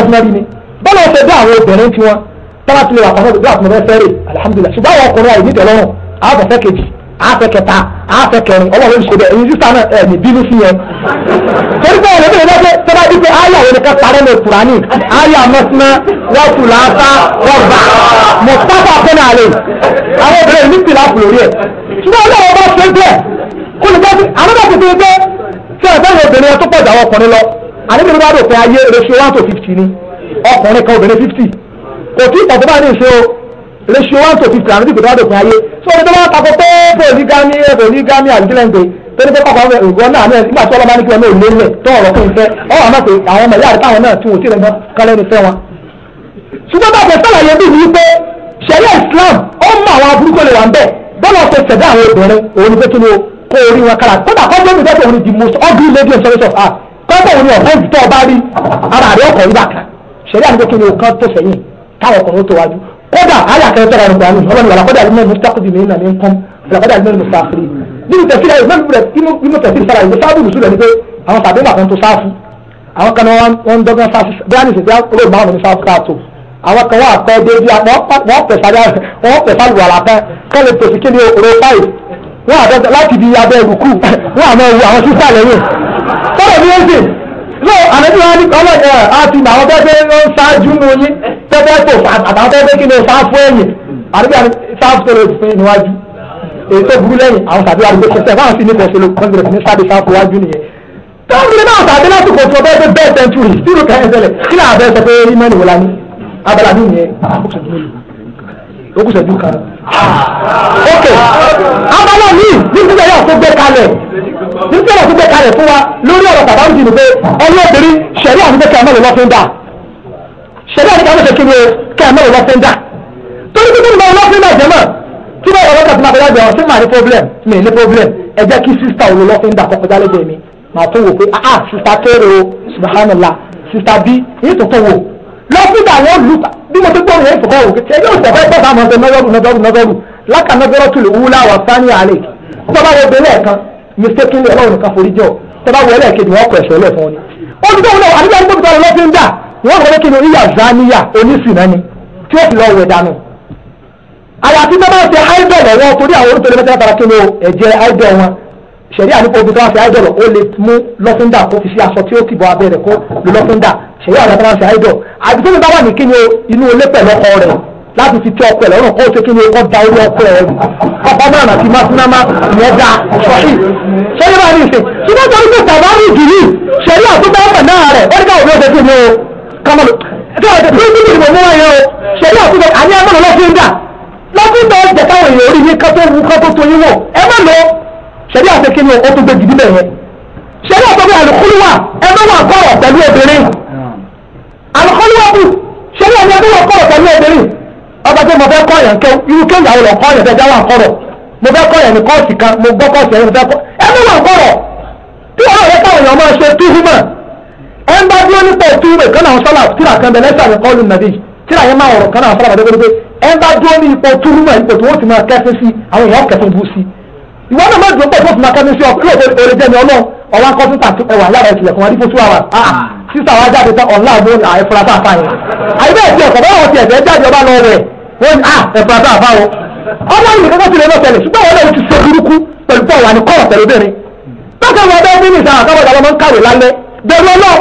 mọ́síná rí tọ́lá tilẹ̀ wà pàṣẹ ìdúrà tìmọ̀rẹ́ fẹ́rẹ̀ alihamudulilayi ṣùgbọ́n àwọn ọkùnrin àìní tẹ̀lọ́rùn àáfẹ́ kejì àáfẹ́ kẹta àáfẹ́ kẹrin ọwọ́ ló ń ṣe bẹ́ẹ̀ èyí sísá náà ẹ̀ ní bínú sí yẹn. torí pé ọ̀rẹ́ bẹ̀rẹ̀ lọ́sẹ̀ tọ́lá dípé ayé àwọn ẹ̀ka parẹ́ ní kùránì ayé àmọ́sánná wọ́pù làásá rọ́bà mọ̀tàfà fúnà rẹ̀ àwọn obìnrin ní tìlá kù lórí ẹ̀. ṣùgbọ́n ọlọ́wọ́ bá ṣe bẹ́ẹ̀ kó lè bá àwọn bá tuntun pé tí ẹ̀ fẹ́ràn obìnrin tó pọ̀ jà ọkùnrin lọ àníbi ní wàá dòpin ayé ratio ọkùnrin kan obìnrin fifty kò tí ìtàn bá ní ìṣó ratio one to fifty àmì ìgbìdá dòpin ayé so ọdún tó bá takò pé polygamy polygamy àdìgílẹ̀ǹde torí pé pàpà ògbọ́n náà náà nígbà tí ọlọ́mọ ní kí wọn lélẹ̀ tó ọ̀rọ̀ fún ìfẹ́ ọ̀rọ̀ àmọ́ pé àwọn ọmọ ìyá rẹ̀ táwọn náà tí wọn ò rẹ̀ gan kálẹ̀ ní fẹ́ wọn. ṣùgbọ́n bàbá sàlàyé bí mi pé ṣẹ̀ríà Islam ó mọ àwọn aburúkọ lè wà ń bẹ̀ bọ́lá ọ̀tẹ̀ ṣẹ̀dá àwọn obìnrin òun ni pé kí kó orí wọn kára kódà kọ́ lóbi dẹ́pọ̀ òun ni the most ugly lady of service of art kọ́pọ̀ òun ni ọ̀fẹ́ ìtọ́ ọba rí ara rẹ̀ ọkọ̀ rí bàkà ni pé kí ni tó sẹ́yìn táwọn ọkùnrin tó wájú kódà ayé àkẹ́rẹ́ tọ́ra ní gbàánù ọlọ́run wàlá kódà lómọ́ mustaqdi mi nà mí ń kọ́m wàlá kódà lómọ́ mustaqdi nínú tẹ̀sílẹ̀ yìí mẹ́rin rẹ̀ nínú tẹ̀sílẹ̀ sára yìí sábà lùsùn rẹ̀ ni pé àwọn tàbí màkàn tó sáfù àwọn kan wọn ń dọ́gbọ́n sáfù bẹ́ẹ̀ ni sèpé ó lè máa wọn ní sáfù káàtó àwọn kan wà pẹ́ débi wọ́n pẹ̀sà lù àlàpẹ́ kọ́ lè pèsè kíni ro five wọ́n àdọ́gbọ́n láti ibi abẹ́ ìrùkù wọ́n àmọ́ ewu àwọn sísá lẹ́yìn tọ́lọ̀ ní ó sìn so àlejò wa ní ọlọ́jà àti àwọn tẹ́tẹ́ ń ṣáájú ní oyin tẹ́tẹ́ tó àtàwọn tẹ́tẹ́ kí ni o sáá fún ẹ̀yìn àdúgbò sáàfù tó lè fún níwájú èyí tó burú lẹ́yìn àwọn tàbí àdúgbò kọsẹ̀ báwọn sì ní kọsẹ̀ ló kọ́ńtẹ̀rẹ̀ fún sáàdé sáàfù wájú nìyẹn tọ́ọ̀bù náà tàbí láti kò sọ bẹ́ẹ̀ pé bẹ́ẹ̀ sẹ́ńtúrì sírù kẹ́hìn sẹlẹ̀ kí náà bẹ́ẹ̀ sọ pé rí mọ́ni wò lání ok abala mi nígbà yà tó gbé kalẹ̀ nígbà yà tó gbé kalẹ̀ fún wa lórí ọ̀rọ̀ bàbá mi jìnnà pé ẹni obìnrin ṣẹ̀rí àwọn akẹ́kẹ́ àmọ́ lè lọ́ fún dà ṣẹ̀rí àwọn akẹ́kẹ́ kí ni kẹ́ àmọ́ lè lọ́ fún dà torí pé kí ni mo lọ́ fún dà jẹ́mọ̀ tí mo yọ̀ lọ́kà tí mo fẹ́ jẹ́ sí màá ní problem mi ní problem ẹ jẹ́ kí sísítà òun lọ́ fún dà kọ́ kọjá lẹ́gbẹ̀ẹ́ mi màá tó wò pé ah, ah sísítà kéré o subhanallah sísítà bí èyí tó tó wò lọ́ fún dà wọ́n lù bí mo ti gbọ́ yẹn fọwọ́ òkè tí ẹgbẹ́ òṣèlú ẹgbẹ́ bá mọ̀ ọ́n nọ́dọ́rù nọ́dọ́rù nọ́dọ́rù láka nọ́dọ́rù tù lè wúlá wà sani alek tọ́ba wo bẹ́lẹ̀ kan mistakenly ọlọ́run kan forí jọ tọ́ba wo ẹlẹ́ẹ̀kejì wọn kọ ẹ̀ṣọ́ lẹ̀ fún ọ ni. ó ti dọ́wọ́ náà àdúgbò ẹni tó fi lọ́ọ́ fi ń dà wọ́n rọ̀ kí ni ìyá zaniya onísìnà ni tí ó fi lọ́ọ́ wẹ̀ dànù. àyàfi bẹ́ẹ̀ máa ń ṣe idol ọ̀wọ́ torí àwọn orúkọ ẹlẹ́mẹ́ta látara kí ni o ẹ̀jẹ̀ idol wọn ṣẹ̀rí àníkó obìnrin tó wá ṣe idol ó lè mú lọ́fíńdà kó fi sí aṣọ tí ó kìbọ̀ abẹ́rẹ́ kó lọ́fíńdà ṣẹ̀yà àgbàdo máa ń ṣe àìdọ̀ àbí tó ní bá wà ní kíni inú ilé pẹ̀lú ọkọ rẹ̀ láti fi tẹ ọkọ ẹ̀ lọ́rùn kó ṣe kíni ọkọ da orí ọkọ ẹ̀ rù ọkọ náà àti máfúnámá ìyẹn da sọ́ọ̀ṣì ṣẹ̀yà máa ní ìṣe ṣùgbọ́n tó ń gbé tàbárì ìdìrí ṣẹ̀yà tó bá ọ̀pẹ̀ náà rẹ̀ wọ́n ní káwọn ọ̀dọ́ ṣe kíni o kámọ́lù ṣẹ̀yà tó ń gbé àní ẹ̀ mọ́nà lọ́fíìn dà lọ́fíìn dà ẹ̀ jẹ̀ káwọn èèyàn orí yín kátó wú kátó tó yín wọ̀ ẹ̀ mọ́nà ṣẹ̀yà tó kíni o ó tó gbé jìbí bẹ̀rẹ̀ ṣé ní ọ̀tọ́ bí alùkúlùwà ẹgbẹ́ wà kọ̀rọ̀ pẹ̀lú obìnrin alùkúlùwà kù ṣé ní ọ̀tọ́ bí wà kọ̀rọ̀ pẹ̀lú obìnrin ọba tó mo fẹ́ kọ́ yẹn kẹ́ irú kéwàá lọ kọ́ yẹn fẹ́ jáwà kọ̀rọ̀ mo fẹ́ kọ́ yẹn ní kọ́ọ̀sì kan mo gbọ́ kọ́ọ̀sì yẹn mo fẹ́ kọ́ ẹgbẹ́ wà kọ̀rọ̀ tí ọ̀rọ̀ rẹ káwọn èèyàn máa ṣe túhúmọ̀ ẹ ń bá dúró nípa òtúrúmọ̀ ìkan náà sọ́là tíra kan bẹ̀rẹ̀ sàmì kọ́ọ̀lù nàbí tíra yẹn máa ọ̀rọ̀ kan náà sọ́là bàtẹ́ pé ẹ ń bá dúró ní ipò túrúmọ̀ ipò tí wọ́n ti máa kẹ́sí sí àwọn èèyàn kẹ́sí bú sí ìwọ náà má dúró pọ̀ tó máa kẹ́sí sí ọ ọwọ́ akọ́sítà ẹwà lára ìkìlẹ̀ fún wa ní fún two hours ah hmm. sísà wa jáde tán ọ̀la àbó ẹ̀fúrasà àfààyàn àyíbẹ̀ ẹ̀sìn ẹ̀kọ́ báwọn ti ẹ̀fẹ́ jáde ọba lọ rẹ̀ wọ́n ní ah ẹ̀fúrasà àfààyàn ọmọ yìí kọ́kọ́ tilẹ̀ náà tẹ̀lé ṣùgbọ́n wọn náà ti ṣe burúkú pẹ̀lú pọ̀ wà ní kọ́ọ̀ pẹ̀lú obìnrin bákan wọn bẹ́ẹ̀ mímì sáà káwọn ìjàlọ́ máa ń kàwé lálẹ́ bẹ̀rù ọlọ́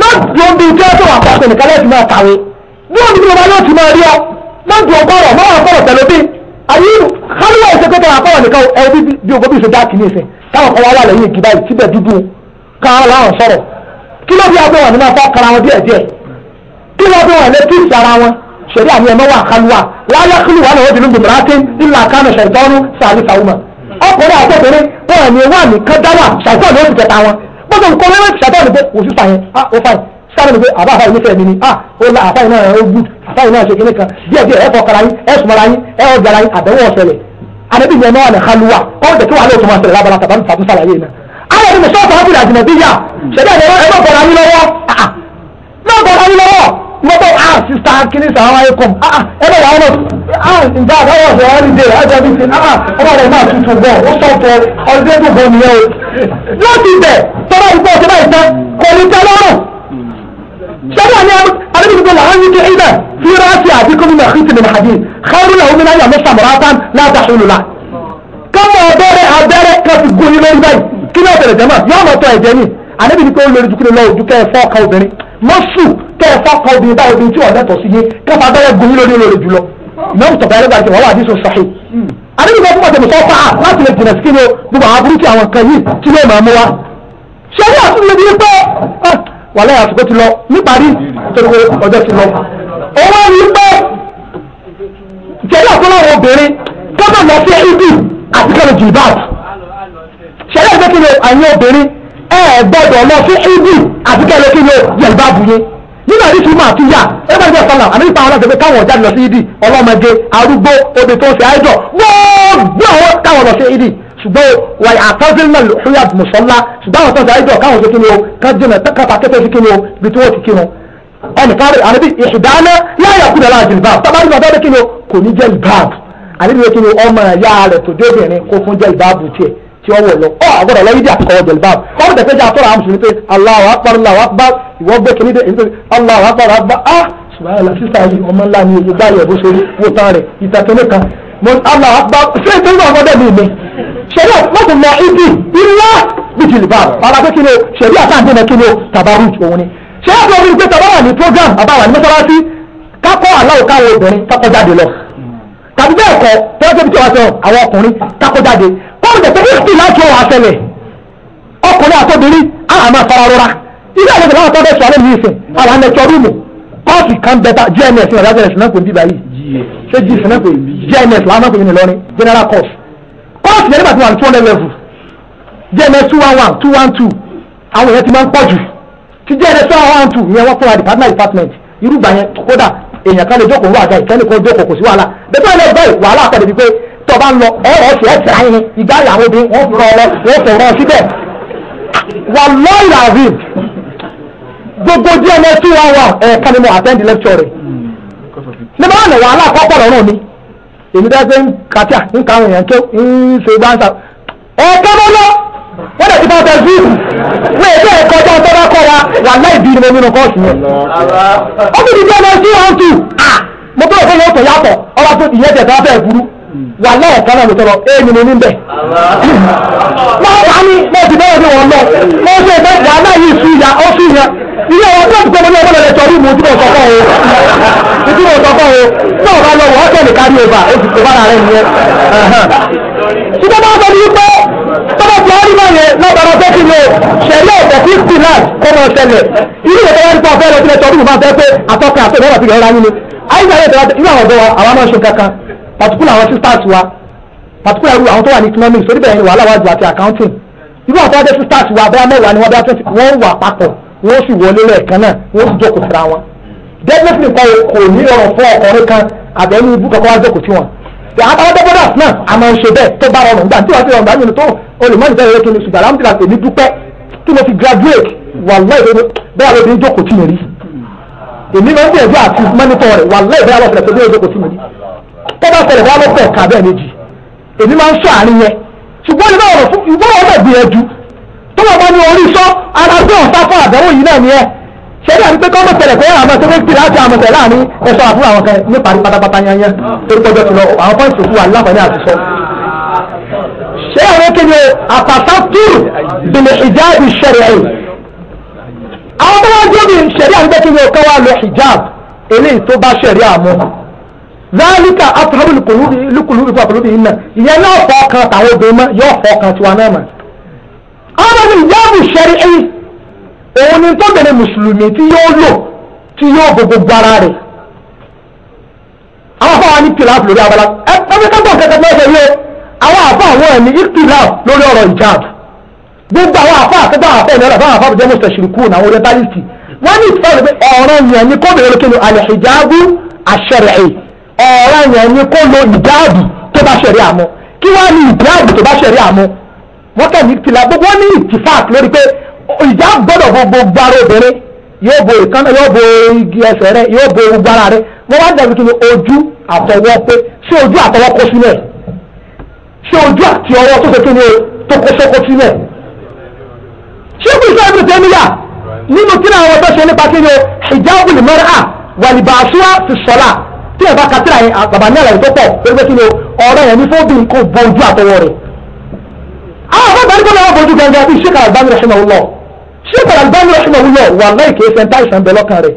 má dùn bíi tí wọ́n tó wà pàṣẹ nìkan lẹ́sìn máa kàwé bí wọ́n níbi wọn yóò ti máa rí ọ má dùn ọgbọ́rọ̀ má wà fọ̀rọ̀ pẹ̀lú bíi àyè kálíwà ìṣẹ́kẹ́tọ̀ àpọ̀wọ̀ nìkan ẹbí bí ogóbí ìṣẹ́jà kìíní ìṣẹ́ táwọn kan wá wà lẹ́yìn igi báyìí síbẹ̀ dúdú káwọn láwọn sọ̀rọ̀ kí ló bí abẹ́ wọn ní máa bá kara wọn díẹ̀ díẹ̀ kí ló bí wọn lè tí ì sara wọn ṣẹ̀rí àmì ẹ̀mọ́ wà kálúwà láyé kílù wà lọ́wọ́ bìnrin bìnrin rántí ńlá kánú ṣàìtọ́nù sàlì sàwùmọ̀ ọkùnrin àtọ́kùnrin wọn ni wà ní kọ́dáwà ṣàìtọ́ ló ti tẹ̀ta wọn bọ́sù nǹkan wọn ṣàìtọ́ ni pé kò sí sàyẹn ah ó fàyè sáré ni pé àbá àfáyé nífẹ̀ẹ́ mi ni ah ó la àfáyé náà ó gùd àfáyé náà ṣe kíní kan díẹ̀ díẹ̀ ẹ̀ fọkàrà yín ẹ̀ sùmọ́ra yín ẹ̀ ọ̀gbàrà yín àbẹ̀wò ọ̀sẹ̀lẹ̀ anabi yẹn náà ah, ah. ní haluwa ọ̀hún tẹ̀kí wàhálà òtún máa tẹ̀lé lábala tàbá nípa musa àlàyé náà. ayọ̀ ni musa ọ̀tún àbúrò àjùmọ̀ bí yà ṣẹ̀dá ẹ̀rọ ẹ̀rọ bọ̀rọ̀ ayé lọ́wọ́ náà bọ̀rọ̀ ayé lọ́wọ́ lọ́tọ̀ ah sista kini sàwọn ayé kọ́m ẹ̀rọ wà wọn ah, ah. njẹ́ àbáwọ̀ ọ̀sẹ̀ wọn ní dé ajá bí ti ah ọmọ rẹ̀ máa tutù bọ̀ ó sọ̀tọ̀ ọ̀dẹ́dùn sọ́dọ̀ ni arábìnrin làwọn yìí ké ibà fi ráàsì àti gómìnà kìtì nínú àdé xayiru làwọn mi náà yà mẹ́ta mọ̀ràtán láta xulula. kámọ̀ abẹ́rẹ́ abẹ́rẹ́ káfi gbóyin lórí báyìí kí ni ọ̀tẹ̀rẹ̀ jẹ́mà yóò mọ̀ tọ́ ẹ̀jẹ̀ ni arábìnrin kò lórí dukuru lọ́wọ́ ju kẹ́ ẹ fọ́ ọkọ obìnrin mọ́sù kẹ́ ẹ fọ́ ọkọ obìnrin báwo obìnrin tí wọ́n lẹ́tọ̀ sí yé káfa abẹ́rẹ́ gbóyin lórí lórí jùlọ. ìnáwó tọ̀gbà ẹ̀rọ gbàgbé wọ́n wà ní sọ sàhí àdébí kan fúnpọ̀ tẹ̀mùsọ́ fà á láti lè jìnà sí ní gbogbo àwọn burúkú àwọn kan yìí tí ló máa mú wa. ṣé wọ́n àtúntò lè di pé wàhálà àsìkò ti lọ níparí torí pé ọjọ́ ti lọ. owó ẹni pé ìṣẹ̀lẹ̀ ọ̀tún láwọn obìnrin gbọ́dọ̀ lọ sí ibi àti kẹ́lẹ̀ jìbáà ṣẹlẹ̀ ìgbẹ́ kí ni àyìn obìnrin ẹ gbọ́dọ̀ lọ sí ibi àti kẹ́lẹ̀ kí ni yẹ̀lbá buye nínú àdìsí máa ti yà ẹgbẹ́ ìgbẹ́ sọ́la àmìpa àwọn àgbẹ̀gbẹ́ káwọn ọ̀já lọ sí ibi ọlọ́mọge arúgbó obì tó ń ṣe àìjọ gbọ́ọ́ káwọn lọ sí ibi ṣùgbọ́n wà á tọ́sílẹ̀ náà lóyà mùsọ́lá ṣùgbọ́n àwọn tọ́sí àìjọ káwọn ṣe kí ni o ká jìnà kápá kẹ́tẹ́ sí kí ni o bí tí wọ́n ti kí ni o. ọ̀nì kárí àníbi ìṣùdáná láyà kú dàrá jìlbáàbù tábàdì bàbá rẹ̀ kí ni o kò ní jẹ́ ìbáàbù àníbi rẹ̀ kí ni ọmọ ìyá rẹ̀ tó débìnrin kó fún jẹ́ ìbáàbù tiẹ̀ tí ó wọ̀ lọ ọ àgọ́dọ̀ lọ yídí àkọ́kọ́ ọjọ́ ìbáàbù ọmọ tẹ̀sẹ̀ jẹ́ àtọ́rọ̀ àmùsùn ní pé Allahu akbar Allahu akbar ìwọ gbé kìíní dé ìdí Allahu akbar akbar ah subhanallah sísá yìí ọmọ ńlá ni ojú gbáyẹ̀ bó ṣe rí wó tán rẹ̀ ìtàkùn nìkan mo Allahu akbar ṣé ìtẹ́wọ́ ọmọdé mi ni ṣẹlẹ mọ́tò lọ ibi ilá bìjìlìbà bàbá pé kí ni ṣẹlẹ àtàǹdé náà kí ni tàbárù òun ni ṣẹlẹ tó rí i pé tàbáwà ní program àbáwà ní mọ́sálásí kákọ́ aláwọ̀ káwọ̀ obìnrin kákọ́ jáde lọ tàbí bẹ́ẹ̀ kọ́ tọ́jú ibi tí wọ́n sọ àwọn ọkùnrin kákọ́ jáde kọ́ọ̀mù tẹ̀sẹ̀ ní ìsìn láti ọ̀rọ̀ àṣẹlẹ̀ ọkùnrin àtọ́bìnrin á àmà fara rọra ilé àwọn ìlànà tó bẹ́ẹ̀ sọ alẹ́ mi ìsìn àwọn àlẹ́kẹ́ rúùmù kọ́ọ̀sì kan bẹ́ta gms ní ọ̀rọ̀ àjẹrẹ̀ sinapò bíbá yìí ṣé gms báwo sì jẹ́ nígbà tí wà ní two hundred level jms two one one two one two àwọn èèyàn ti máa ń pọ̀ jù tí jms two one one two ìyẹn wọ́n fún wa department department irúgbà yẹn kódà èèyàn kan lè jókòó wà báyìí kẹ́ni kan jókòó kò sí wàhálà bẹ́tẹ̀ lọ báyìí wàhálà pàdé bíi pé tó bá ń lọ ọ̀rọ̀ ọ̀sẹ̀ ẹ̀sẹ̀ ayé ni ìgbà ìyàwó bí wọ́n fi rọ ọ wọ́n fi rọ ọ síbẹ̀ wà lọ́ọ̀yì làbí gbogbo díẹ̀ mẹ́tí wọn wà ẹ̀ẹ̀kan ni mo attend lecture rẹ̀ nígbà wọn lọ wàhálà kọ́kọ́ lọ́rùn mi èmi dá sẹ́ ń kàtíà ń ka àwọn tó ń ṣe bá ń sa lọ wọ́n dẹ̀ ti bá bẹ zuu wọ́n èdè ẹ̀kọ́jọ́ tó bá kọ́ wa wà láì ni mo nínú kọ́ọ̀sì yẹn ó sì ti jẹ́ ọmọ sí ọ̀hún tù à mo bọ́ òfin yóò yàtọ̀ ọba tó ìyẹn tẹ̀ sábẹ́ ìburú wà láì náà ló tọrọ ee ni mo ní bẹ̀. wọ́n wà ní mo ti bẹ́ẹ̀ ní wọn lọ mo ṣe bẹ́ẹ̀ wà láì yìí sí ìyá ó sí ìyá ilé àwọn tó ń gbọmọ tọ́lú mu ìtumọ̀ sọ́kọ́ o ìtumọ̀ sọ́kọ́ o náà bá lọ wọ́n tẹ̀lé kárí ọba oṣù tó bára rẹ̀ nìyẹn. ṣùgbọ́n bá sọ ní pé tọ́lá ti wá rí báyẹn lọ́bàrá pé kí ni o ṣẹ̀lẹ̀ ọ̀tẹ̀ sí stilas kọ́ mọ ṣẹlẹ̀ ilé ìwé tọ́lá nípa ọ̀fẹ́ rẹ̀ ra wọ́n bẹ́ẹ̀ twenty wọ́n wọ́n sì wọlé lẹ́ẹ̀kan náà wọ́n sì jókòó síra wọn definitely kọ́ kò ní ọ̀rọ̀ fún ọkùnrin kan àbẹ̀ní ibú kankan wá jókòó sí wọn àwọn dẹ́gbọ́dà náà a máa ń ṣe bẹ́ẹ̀ tó bá rọrùn gbà tí wàá ti rọrùn gbàgbé tó olùmọ́ni bẹ́ẹ̀ yóò tó ní ṣùgbọ́n àmì tìlàsì èmi dúpẹ́ tí mo fi graduate wàláì bẹ́ẹ̀ ló ti ń jókòó tì mí rí èmi máa ń gbìyànjú àti mọ́nítọ̀ rẹ̀ wàláì bẹ́ẹ̀ lọ́sẹ̀ tó ń jókòó tì mí rí tó bá ṣẹlẹ̀ wá lọ́pẹ̀ ká bẹ́ẹ̀ méjì èmi máa ń ṣọ́ àárín yẹn ṣùgbọ́n ìgbọ́n ọ̀rọ̀ fún tó bàbá ní orí sọ ara sí ọ̀sá fún àbẹ̀wò yìí náà ni ẹ ṣẹ́bí àti pé kọ́mọ̀ tẹ̀lẹ̀ pé àmọ́ tó fẹ́ tìlá àti àmọ̀tẹ̀ láàrin ẹ̀ṣọ́ àbúrò àwọn kan ní parí pátápátá yányán torí pọ́jọ́ ti lọ àwọn pọ́ǹsì òkú wà láǹfààní àti sọ. ṣé àwọn kí ni àpàtà túrù bìlẹ̀ hijab ṣẹ̀rẹ̀ ẹ̀ àwọn tó wá jẹ́ bí ṣẹ̀rí àti kí ni ọ̀kan wá lọ hijab eléyìí tó bá ṣẹ̀rí àmọ́ zálíkà àtúrọ̀bù lùkùlùbì ìnà ìyẹn ọ̀rọ̀ ní ìyáàbù ṣẹ́rí ẹ̀yìn òun ni tọ́bẹ̀rẹ̀ mùsùlùmí tí yóò lò tí yóò bo gbogbo ara rẹ̀ àwọn afáwọn ní kìláàfù lórí abala ẹgbẹ́kẹ́gbọ̀n kẹ́kẹ́ mẹ́sẹ̀ yé àwọn afáwọn ẹ̀mí ìkìláàfù lórí ọ̀rọ̀ ìjáàbù gbogbo àwọn afá àtẹ́gbà àfẹ́ ìnáwó àfá àfá àbújá mọ́sítà ṣìrìkú náà àwọn orientalist wọ́n ní ìfẹ́ rẹ̀ pé ọ̀rọ̀ yẹn ni kó bẹ̀rẹ̀ kí ni alìhijabu àṣẹrẹ̀ ọ̀rọ̀ yẹn ni kó lo ìjáàbù tó bá ṣẹ̀rí àmọ́ kí wọ́n ní ìjáàbù tó bá ṣẹ̀rí àmọ́ wọ́n kẹ́ ní tìlà gbogbo ní ìtìfáàk lórí pé ìjà gbọ́dọ̀ gbogbo gbára obìnrin yóò bo ìkànnà yóò bo igi ẹsẹ̀ rẹ yóò bo gbogbo ara rẹ wọ́n wá dàbí kìíní ojú àtọwọ́ pé ṣé ojú àtọwọ́ kó sílẹ̀ ṣé ojú àti ọwọ́ tó ṣe kíni tó kó sóko sílẹ̀ ṣé kò sọ ẹbí tẹ́míyà nínú tí àwọn ọjọ́ ṣe nípa kíni hijabul mar'a wa libasuha fi salah tí ẹ̀ bá katira yẹn àgbàbà ní àlàyé tó pọ̀ pé kíni ọ̀rọ̀ yẹn ní fóbi nǹkan bo ojú àtọwọ́ rẹ̀ bá nípa náà fojú gangan bíi Sheikh Al-Albani rahimahullah Sheikh Al-Albani rahimahullah wallahi kìí ṣe ń tá ìṣàn bẹ̀lọ́ kan rẹ̀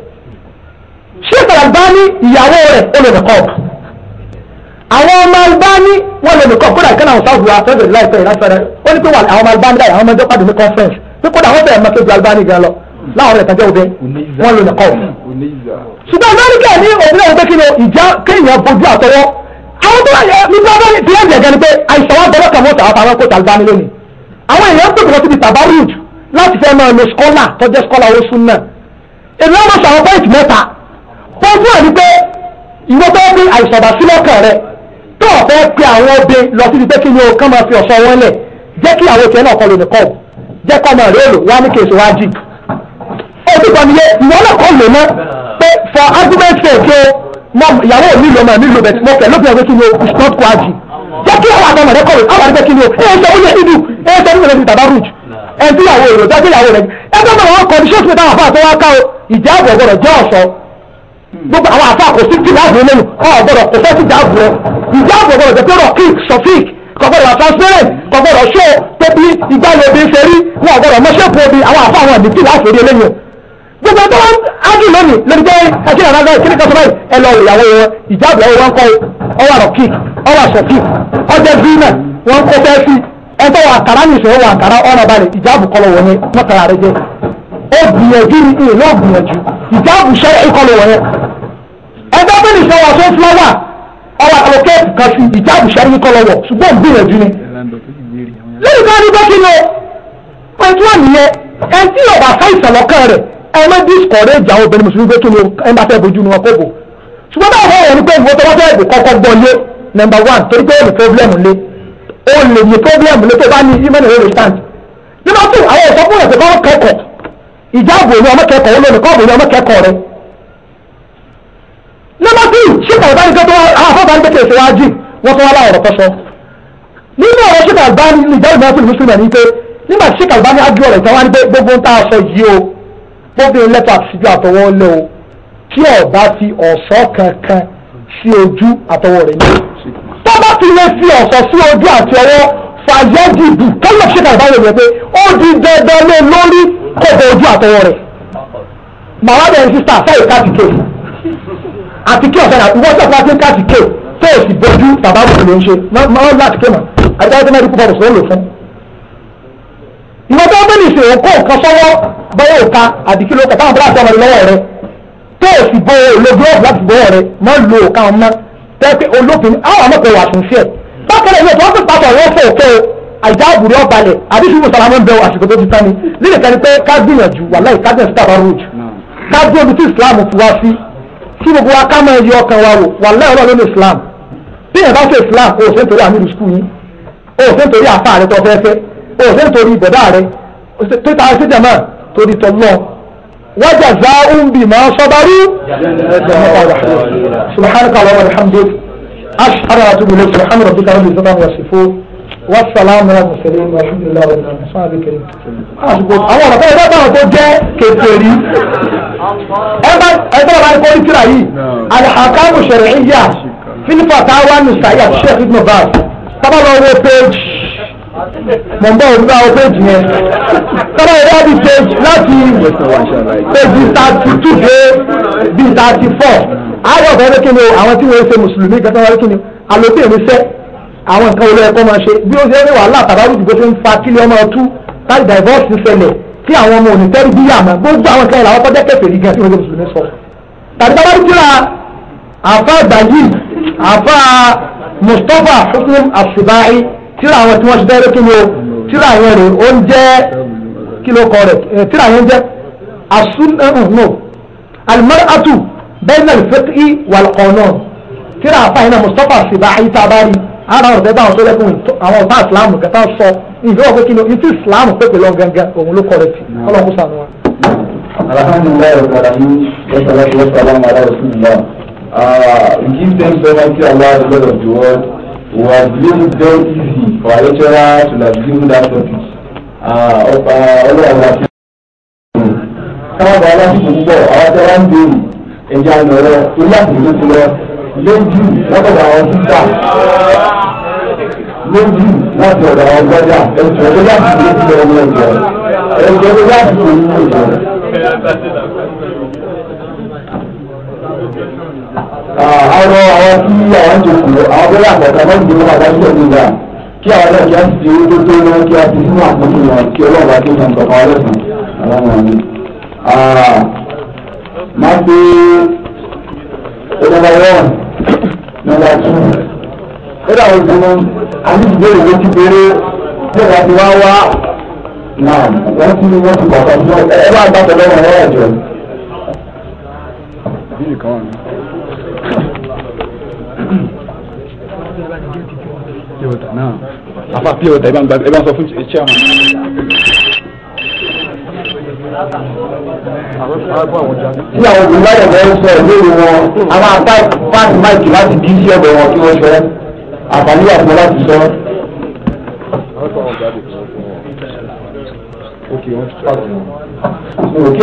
Sheikh Al-Albani ìyàwó rẹ̀ ó lè nìkọ́ àwọn ọmọ Albani wọn lè nìkọ́ kódà ìkànnì àwọn sáwùdù àtẹ́bẹ̀ láìpẹ́ ìrásẹ̀rẹ̀ ó ní pé wà àwọn ọmọ Albani dáì àwọn ọmọ ẹjọ́ pàdé ní conference pé kódà wọ́n fẹ́ẹ̀ mọ́ kéjù Albani gan lọ láwọn rẹ̀ tàjẹ́ obẹ wọn lè nìkọ́ ṣùgbọ́n amẹ́ríkà ní òbílẹ̀ òbẹ́ kí ni ìjà kéèyàn bojú àtọwọ́ àwọn tó wà ní bí wọ́n bá ní ti ẹ̀ àwọn èèyàn pè wọ́n ti di tabaruj láti fẹ́ máa lo skọ́là tó jẹ́ skọ́là oṣù náà èmi wọ́n máa sọ̀rọ̀ pọ́ìntì mẹ́ta pọ́ìntì wà ní pé ìwọ bá ní àìsàn àbásílọ́kàn rẹ tó o fẹ́ pe àwọn ọbẹ̀ lọ sí ibi pé kí ni o kán máa fi ọ̀ṣọ́ wọn lẹ̀ jẹ́ kí àwọn tiẹ̀ náà kọ́ lónìí kọ́ọ̀bù jẹ́ kọ́ máa rèé lò wá ní kèsì wájì ó ti kọ́ niyẹ ìwọ náà kọ́ lò ná pé for argument sake o ìyàwó mi lò máa mi lò bẹ̀ mọ́kẹ́ lópin ọ̀gbẹ́ kí ni o it's not quasi jẹ́ kí àwọn àgbọ̀n rẹ kọ̀wé àwọn àgbẹ̀ kìnìún ẹ̀ ṣe wúlé dídú ẹ̀ ṣe wúlé dídú tàbá rúj ẹ̀ tí ìyàwó èrò jẹ́ kí ìyàwó rẹ ẹ̀ tó bọ̀ wọ́n kọ́ ní ṣóòtú táwọn afá tó wá ká o ìjà àbọ̀ gbọ́dọ̀ jẹ́ ọ̀ṣọ́ gbogbo àwọn afá kò sí ti láàbù lẹ́nu ọ̀ gbọ́dọ̀ kò fẹ́ ti dáàbù rẹ ìjà àbọ̀ gbọ́dọ̀ jẹ́ pé rọ̀kìk sọ̀fíìk kò gbọ́dọ̀ wà transparent kò gbọ́dọ̀ ṣó tóbi ìgbàlódé ṣe rí wọn gbọ́dọ̀ mọ́ṣẹ́pọ̀ obi àwọn afá wọn ní ti láàbù rí eléyìí gbogbo ẹgbẹ́ wọn ájú lónìí lórí pé ẹkí nàá náà kíni kọsọ báyìí ẹ lọ ìyàwó wọn ìjáàbù ẹwọ wọn kọ ọwọ àròkì ọwọ àṣọkì ọjọ bíínà wọn kọ bẹ́ẹ̀ sí ẹgbẹ wà àkàrà nìṣẹ wà àkàrà ọ̀nà balẹ̀ ìjáàbù kọlọ wọn ni mọ́tàlá rẹ jẹ ó gbìyànjú ní ìyẹn náà gbìyànjú ìjáàbù ṣẹ ìkọlọ wọn yẹn ẹgbẹ bẹ́ẹ̀ nìṣẹ wà tó fúláwà ọwọ àròkè kan sí ìjáàbù ṣẹ ìkọlọ wọ ṣùgbọ́n gbìyànjú ni lẹ́yìn tó wá ní bọ́kí ni ó ẹtí wà nìyẹn ẹtí ọ̀bà fáìsàn lọ́kàn rẹ̀ ẹ má discourage àwọn obìnrin mùsùlùmí pé kí ni ẹ bá fẹ́ bojú ni wọn kò bò ṣùgbọ́n báwo wọ́n wọ̀ ní pé ìwọ́n tó bá fẹ́ ìbò kọ́kọ́ gbọ́ lé number one torí pé ó ní problem lé ó lè ní problem lé tó bá ní human rights stand number two àwọn ọ̀sán fún ẹ̀sẹ̀ kọ́ kẹ́kọ̀ọ́ ìjáàbò ni ọmọ kẹ́kọ̀ọ́ olóòní kọ́ọ̀bù ni ọmọ kẹ́kọ̀ọ́ rẹ number three ṣíkà ìbánikẹ́ tó àfọ́bánikẹ́ kèsè wájú wọ́n tó wá láwọ̀rọ̀ tó sọ nínú ọ̀rọ̀ ṣíkà ìbánikẹ́ ìjáàbò náà fún ìmúṣùlùmọ̀ ní pé nígbà ṣíkà ìbánikẹ́ ágbé ọ̀rọ̀ ìtàn wá ní pé ń tá a sọ bóbìnrin lẹ́tọ̀ àti síjú àtọwọ́ lẹ́ o tí ọba ti ọ̀ṣọ́ kankan sí ojú àtọwọ́ rẹ̀ ní. tó bá ti lè fi ọ̀ṣọ́ sí ojú àti ọwọ́ fàyẹ́dìbù kẹ́lẹ́ ṣe kàlùbá yẹn wẹ̀ pé ó di dandan lé lórí kó bọ ojú àtọwọ́ rẹ̀. màmá bẹ̀rẹ̀ sísá sáyé káàtìkè àtìkè ọ̀sẹ̀ náà ìwọ́n sọ̀tún láti káàtìkè tó o sì bójú bàbá mi ló ń ṣe máa ń láti ké mà àti ìwọ tó gbé nìṣe òkó nǹkan sọ́wọ́ bọ́yọ̀ òka àdìkí ló kàtà àbúrò àtọ́mọ lọ́wọ́ rẹ tó o sì bo olóògbé ọ̀bù láti bọ́wọ́ rẹ mọ́ lo òka ọmọ tẹ́pẹ́ olófin àwọn ọmọ kò wà fún fíẹ̀ bákan náà ìwọ tó ń pàtó ọ̀rọ̀ fún òkè o àìjá àbúrò ọ̀balẹ̀ àdìsí mùsàlámù ń bẹ àsìkò tó ti tán ni lílẹ̀ kan ni pé ká gbìyànjú wàláì ká gbìyànjú tàbá rúùjù ká gbé omi tí Islam fi wá sí tí gbogbo wa ká mọ ẹyẹ ọkàn wa wò wàláì ọlọ́run ní Islam bí ẹ̀ bá fẹ́ Islam o ò fẹ́ torí àmì ìrù sùkúù yín o ò fẹ́ torí àfa àrẹ tó fẹ́ o ò sẹ́ni torí bọ̀dá rẹ títa sí jẹ̀mọ́ torí tọ́lọ́ wájà zá ń bì máa sọ́bárú subhanaka wa alhamdulilayi ashhadu an tubu ilayka subhanahu wa ta'ala bi zaman wa sifu wa salamu ala mursalin wa alhamdulillahi wa ni'mal sabi karim asbo àwọn ọ̀rọ̀ kan bá tó jẹ́ kèfèrí ẹ bá ẹ bá ra ko tírà yìí al ahkam shar'iyya fil fatawa nusayya sheikh ibn baz tabalo wo page mo ń bọ̀ òkúta o page yẹn tọ́lá ìdá di page láti page thirty two dé bí thirty four ayọ̀ bẹ́ẹ̀ kí ni o àwọn tí wọ́n ṣe mùsùlùmí gẹ́gẹ́ wọ́n kí ni àlòkè mi fẹ́ àwọn nǹkan olóyè kọ́ máa ṣe bí ó ṣe ní wàhálà tàbáwù dìbò ṣe ń fa kílẹ̀ ọmọ ọtú láti divorce ń ṣẹlẹ̀ kí àwọn ọmọ òní tẹ́rù bí yàmá gbogbo àwọn kan làwọn tọ́jẹ́ kẹfẹ́ yìí gan tí wọ́n ṣe mùsùlùmí sọ tàbí tàbá dìbò àfa àgbà yìí àfa Mustapha Hussein Asibai tíra àwọn tí wọ́n ṣe dẹ́rẹ́ kí ni o tíra yẹn rè ó ń jẹ́ kí ló kọ rẹ̀ tíra yẹn jẹ́ asúnà uh, no almar'atu bayna al-fiqhi wal-qanun tíra àfàyàn náà Mustapha ṣìbá àyítábárì ara ọ̀rẹ́ bá àwọn tó lẹ́kùn àwọn ọ̀tá ìsìláàmù kẹta sọ ìfẹ́ wọn pé kí ni ìtú ìsìláàmù pépè lọ gangan òun ló kọ rẹ̀ tì ọlọ́kùn sànù wa. alhamdulilayi we assume them for our lecturer to assume that topic ah, ọ̀pá ọlọ́run àti káwọn aláṣẹ púpọ̀ àwọn tí wọ́n ń béèrè ẹja lọ́rọ̀ tó láti ló ti lọ lójú lọ́kọ̀dọ̀ àwọn títà lójú láti ọ̀dọ̀ àwọn gbọ́dá ẹ̀sùn tó láti ló ti lọ ní ẹ̀jọ̀ ẹ̀jọ̀ tó láti ló ní ẹ̀jọ̀. àwọn àwọn tí àwọn jòkó àwọn bẹ́ẹ̀ àgbàtà máa ń gbé wọn àdájọ́ ìgbéga kí àwọn náà kí á ti owó tó tó lọ kí á ti sínú àpótí wọn kí ọlọ́run àti ìtàn bàbá wa lẹ́sàn àwọn ọmọ mi. máa gbé nọ́mbà one nọ́mbà two ó dàbí ìgbìmọ̀ àti ìbéèrè lójú péré tí ìwà ti wá wá náà wọ́n ti wọ́n ti bàtà fún ẹ bá gbàtọ̀ lọ́wọ́ ẹ̀ ẹ̀jọ̀. water náà àfa pure water ẹ bá ń sọ fún chairman. tí àwọn olùdarí ẹ̀rọ ń sọ ìbéèrè wọn a máa pàṣẹ máìkì láti dín sí ọ̀dọ̀ wọn kí wọ́n sọ àǹfààní wà fún láti sọ. kí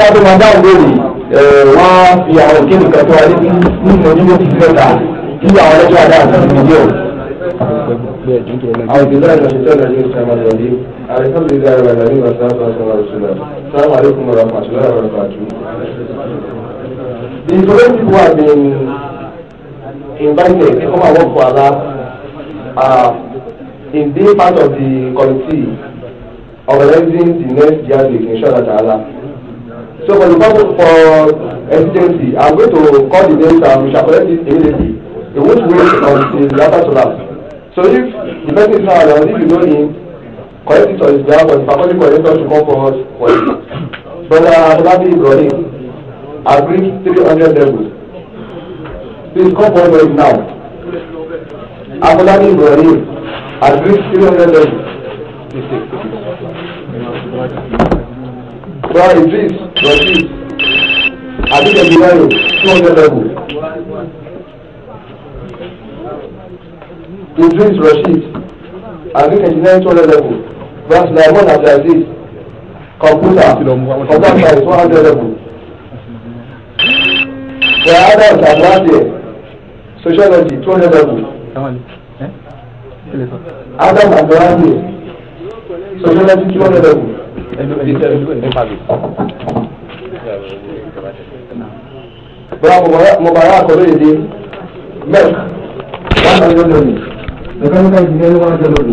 a tó máa dáhùn béèrè wọ́n fi àwọn òkè nìkan tó wáyé nínú onílé ti fẹ́ta kí àwọn ẹlẹ́jọ́ adáhùn sí ìdílé ọ̀hún. أعوذ بالله من الشيطان الرجيم السلام الرجيم الحمد لله رب العالمين والصلاة والسلام على رسول الله السلام عليكم ورحمة الله وبركاته The following people have been invited to come and work for Allah uh, in being part of the committee organizing the next year week inshallah ta'ala. So for the purpose for emergency, I'm going to call the names and we shall collect it immediately. It won't wait until the answer to last. So if the person is not around, if you know him, correct it on his behalf, or if according to to come for us, for him. Brother Nabi Ibrahim, agree 300 levels. Please come for him now. not Abdullah Ibrahim, agree 300 levels. Brother I Rajiv, Abdullah Ibrahim, 200 levels. Idris Rashid Agric Engineering two hundred level Branch Laimon Abdulaziz Computer Computer Science one hundred level. The others are not there. Sociology two hundred level. Adam Abdulaziz Sociology two hundred level. Bra Mubarak Olóyèdè Merck one hundred level. なかなか時代の話だと